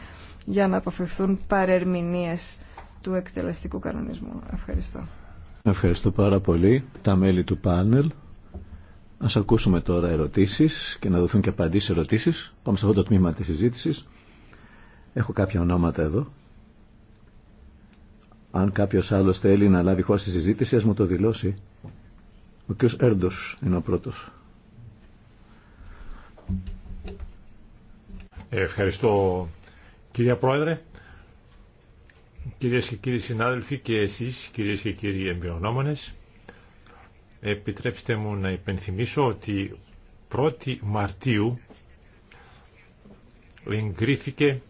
για να αποφευθούν παρερμηνίες του εκτελεστικού κανονισμού. Ευχαριστώ. Ευχαριστώ πάρα πολύ τα μέλη του πάνελ. Α ακούσουμε τώρα ερωτήσεις και να δοθούν και απαντήσεις ερωτήσεις. Πάμε σε αυτό το τμήμα της συζήτηση. Έχω κάποια ονόματα εδώ. Αν κάποιος άλλος θέλει να λάβει χώρα στη συζήτηση, α μου το δηλώσει. Ο κ. Έρντος είναι ο πρώτος. Ευχαριστώ κυρία Πρόεδρε. Κυρίες και κύριοι συνάδελφοι και εσείς, κυρίες και κύριοι εμπειρονόμονες, επιτρέψτε μου να υπενθυμίσω ότι 1η Μαρτίου εγκρίθηκε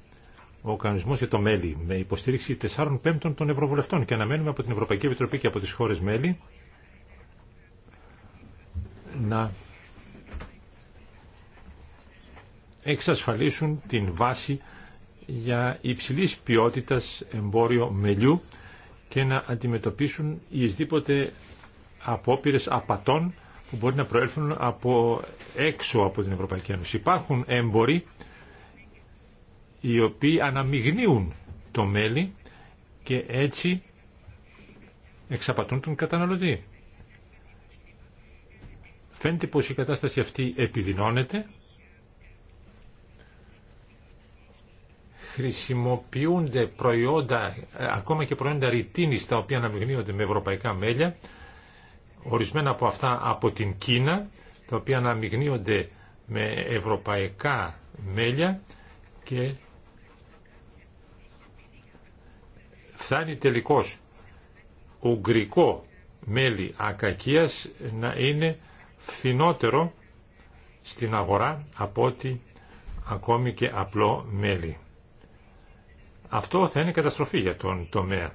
ο κανονισμό για το μέλι με υποστήριξη 4 πέμπτων των Ευρωβουλευτών και αναμένουμε από την Ευρωπαϊκή Επιτροπή και από τις χώρες μέλη να εξασφαλίσουν την βάση για υψηλής ποιότητας εμπόριο μελιού και να αντιμετωπίσουν ιεσδήποτε απόπειρες απατών που μπορεί να προέλθουν από έξω από την Ευρωπαϊκή Ένωση. Υπάρχουν έμποροι οι οποίοι αναμειγνύουν το μέλι και έτσι εξαπατούν τον καταναλωτή. Φαίνεται πως η κατάσταση αυτή επιδεινώνεται χρησιμοποιούνται προϊόντα, ε, ακόμα και προϊόντα ρητίνης τα οποία αναμειγνύονται με ευρωπαϊκά μέλια, ορισμένα από αυτά από την Κίνα, τα οποία αναμειγνύονται με ευρωπαϊκά μέλια και φτάνει τελικώς ουγγρικό μέλι ακακίας να είναι φθηνότερο στην αγορά από ότι ακόμη και απλό μέλι. Αυτό θα είναι καταστροφή για τον τομέα.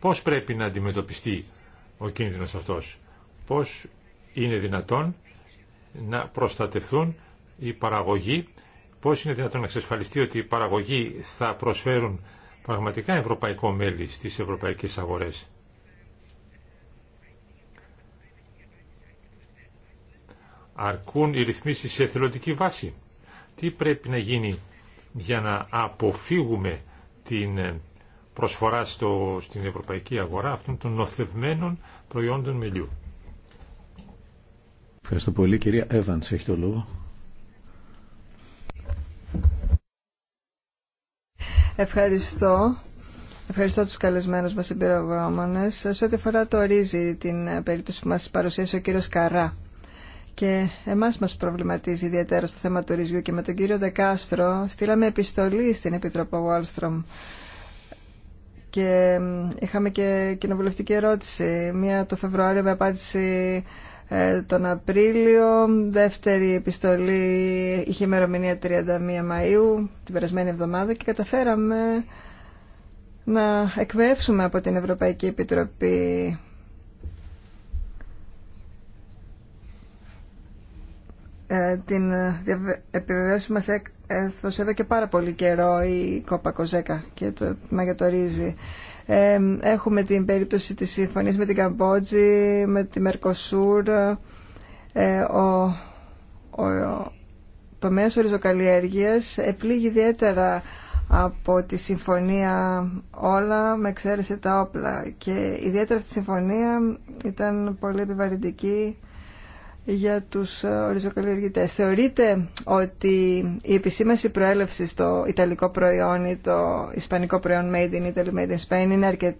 Πώς πρέπει να αντιμετωπιστεί ο κίνδυνος αυτός. Πώς είναι δυνατόν να προστατευθούν οι παραγωγοί. Πώς είναι δυνατόν να εξασφαλιστεί ότι οι παραγωγοί θα προσφέρουν πραγματικά ευρωπαϊκό μέλη στις ευρωπαϊκές αγορές. Αρκούν οι ρυθμίσεις σε εθελοντική βάση. Τι πρέπει να γίνει για να αποφύγουμε την ε, προσφορά στο, στην ευρωπαϊκή αγορά αυτών των νοθευμένων προϊόντων μελιού. Ευχαριστώ πολύ. Κυρία Εύανς, έχει το λόγο. Ευχαριστώ. Ευχαριστώ τους καλεσμένους μας εμπειρογνώμονες. Σε ό,τι αφορά το ρύζι, την ε, περίπτωση που μας παρουσίασε ο κύριος Καρά. Και εμάς μας προβληματίζει ιδιαίτερα στο θέμα του ρυζιού και με τον κύριο Δεκάστρο στείλαμε επιστολή στην Επιτροπή Wallstrom και είχαμε και κοινοβουλευτική ερώτηση. Μία το Φεβρουάριο με απάντηση ε, τον Απρίλιο, δεύτερη επιστολή είχε ημερομηνία 31 Μαΐου την περασμένη εβδομάδα και καταφέραμε να εκβεύσουμε από την Ευρωπαϊκή Επιτροπή Ε, την ε, επιβεβαίωση μας έδωσε εδώ και πάρα πολύ καιρό η Κόπα Κοζέκα και το μαγετορίζει. Ε, έχουμε την περίπτωση της συμφωνίας με την Καμπότζη, με τη Μερκοσούρ, ε, ο, ο, το μέσο ριζοκαλλιέργειας επλήγει ιδιαίτερα από τη συμφωνία όλα με εξαίρεση τα όπλα και ιδιαίτερα αυτή η συμφωνία ήταν πολύ επιβαρυντική για τους ε, οριζοκαλλιεργητές. Θεωρείτε ότι η επισήμαση πρόελευση στο ιταλικό προϊόν ή το ισπανικό προϊόν made in Italy, made in Spain είναι αρκετή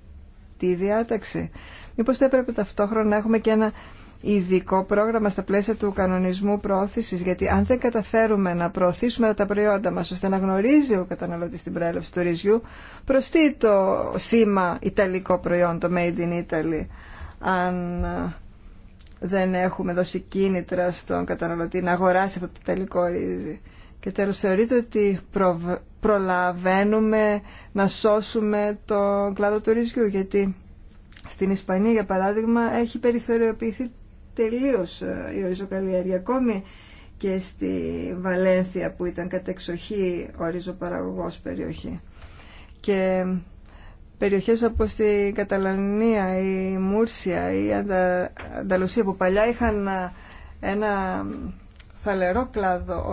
διάταξη. Μήπως θα έπρεπε ταυτόχρονα να έχουμε και ένα ειδικό πρόγραμμα στα πλαίσια του κανονισμού προώθησης, γιατί αν δεν καταφέρουμε να προωθήσουμε τα προϊόντα μας ώστε να γνωρίζει ο καταναλωτής την προέλευση του ρυζιού, προς τι το σήμα ιταλικό προϊόν, το made in Italy, αν ε, δεν έχουμε δώσει κίνητρα στον καταναλωτή να αγοράσει αυτό το τελικό ρύζι. Και τέλος θεωρείτε ότι προλαβαίνουμε να σώσουμε τον κλάδο του ρυζιού γιατί στην Ισπανία για παράδειγμα έχει περιθωριοποιηθεί τελείως ε, η οριζοκαλλιέργεια ακόμη και στη Βαλένθια που ήταν κατεξοχή οριζοπαραγωγός περιοχή. Και περιοχές όπως η Καταλανία, η Μούρσια, η Αντα... Ανταλουσία που παλιά είχαν ε, ένα θαλερό κλάδο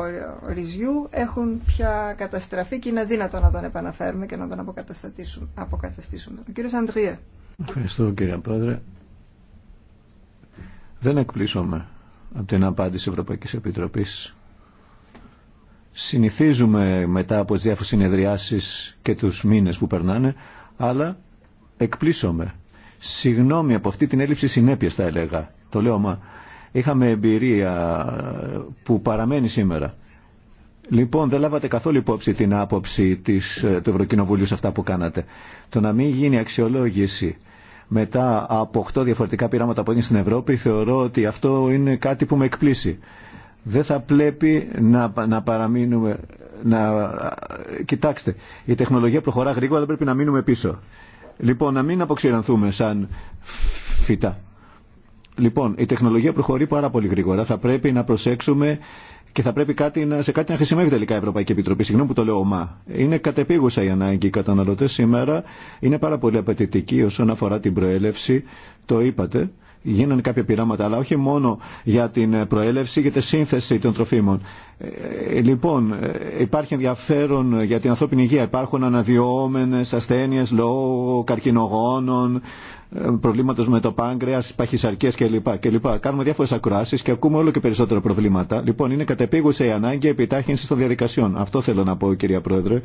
ρυζιού έχουν πια καταστραφεί και είναι αδύνατο να τον επαναφέρουμε και να τον αποκαταστήσουμε. Ο κύριος Αντρίε. Ευχαριστώ κύριε Πρόεδρε. Δεν εκπλήσωμε από την απάντηση Ευρωπαϊκής Επιτροπής. Συνηθίζουμε μετά από τι διάφορες συνεδριάσεις και τους μήνες που περνάνε αλλά εκπλήσωμε. Συγγνώμη από αυτή την έλλειψη συνέπειας θα έλεγα. Το λέω μα είχαμε εμπειρία ε, που παραμένει σήμερα. Λοιπόν, δεν λάβατε καθόλου υπόψη την άποψη της, ε, του Ευρωκοινοβουλίου σε αυτά που κάνατε. Το να μην γίνει αξιολόγηση μετά από 8 διαφορετικά πειράματα που έγινε στην Ευρώπη, θεωρώ ότι αυτό είναι κάτι που με εκπλήσει δεν θα πρέπει να, να παραμείνουμε... Να... Κοιτάξτε, η τεχνολογία προχωρά γρήγορα, δεν πρέπει να μείνουμε πίσω. Λοιπόν, να μην αποξηρανθούμε σαν φυτά. Λοιπόν, η τεχνολογία προχωρεί πάρα πολύ γρήγορα. Θα πρέπει να προσέξουμε και θα πρέπει κάτι να, σε κάτι να χρησιμεύει τελικά η Ευρωπαϊκή Επιτροπή. Συγγνώμη που το λέω ομά. Είναι κατεπίγουσα η ανάγκη. Οι καταναλωτέ σήμερα είναι πάρα πολύ απαιτητική όσον αφορά την προέλευση. Το είπατε γίνανε κάποια πειράματα, αλλά όχι μόνο για την προέλευση, για τη σύνθεση των τροφίμων. Ε, ε, λοιπόν, ε, υπάρχει ενδιαφέρον για την ανθρώπινη υγεία. Υπάρχουν αναδυόμενες ασθένειες λόγω καρκινογόνων, προβλήματος με το πάγκρεας, παχυσαρκίες κλπ. κλπ. Κάνουμε διάφορες ακροάσεις και ακούμε όλο και περισσότερα προβλήματα. Λοιπόν, είναι κατεπίγουσα η ανάγκη επιτάχυνση των διαδικασιών. Αυτό θέλω να πω, κυρία Πρόεδρε.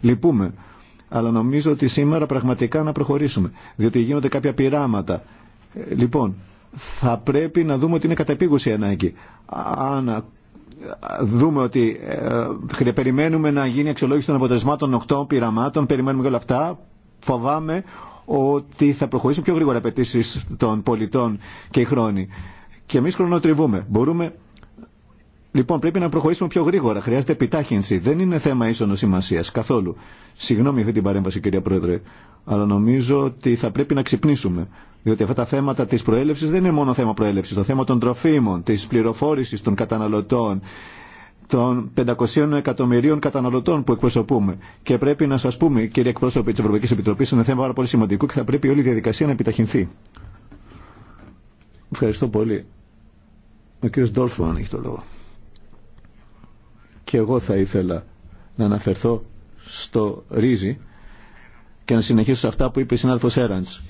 Λυπούμε. Αλλά νομίζω ότι σήμερα πραγματικά να προχωρήσουμε. Διότι γίνονται κάποια πειράματα Λοιπόν, θα πρέπει να δούμε ότι είναι κατά επίγουση ανάγκη. Αν δούμε ότι ε, περιμένουμε να γίνει αξιολόγηση των αποτελεσμάτων 8 πειραμάτων, περιμένουμε και όλα αυτά, φοβάμαι ότι θα προχωρήσουν πιο γρήγορα απαιτήσει των πολιτών και οι χρόνοι. Και εμεί χρονοτριβούμε. Μπορούμε... Λοιπόν, πρέπει να προχωρήσουμε πιο γρήγορα. Χρειάζεται επιτάχυνση. Δεν είναι θέμα ίσονο σημασία καθόλου. Συγγνώμη για αυτή την παρέμβαση, κυρία Πρόεδρε, αλλά νομίζω ότι θα πρέπει να ξυπνήσουμε. Διότι αυτά τα θέματα της προέλευσης δεν είναι μόνο θέμα προέλευσης. Το θέμα των τροφίμων, της πληροφόρησης των καταναλωτών, των 500 εκατομμυρίων καταναλωτών που εκπροσωπούμε. Και πρέπει να σας πούμε, κύριε εκπρόσωποι της Ευρωπαϊκής Επιτροπής, είναι θέμα πάρα πολύ σημαντικό και θα πρέπει όλη η διαδικασία να επιταχυνθεί. Ευχαριστώ πολύ. Ο κύριος Ντόλφμαν έχει το λόγο. Και εγώ θα ήθελα να αναφερθώ στο ρύζι και να συνεχίσω σε αυτά που είπε η συνάδελφος Έραντς.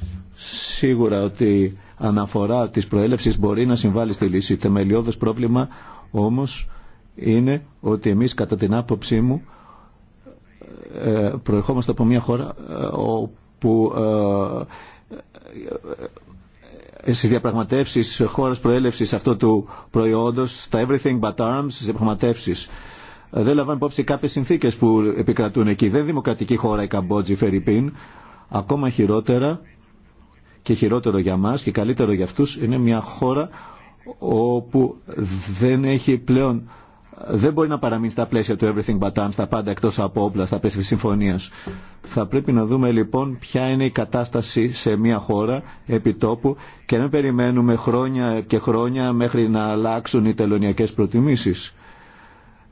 Σίγουρα ότι αναφορά της προέλευσης μπορεί να συμβάλλει στη λύση. Θεμελιώδες πρόβλημα όμως είναι ότι εμείς κατά την άποψή μου ε, προερχόμαστε από μια χώρα ε, όπου ε, στι διαπραγματεύσει χώρα προέλευση αυτού του προϊόντο, τα everything but arms, στι διαπραγματεύσει. Δεν λαμβάνει υπόψη κάποιε συνθήκε που επικρατούν εκεί. Δεν είναι δημοκρατική χώρα η Καμπότζη, η Φερρυπίν. Ακόμα χειρότερα, και χειρότερο για μας και καλύτερο για αυτούς είναι μια χώρα όπου δεν έχει πλέον δεν μπορεί να παραμείνει στα πλαίσια του everything but arms, τα πάντα εκτός από όπλα, στα πλαίσια της συμφωνίας. Θα πρέπει να δούμε λοιπόν ποια είναι η κατάσταση σε μια χώρα επί τόπου και να περιμένουμε χρόνια και χρόνια μέχρι να αλλάξουν οι τελωνιακές προτιμήσεις.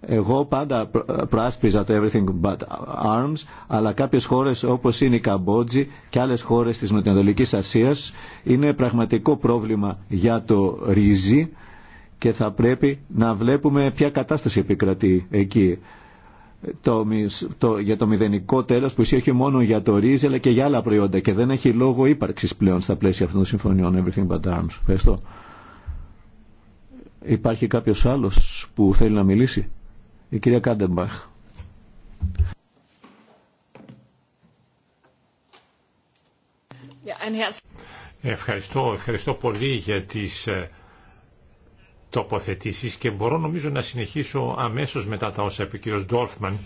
Εγώ πάντα προάσπιζα το everything but arms, αλλά κάποιες χώρες όπως είναι η Καμπότζη και άλλες χώρες της Νοτιοανατολικής Ασίας είναι πραγματικό πρόβλημα για το ρύζι και θα πρέπει να βλέπουμε ποια κατάσταση επικρατεί εκεί. Το, το, για το μηδενικό τέλος που ισχύει μόνο για το ρύζι αλλά και για άλλα προϊόντα και δεν έχει λόγο ύπαρξης πλέον στα πλαίσια αυτών των συμφωνιών Everything But Arms. Ευχαριστώ. Υπάρχει κάποιος άλλος που θέλει να μιλήσει η κυρία Κάντεμπαχ. Ευχαριστώ, ευχαριστώ πολύ για τις ε, τοποθετήσεις και μπορώ νομίζω να συνεχίσω αμέσως μετά τα όσα είπε ο Ντόρφμαν.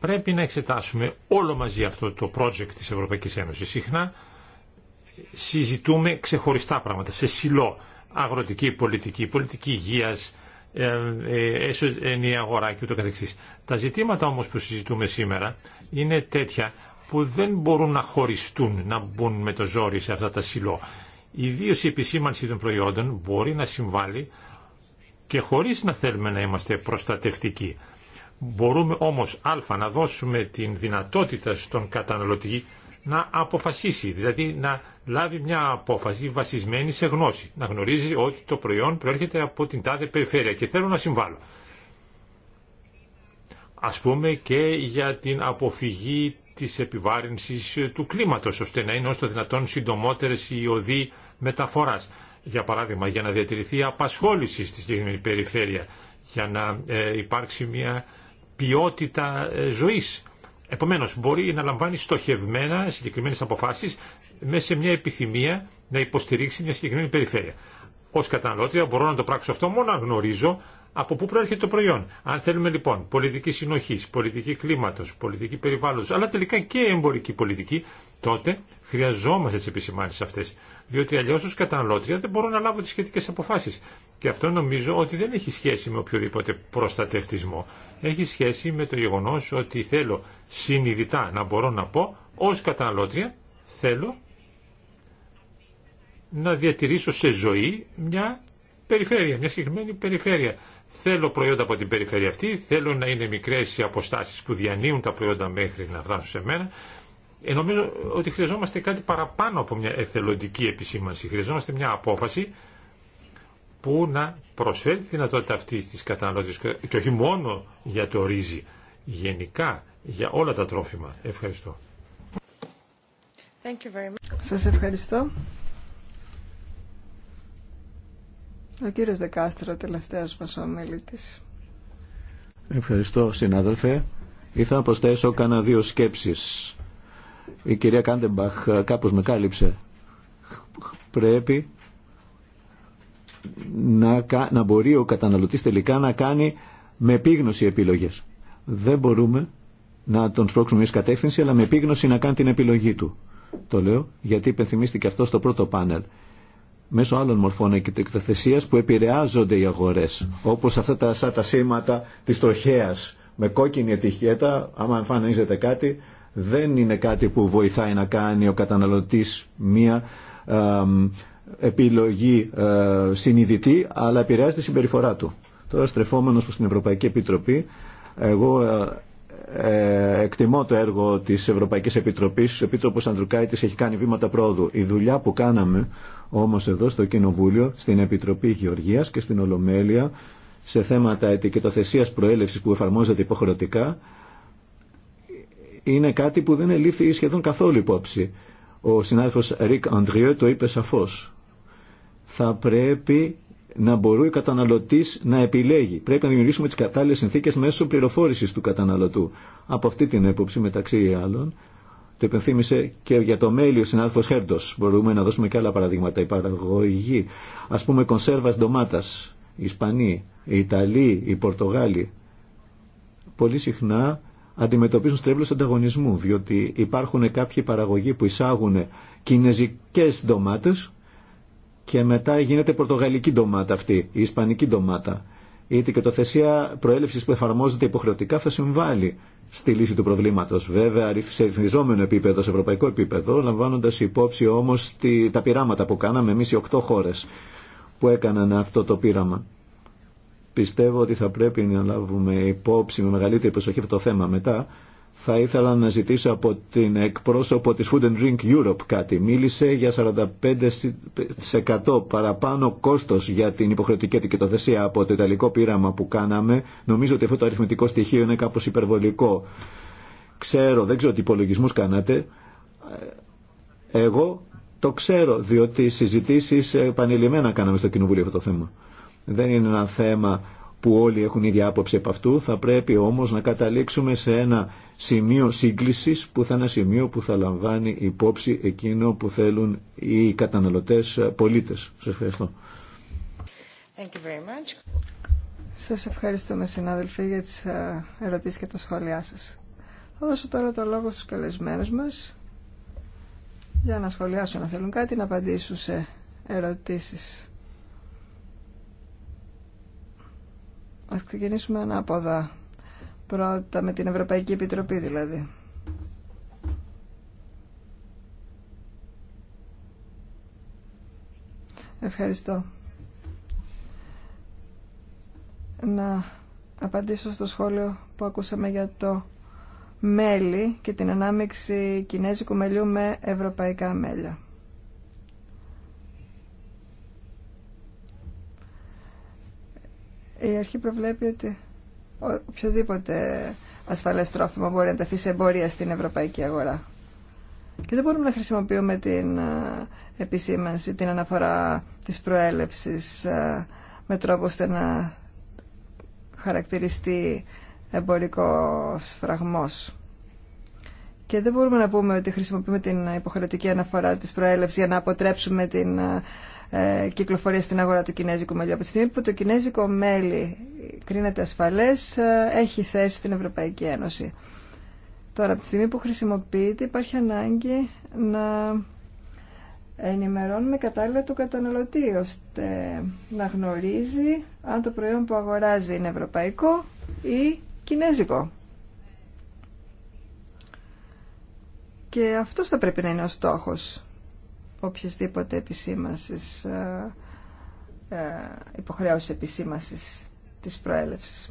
Πρέπει να εξετάσουμε όλο μαζί αυτό το project της Ευρωπαϊκής Ένωσης. Συχνά συζητούμε ξεχωριστά πράγματα, σε σιλό αγροτική πολιτική, πολιτική υγείας, ε, ε, ενιαία αγορά και ούτω καθεξής. Τα ζητήματα όμως που συζητούμε σήμερα είναι τέτοια που δεν μπορούν να χωριστούν, να μπουν με το ζόρι σε αυτά τα σιλό. Ιδίω η επισήμανση των προϊόντων μπορεί να συμβάλλει και χωρίς να θέλουμε να είμαστε προστατευτικοί. Μπορούμε όμως α, να δώσουμε την δυνατότητα στον καταναλωτή να αποφασίσει, δηλαδή να λάβει μια απόφαση βασισμένη σε γνώση. Να γνωρίζει ότι το προϊόν προέρχεται από την τάδε περιφέρεια και θέλω να συμβάλλω. Ας πούμε και για την αποφυγή της επιβάρυνσης του κλίματος, ώστε να είναι όσο το δυνατόν συντομότερες οι οδοί μεταφοράς. Για παράδειγμα, για να διατηρηθεί απασχόληση στη συγκεκριμένη περιφέρεια, για να ε, υπάρξει μια ποιότητα ε, ζωής. Επομένως, μπορεί να λαμβάνει στοχευμένα συγκεκριμένες αποφάσεις μέσα σε μια επιθυμία να υποστηρίξει μια συγκεκριμένη περιφέρεια. Ω καταναλώτρια μπορώ να το πράξω αυτό μόνο αν γνωρίζω από πού προέρχεται το προϊόν. Αν θέλουμε λοιπόν πολιτική συνοχή, πολιτική κλίματο, πολιτική περιβάλλοντο, αλλά τελικά και εμπορική πολιτική, τότε χρειαζόμαστε τι επισημάνσει αυτέ. Διότι αλλιώ ω καταναλώτρια δεν μπορώ να λάβω τι σχετικέ αποφάσει. Και αυτό νομίζω ότι δεν έχει σχέση με οποιοδήποτε προστατευτισμό. Έχει σχέση με το γεγονό ότι θέλω συνειδητά να μπορώ να πω ω καταναλώτρια θέλω να διατηρήσω σε ζωή μια περιφέρεια, μια συγκεκριμένη περιφέρεια. Θέλω προϊόντα από την περιφέρεια αυτή, θέλω να είναι μικρέ οι αποστάσει που διανύουν τα προϊόντα μέχρι να φτάσουν σε μένα. Ε, νομίζω ότι χρειαζόμαστε κάτι παραπάνω από μια εθελοντική επισήμανση. Χρειαζόμαστε μια απόφαση που να προσφέρει τη δυνατότητα αυτή τη καταναλωτή και όχι μόνο για το ρύζι, γενικά για όλα τα τρόφιμα. Ευχαριστώ. Σα Σας ευχαριστώ. Ο κύριος Δεκάστρο, τελευταίος μας ομίλητης. Ευχαριστώ συνάδελφε. Ήθελα να προσθέσω κάνα δύο σκέψεις. Η κυρία Κάντεμπαχ κάπως με κάλυψε. Πρέπει να, να μπορεί ο καταναλωτής τελικά να κάνει με επίγνωση επιλογές. Δεν μπορούμε να τον σπρώξουμε μια κατεύθυνση, αλλά με επίγνωση να κάνει την επιλογή του. Το λέω γιατί υπενθυμίστηκε αυτό στο πρώτο πάνελ μέσω άλλων μορφών εκτεθεσίας που επηρεάζονται οι αγορές, όπως αυτά τα, σήματα της τροχέας με κόκκινη ετυχέτα, άμα εμφανίζεται κάτι, δεν είναι κάτι που βοηθάει να κάνει ο καταναλωτής μία επιλογή ε, συνειδητή, αλλά επηρεάζει τη συμπεριφορά του. Τώρα στρεφόμενος προς την Ευρωπαϊκή Επιτροπή, εγώ ε, ε, εκτιμώ το έργο της Ευρωπαϊκής Επιτροπής. Ο Επίτροπο Ανδρουκάητη έχει κάνει βήματα πρόοδου. Η δουλειά που κάναμε όμως εδώ στο Κοινοβούλιο, στην Επιτροπή Γεωργίας και στην Ολομέλεια, σε θέματα ετικετοθεσία προέλευση που εφαρμόζεται υποχρεωτικά, είναι κάτι που δεν ελήφθη σχεδόν καθόλου υπόψη. Ο συνάδελφος Ρικ Αντριέ το είπε σαφώ: Θα πρέπει να μπορεί ο καταναλωτή να επιλέγει. Πρέπει να δημιουργήσουμε τι κατάλληλε συνθήκε μέσω πληροφόρηση του καταναλωτού. Από αυτή την έποψη, μεταξύ άλλων, το υπενθύμησε και για το μέλι ο συνάδελφο Χέρντο. Μπορούμε να δώσουμε και άλλα παραδείγματα. Η παραγωγή, α πούμε, κονσέρβα ντομάτα. Οι Ισπανοί, οι Ιταλοί, οι Πορτογάλοι. Πολύ συχνά αντιμετωπίζουν στρέβλους ανταγωνισμού, διότι υπάρχουν κάποιοι παραγωγοί που εισάγουν κινεζικέ ντομάτε και μετά γίνεται πορτογαλική ντομάτα αυτή, η ισπανική ντομάτα. Η ετικετοθεσία προέλευση που εφαρμόζεται υποχρεωτικά θα συμβάλλει στη λύση του προβλήματος. Βέβαια, σε ρυθμιζόμενο επίπεδο, σε ευρωπαϊκό επίπεδο, λαμβάνοντα υπόψη όμως τα πειράματα που κάναμε Εμεί οι οκτώ χώρε που έκαναν αυτό το πείραμα. Πιστεύω ότι θα πρέπει να λάβουμε υπόψη με μεγαλύτερη προσοχή αυτό το θέμα μετά θα ήθελα να ζητήσω από την εκπρόσωπο της Food and Drink Europe κάτι. Μίλησε για 45% παραπάνω κόστος για την υποχρεωτική ετικετοθεσία από το ιταλικό πείραμα που κάναμε. Νομίζω ότι αυτό το αριθμητικό στοιχείο είναι κάπως υπερβολικό. Ξέρω, δεν ξέρω τι υπολογισμούς κάνατε. Εγώ το ξέρω, διότι συζητήσεις επανειλημμένα κάναμε στο Κοινοβούλιο αυτό το θέμα. Δεν είναι ένα θέμα που όλοι έχουν ίδια άποψη από αυτού, θα πρέπει όμως να καταλήξουμε σε ένα σημείο σύγκλησης που θα είναι ένα σημείο που θα λαμβάνει υπόψη εκείνο που θέλουν οι καταναλωτές πολίτες. Σας ευχαριστώ. Thank you very much. Σας ευχαριστούμε συνάδελφοι για τις ε, ερωτήσεις και τα σχόλιά σας. Θα δώσω τώρα το λόγο στους καλεσμένους μας για να σχολιάσουν να θέλουν κάτι, να απαντήσουν σε ερωτήσεις. Ας ξεκινήσουμε ανάποδα. Πρώτα με την Ευρωπαϊκή Επιτροπή δηλαδή. Ευχαριστώ. Να απαντήσω στο σχόλιο που ακούσαμε για το μέλι και την ανάμειξη κινέζικου μελιού με ευρωπαϊκά μέλια. Η αρχή προβλέπει ότι οποιοδήποτε ασφαλέ τρόφιμα μπορεί να τεθεί σε εμπορία στην ευρωπαϊκή αγορά. Και δεν μπορούμε να χρησιμοποιούμε την ε, επισήμανση, την αναφορά της προέλευσης ε, με τρόπο ώστε να χαρακτηριστεί εμπορικό φραγμός. Και δεν μπορούμε να πούμε ότι χρησιμοποιούμε την υποχρεωτική αναφορά της προέλευσης για να αποτρέψουμε την ε, ε, κυκλοφορία στην αγορά του κινέζικου μέλιου. Από τη στιγμή που το κινέζικο μέλι κρίνεται ασφαλές, ε, έχει θέση στην Ευρωπαϊκή Ένωση. Τώρα, από τη στιγμή που χρησιμοποιείται, υπάρχει ανάγκη να ενημερώνουμε κατάλληλα του καταναλωτή, ώστε να γνωρίζει αν το προϊόν που αγοράζει είναι ευρωπαϊκό ή κινέζικο. Και αυτός θα πρέπει να είναι ο στόχος οποιασδήποτε επισήμασης, ε, ε, υποχρέωση επισήμασης της προέλευσης.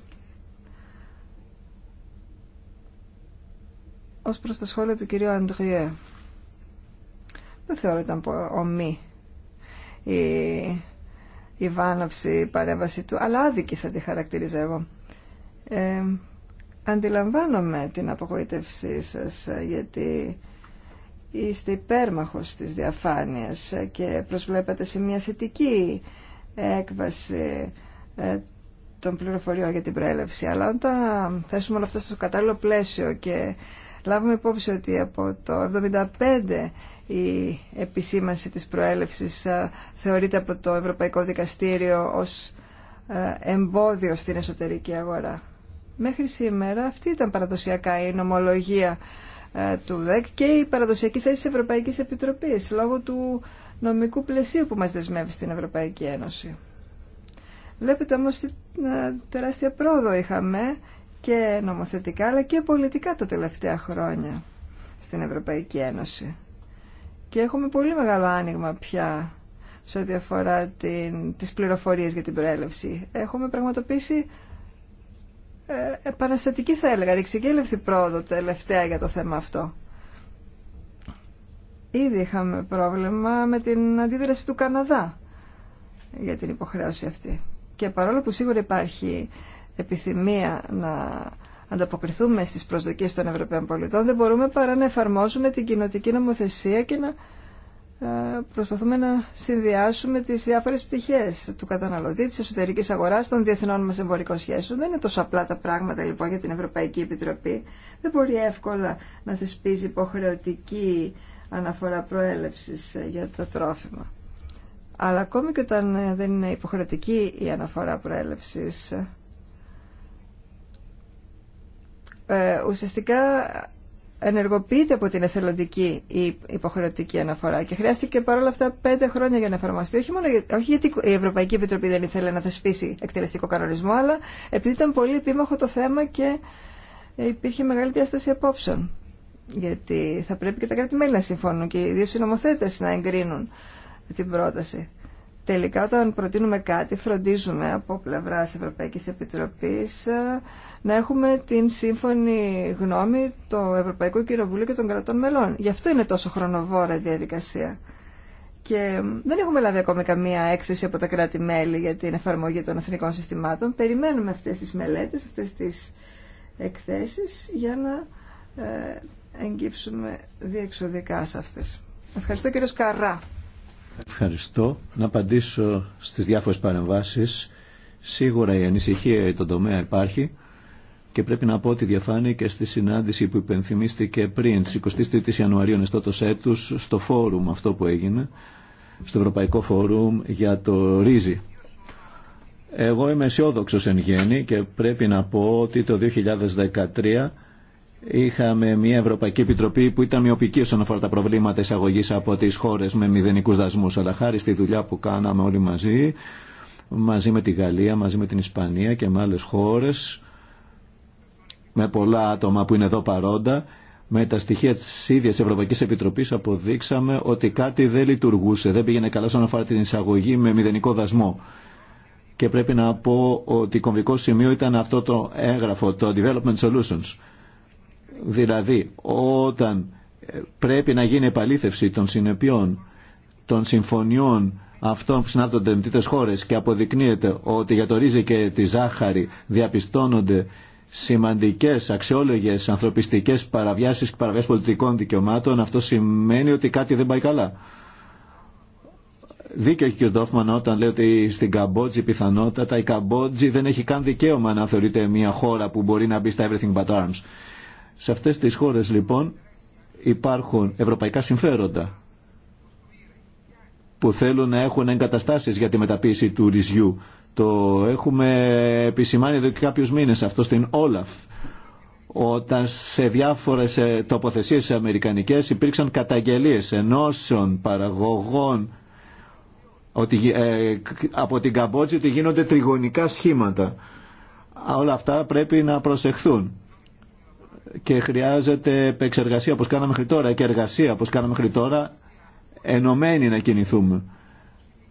Ως προς τα σχόλια του κυρίου Αντριέ, δεν θεωρώ ήταν ομή η, η βάναυση, η παρέμβαση του, αλλά άδικη θα τη χαρακτηρίζω εγώ. Ε, αντιλαμβάνομαι την απογοήτευσή σας, ε, γιατί είστε υπέρμαχος της διαφάνειας και προσβλέπετε σε μια θετική έκβαση ε, των πληροφοριών για την προέλευση. Αλλά όταν θέσουμε όλα αυτά στο κατάλληλο πλαίσιο και λάβουμε υπόψη ότι από το 1975 η επισήμανση της προέλευσης ε, θεωρείται από το Ευρωπαϊκό Δικαστήριο ως ε, εμπόδιο στην εσωτερική αγορά. Μέχρι σήμερα αυτή ήταν παραδοσιακά η νομολογία ε, του ΔΕΚ και η παραδοσιακή θέση της Ευρωπαϊκής Επιτροπής λόγω του νομικού πλαισίου που μας δεσμεύει στην Ευρωπαϊκή Ένωση. Βλέπετε όμως τι ε, τεράστια πρόοδο είχαμε και νομοθετικά αλλά και πολιτικά τα τελευταία χρόνια στην Ευρωπαϊκή Ένωση. Και έχουμε πολύ μεγάλο άνοιγμα πια σε ό,τι αφορά την, τις πληροφορίες για την προέλευση. Έχουμε πραγματοποιήσει ε, επαναστατική θα έλεγα, ρηξικέλευτη πρόοδο τελευταία για το θέμα αυτό. Ήδη είχαμε πρόβλημα με την αντίδραση του Καναδά για την υποχρέωση αυτή. Και παρόλο που σίγουρα υπάρχει επιθυμία να ανταποκριθούμε στις προσδοκίες των Ευρωπαίων πολιτών, δεν μπορούμε παρά να εφαρμόσουμε την κοινοτική νομοθεσία και να ε, προσπαθούμε να συνδυάσουμε τις διάφορες πτυχές του καταναλωτή, της εσωτερικής αγοράς, των διεθνών μας εμπορικών σχέσεων. Δεν είναι τόσο απλά τα πράγματα λοιπόν για την Ευρωπαϊκή Επιτροπή. Δεν μπορεί εύκολα να θεσπίζει υποχρεωτική αναφορά προέλευσης ε, για τα τρόφιμα. Αλλά ακόμη και όταν ε, δεν είναι υποχρεωτική η αναφορά προέλευσης, ουσιαστικά ενεργοποιείται από την εθελοντική ή υποχρεωτική αναφορά και χρειάστηκε παρόλα αυτά πέντε χρόνια για να εφαρμοστεί. Όχι, μόνο, γιατί η Ευρωπαϊκή Επιτροπή δεν ήθελε να θεσπίσει εκτελεστικό κανονισμό, αλλά επειδή ήταν πολύ επίμαχο το θέμα και υπήρχε μεγάλη διάσταση απόψεων. Γιατί θα πρέπει και τα κράτη-μέλη να συμφωνούν και οι δύο συνομοθέτε να εγκρίνουν την πρόταση. Τελικά, όταν προτείνουμε κάτι, φροντίζουμε από πλευρά Ευρωπαϊκή Επιτροπή ε, να έχουμε την σύμφωνη γνώμη του Ευρωπαϊκού Κοινοβουλίου και των κρατών μελών. Γι' αυτό είναι τόσο χρονοβόρα η διαδικασία. Και δεν έχουμε λάβει ακόμη καμία έκθεση από τα κράτη-μέλη για την εφαρμογή των εθνικών συστημάτων. Περιμένουμε αυτές τις μελέτες, αυτές τις εκθέσεις για να ε, εγκύψουμε διεξοδικά σε αυτές. Ευχαριστώ κύριο Σκαρά. Ευχαριστώ. Να απαντήσω στις διάφορες παρεμβάσεις. Σίγουρα η ανησυχία για τον τομέα υπάρχει. Και πρέπει να πω ότι διαφάνηκε στη συνάντηση που υπενθυμίστηκε πριν, στις 23 Ιανουαρίου νεστότος έτους, στο φόρουμ αυτό που έγινε, στο Ευρωπαϊκό Φόρουμ για το ρύζι. Εγώ είμαι αισιόδοξο εν γέννη και πρέπει να πω ότι το 2013 είχαμε μια Ευρωπαϊκή Επιτροπή που ήταν μειοπική όσον αφορά τα προβλήματα εισαγωγή από τι χώρε με μηδενικού δασμού. Αλλά χάρη στη δουλειά που κάναμε όλοι μαζί, μαζί με τη Γαλλία, μαζί με την Ισπανία και με άλλε χώρε με πολλά άτομα που είναι εδώ παρόντα. Με τα στοιχεία τη ίδια Ευρωπαϊκή Επιτροπή αποδείξαμε ότι κάτι δεν λειτουργούσε, δεν πήγαινε καλά όσον αφορά την εισαγωγή με μηδενικό δασμό. Και πρέπει να πω ότι κομβικό σημείο ήταν αυτό το έγγραφο, το Development Solutions. Δηλαδή, όταν ε, πρέπει να γίνει επαλήθευση των συνεπειών, των συμφωνιών αυτών που συνάπτονται με χώρε και αποδεικνύεται ότι για το ρύζι και τη ζάχαρη διαπιστώνονται Σημαντικέ, αξιόλογε ανθρωπιστικές παραβιάσεις και παραβιάσει πολιτικών δικαιωμάτων, αυτό σημαίνει ότι κάτι δεν πάει καλά. Δίκαιο έχει και ο Ντόφμαν όταν λέει ότι στην Καμπότζη πιθανότατα η Καμπότζη δεν έχει καν δικαίωμα να θεωρείται μια χώρα που μπορεί να μπει στα everything but arms. Σε αυτές τις χώρες λοιπόν υπάρχουν ευρωπαϊκά συμφέροντα που θέλουν να έχουν εγκαταστάσεις για τη μεταποίηση του ρυζιού το έχουμε επισημάνει εδώ και κάποιους μήνες αυτό στην Όλαφ όταν σε διάφορες ε, τοποθεσίες αμερικανικές υπήρξαν καταγγελίες ενώσεων, παραγωγών ότι, ε, από την Καμπότζη ότι γίνονται τριγωνικά σχήματα. Όλα αυτά πρέπει να προσεχθούν και χρειάζεται επεξεργασία όπως κάναμε μέχρι τώρα και εργασία όπως κάναμε μέχρι τώρα ενωμένοι να κινηθούμε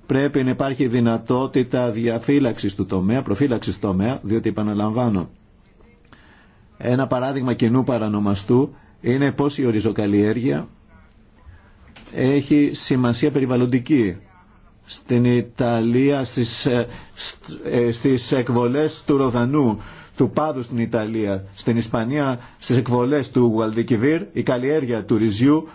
πρέπει να υπάρχει δυνατότητα διαφύλαξης του τομέα, προφύλαξης του τομέα, διότι επαναλαμβάνω. Ένα παράδειγμα κοινού παρανομαστού είναι πώς η οριζοκαλλιέργεια έχει σημασία περιβαλλοντική. Στην Ιταλία, στις, ε, ε, στις εκβολές του Ροδανού, του Πάδου στην Ιταλία, στην Ισπανία, στις εκβολές του Γουαλδικιβίρ, η καλλιέργεια του Ριζιού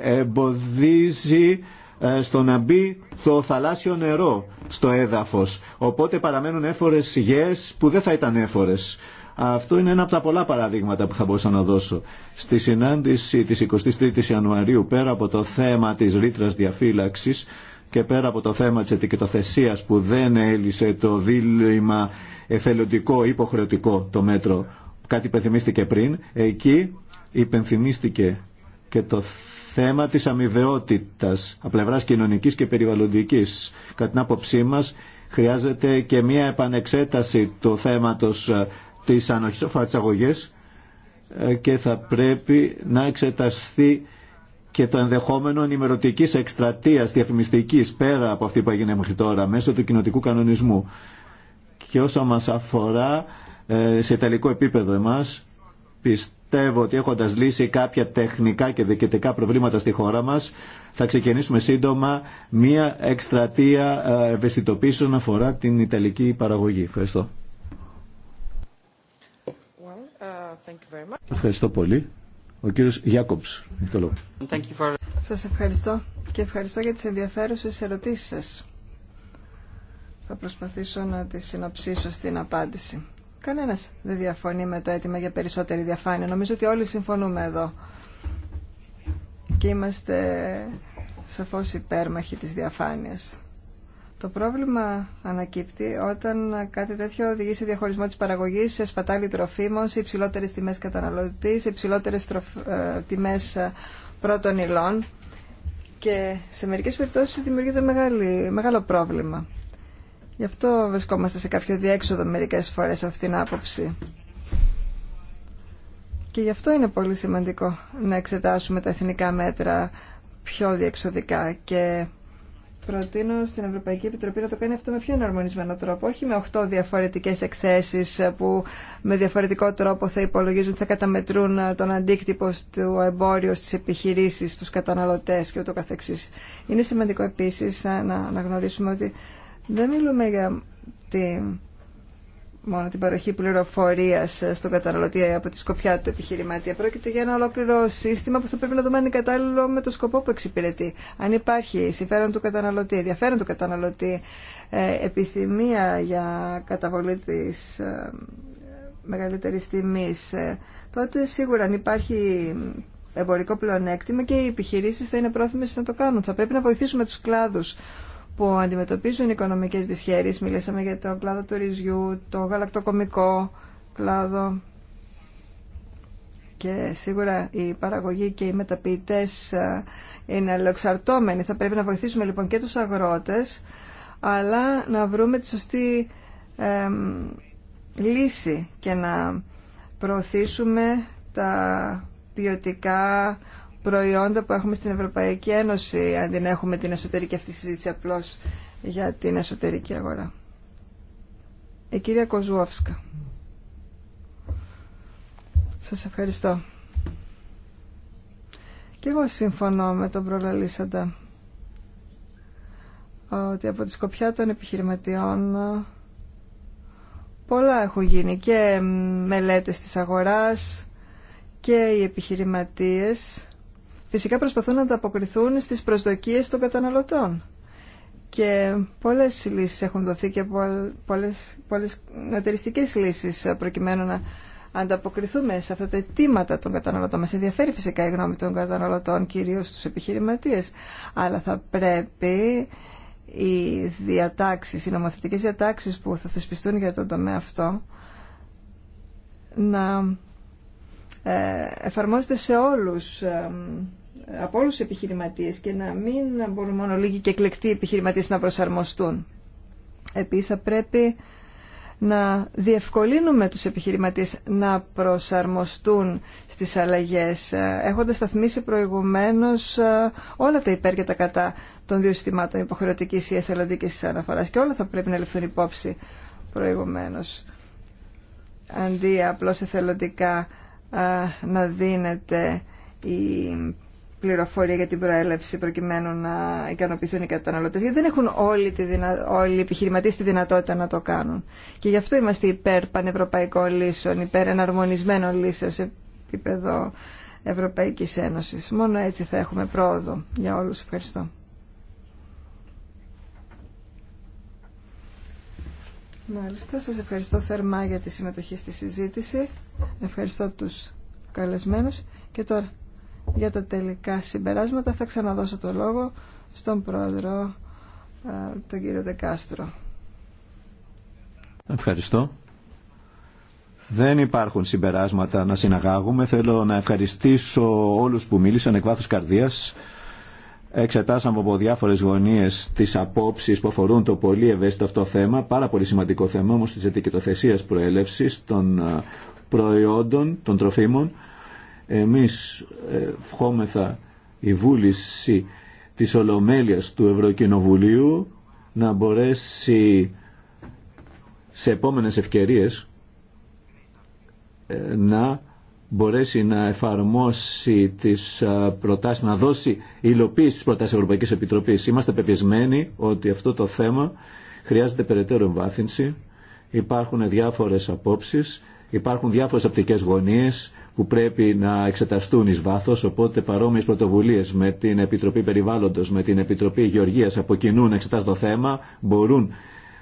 εμποδίζει ε, στο να μπει το θαλάσσιο νερό στο έδαφος. Οπότε παραμένουν έφορες γέες που δεν θα ήταν έφορες. Αυτό είναι ένα από τα πολλά παραδείγματα που θα μπορούσα να δώσω. Στη συνάντηση της 23ης Ιανουαρίου, πέρα από το θέμα της ρήτρα διαφύλαξης και πέρα από το θέμα της ετικετοθεσίας που δεν έλυσε το δίλημα εθελοντικό υποχρεωτικό το μέτρο, κάτι υπενθυμίστηκε πριν, εκεί υπενθυμίστηκε και το θέμα της αμοιβαιότητας από πλευρά κοινωνικής και περιβαλλοντικής. Κατά την άποψή μας χρειάζεται και μια επανεξέταση του θέματος ε, της ανοχής ε, και θα πρέπει να εξεταστεί και το ενδεχόμενο ενημερωτική εκστρατείας διαφημιστικής πέρα από αυτή που έγινε μέχρι τώρα μέσω του κοινοτικού κανονισμού. Και όσο μας αφορά ε, σε ιταλικό επίπεδο εμάς, πιστεύω πιστεύω ότι έχοντας λύσει κάποια τεχνικά και διοικητικά προβλήματα στη χώρα μας, θα ξεκινήσουμε σύντομα μία εκστρατεία ε, ευαισθητοποίηση όσον αφορά την Ιταλική παραγωγή. Ευχαριστώ. Ευχαριστώ πολύ. Ο κύριος Γιάκοψ. For... Σας ευχαριστώ και ευχαριστώ για τις ενδιαφέρουσες ερωτήσεις σας. Θα προσπαθήσω να τις συνοψίσω στην απάντηση. Κανένα δεν διαφωνεί με το αίτημα για περισσότερη διαφάνεια. Νομίζω ότι όλοι συμφωνούμε εδώ. Και είμαστε σαφώς υπέρμαχοι της διαφάνειας. Το πρόβλημα ανακύπτει όταν κάτι τέτοιο οδηγεί σε διαχωρισμό της παραγωγής, σε σπατάλη τροφίμων, σε υψηλότερες τιμές καταναλωτή, σε υψηλότερες ε, τιμές ε, πρώτων υλών και σε μερικές περιπτώσεις δημιουργείται μεγάλο πρόβλημα. Γι' αυτό βρισκόμαστε σε κάποιο διέξοδο μερικές φορές αυτήν την άποψη. Και γι' αυτό είναι πολύ σημαντικό να εξετάσουμε τα εθνικά μέτρα πιο διεξοδικά και προτείνω στην Ευρωπαϊκή Επιτροπή να το κάνει αυτό με πιο εναρμονισμένο τρόπο, όχι με 8 διαφορετικές εκθέσεις που με διαφορετικό τρόπο θα υπολογίζουν, θα καταμετρούν τον αντίκτυπο του εμπόριου, στις επιχειρήσεις, στους καταναλωτές και ούτω καθεξής. Είναι σημαντικό επίσης να αναγνωρίσουμε ότι δεν μιλούμε για τη, μόνο την παροχή πληροφορία στον καταναλωτή από τη σκοπιά του επιχειρηματία. Πρόκειται για ένα ολόκληρο σύστημα που θα πρέπει να δούμε αν είναι κατάλληλο με το σκοπό που εξυπηρετεί. Αν υπάρχει συμφέρον του καταναλωτή, ενδιαφέρον του καταναλωτή, ε, επιθυμία για καταβολή της ε, μεγαλύτερη τιμή, ε, τότε σίγουρα αν υπάρχει εμπορικό πλεονέκτημα και οι επιχειρήσει θα είναι πρόθυμε να το κάνουν. Θα πρέπει να βοηθήσουμε του κλάδου που αντιμετωπίζουν οικονομικές δυσχέρειες. Μιλήσαμε για το κλάδο του ρυζιού, το γαλακτοκομικό κλάδο και σίγουρα η παραγωγή και οι μεταποιητέ ε, είναι αλληλοεξαρτώμενοι. Θα πρέπει να βοηθήσουμε λοιπόν και τους αγρότες αλλά να βρούμε τη σωστή λύση και να προωθήσουμε τα ποιοτικά προϊόντα που έχουμε στην Ευρωπαϊκή Ένωση, αν δεν έχουμε την εσωτερική αυτή συζήτηση απλώ για την εσωτερική αγορά. Η κυρία Κοζουόφσκα. Σας ευχαριστώ. Και εγώ συμφωνώ με τον προλαλήσαντα ότι από τη σκοπιά των επιχειρηματιών πολλά έχουν γίνει και μελέτες της αγοράς και οι επιχειρηματίες φυσικά προσπαθούν να ανταποκριθούν στις προσδοκίες των καταναλωτών. Και πολλές λύσεις έχουν δοθεί και πολλές, πολλές νοτεριστικές λύσεις ε, προκειμένου να ανταποκριθούμε σε αυτά τα αιτήματα των καταναλωτών. Μας ενδιαφέρει φυσικά η γνώμη των καταναλωτών, κυρίως τους επιχειρηματίες, αλλά θα πρέπει οι διατάξεις, οι νομοθετικές διατάξεις που θα θεσπιστούν για τον τομέα αυτό να ε, εφαρμόζεται σε όλους ε, από όλους τους επιχειρηματίες και να μην μπορούν μόνο λίγοι και εκλεκτοί επιχειρηματίες να προσαρμοστούν. Επίσης θα πρέπει να διευκολύνουμε τους επιχειρηματίες να προσαρμοστούν στις αλλαγές, ε, έχοντας σταθμίσει προηγουμένως ε, όλα τα υπέρ και τα κατά των δύο συστημάτων υποχρεωτικής ή εθελοντικής αναφοράς και όλα θα πρέπει να ληφθούν υπόψη προηγουμένως. Αντί απλώς εθελοντικά ε, να δίνεται η πληροφορία για την προέλευση προκειμένου να ικανοποιηθούν οι καταναλωτές γιατί δεν έχουν όλοι, τη δυνα... όλοι οι επιχειρηματίες τη δυνατότητα να το κάνουν και γι' αυτό είμαστε υπέρ πανευρωπαϊκών λύσεων υπέρ εναρμονισμένων λύσεων σε επίπεδο Ευρωπαϊκής Ένωσης μόνο έτσι θα έχουμε πρόοδο για όλους ευχαριστώ Μάλιστα, σας ευχαριστώ θερμά για τη συμμετοχή στη συζήτηση. Ευχαριστώ τους καλεσμένους. Και τώρα για τα τελικά συμπεράσματα θα ξαναδώσω το λόγο στον πρόεδρο ε, τον κύριο Δεκάστρο. Ευχαριστώ. Δεν υπάρχουν συμπεράσματα να συναγάγουμε. Θέλω να ευχαριστήσω όλους που μίλησαν εκ βάθους καρδίας. Εξετάσαμε από διάφορες γωνίες τις απόψεις που αφορούν το πολύ ευαίσθητο αυτό θέμα, πάρα πολύ σημαντικό θέμα όμως της ετικετοθεσίας προέλευσης των ε, προϊόντων, των τροφίμων εμείς ε, ευχόμεθα η βούληση της Ολομέλειας του Ευρωκοινοβουλίου να μπορέσει σε επόμενες ευκαιρίες ε, να μπορέσει να εφαρμόσει τις ε, προτάσεις, να δώσει υλοποίηση στις προτάσεις της Ευρωπαϊκής Επιτροπής. Είμαστε πεπισμένοι ότι αυτό το θέμα χρειάζεται περαιτέρω εμβάθυνση. Υπάρχουν διάφορες απόψεις, υπάρχουν διάφορες οπτικές γωνίες, που πρέπει να εξεταστούν εις βάθος, οπότε παρόμοιες πρωτοβουλίες με την Επιτροπή Περιβάλλοντος, με την Επιτροπή Γεωργίας από κοινού να το θέμα, μπορούν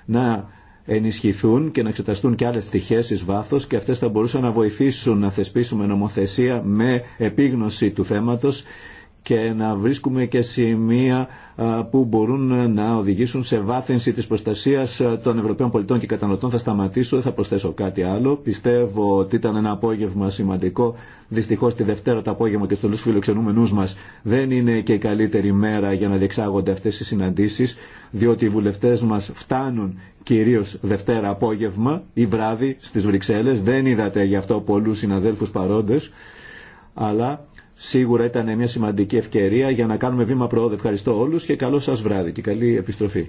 να ενισχυθούν και να εξεταστούν και άλλες πτυχές εις βάθος και αυτές θα μπορούσαν να βοηθήσουν να θεσπίσουμε νομοθεσία με επίγνωση του θέματος και να βρίσκουμε και σημεία που μπορούν να οδηγήσουν σε βάθυνση της προστασίας των Ευρωπαίων πολιτών και καταναλωτών. Θα σταματήσω, δεν θα προσθέσω κάτι άλλο. Πιστεύω ότι ήταν ένα απόγευμα σημαντικό. Δυστυχώς τη Δευτέρα το απόγευμα και στους φιλοξενούμενούς μας δεν είναι και η καλύτερη μέρα για να διεξάγονται αυτές οι συναντήσεις, διότι οι βουλευτές μας φτάνουν κυρίως Δευτέρα απόγευμα ή βράδυ στις Βρυξέλλες. Δεν είδατε γι' αυτό πολλούς συναδέλφους παρόντες, αλλά Σίγουρα ήταν μια σημαντική ευκαιρία για να κάνουμε βήμα προόδου. Ευχαριστώ όλους και καλό σας βράδυ και καλή επιστροφή.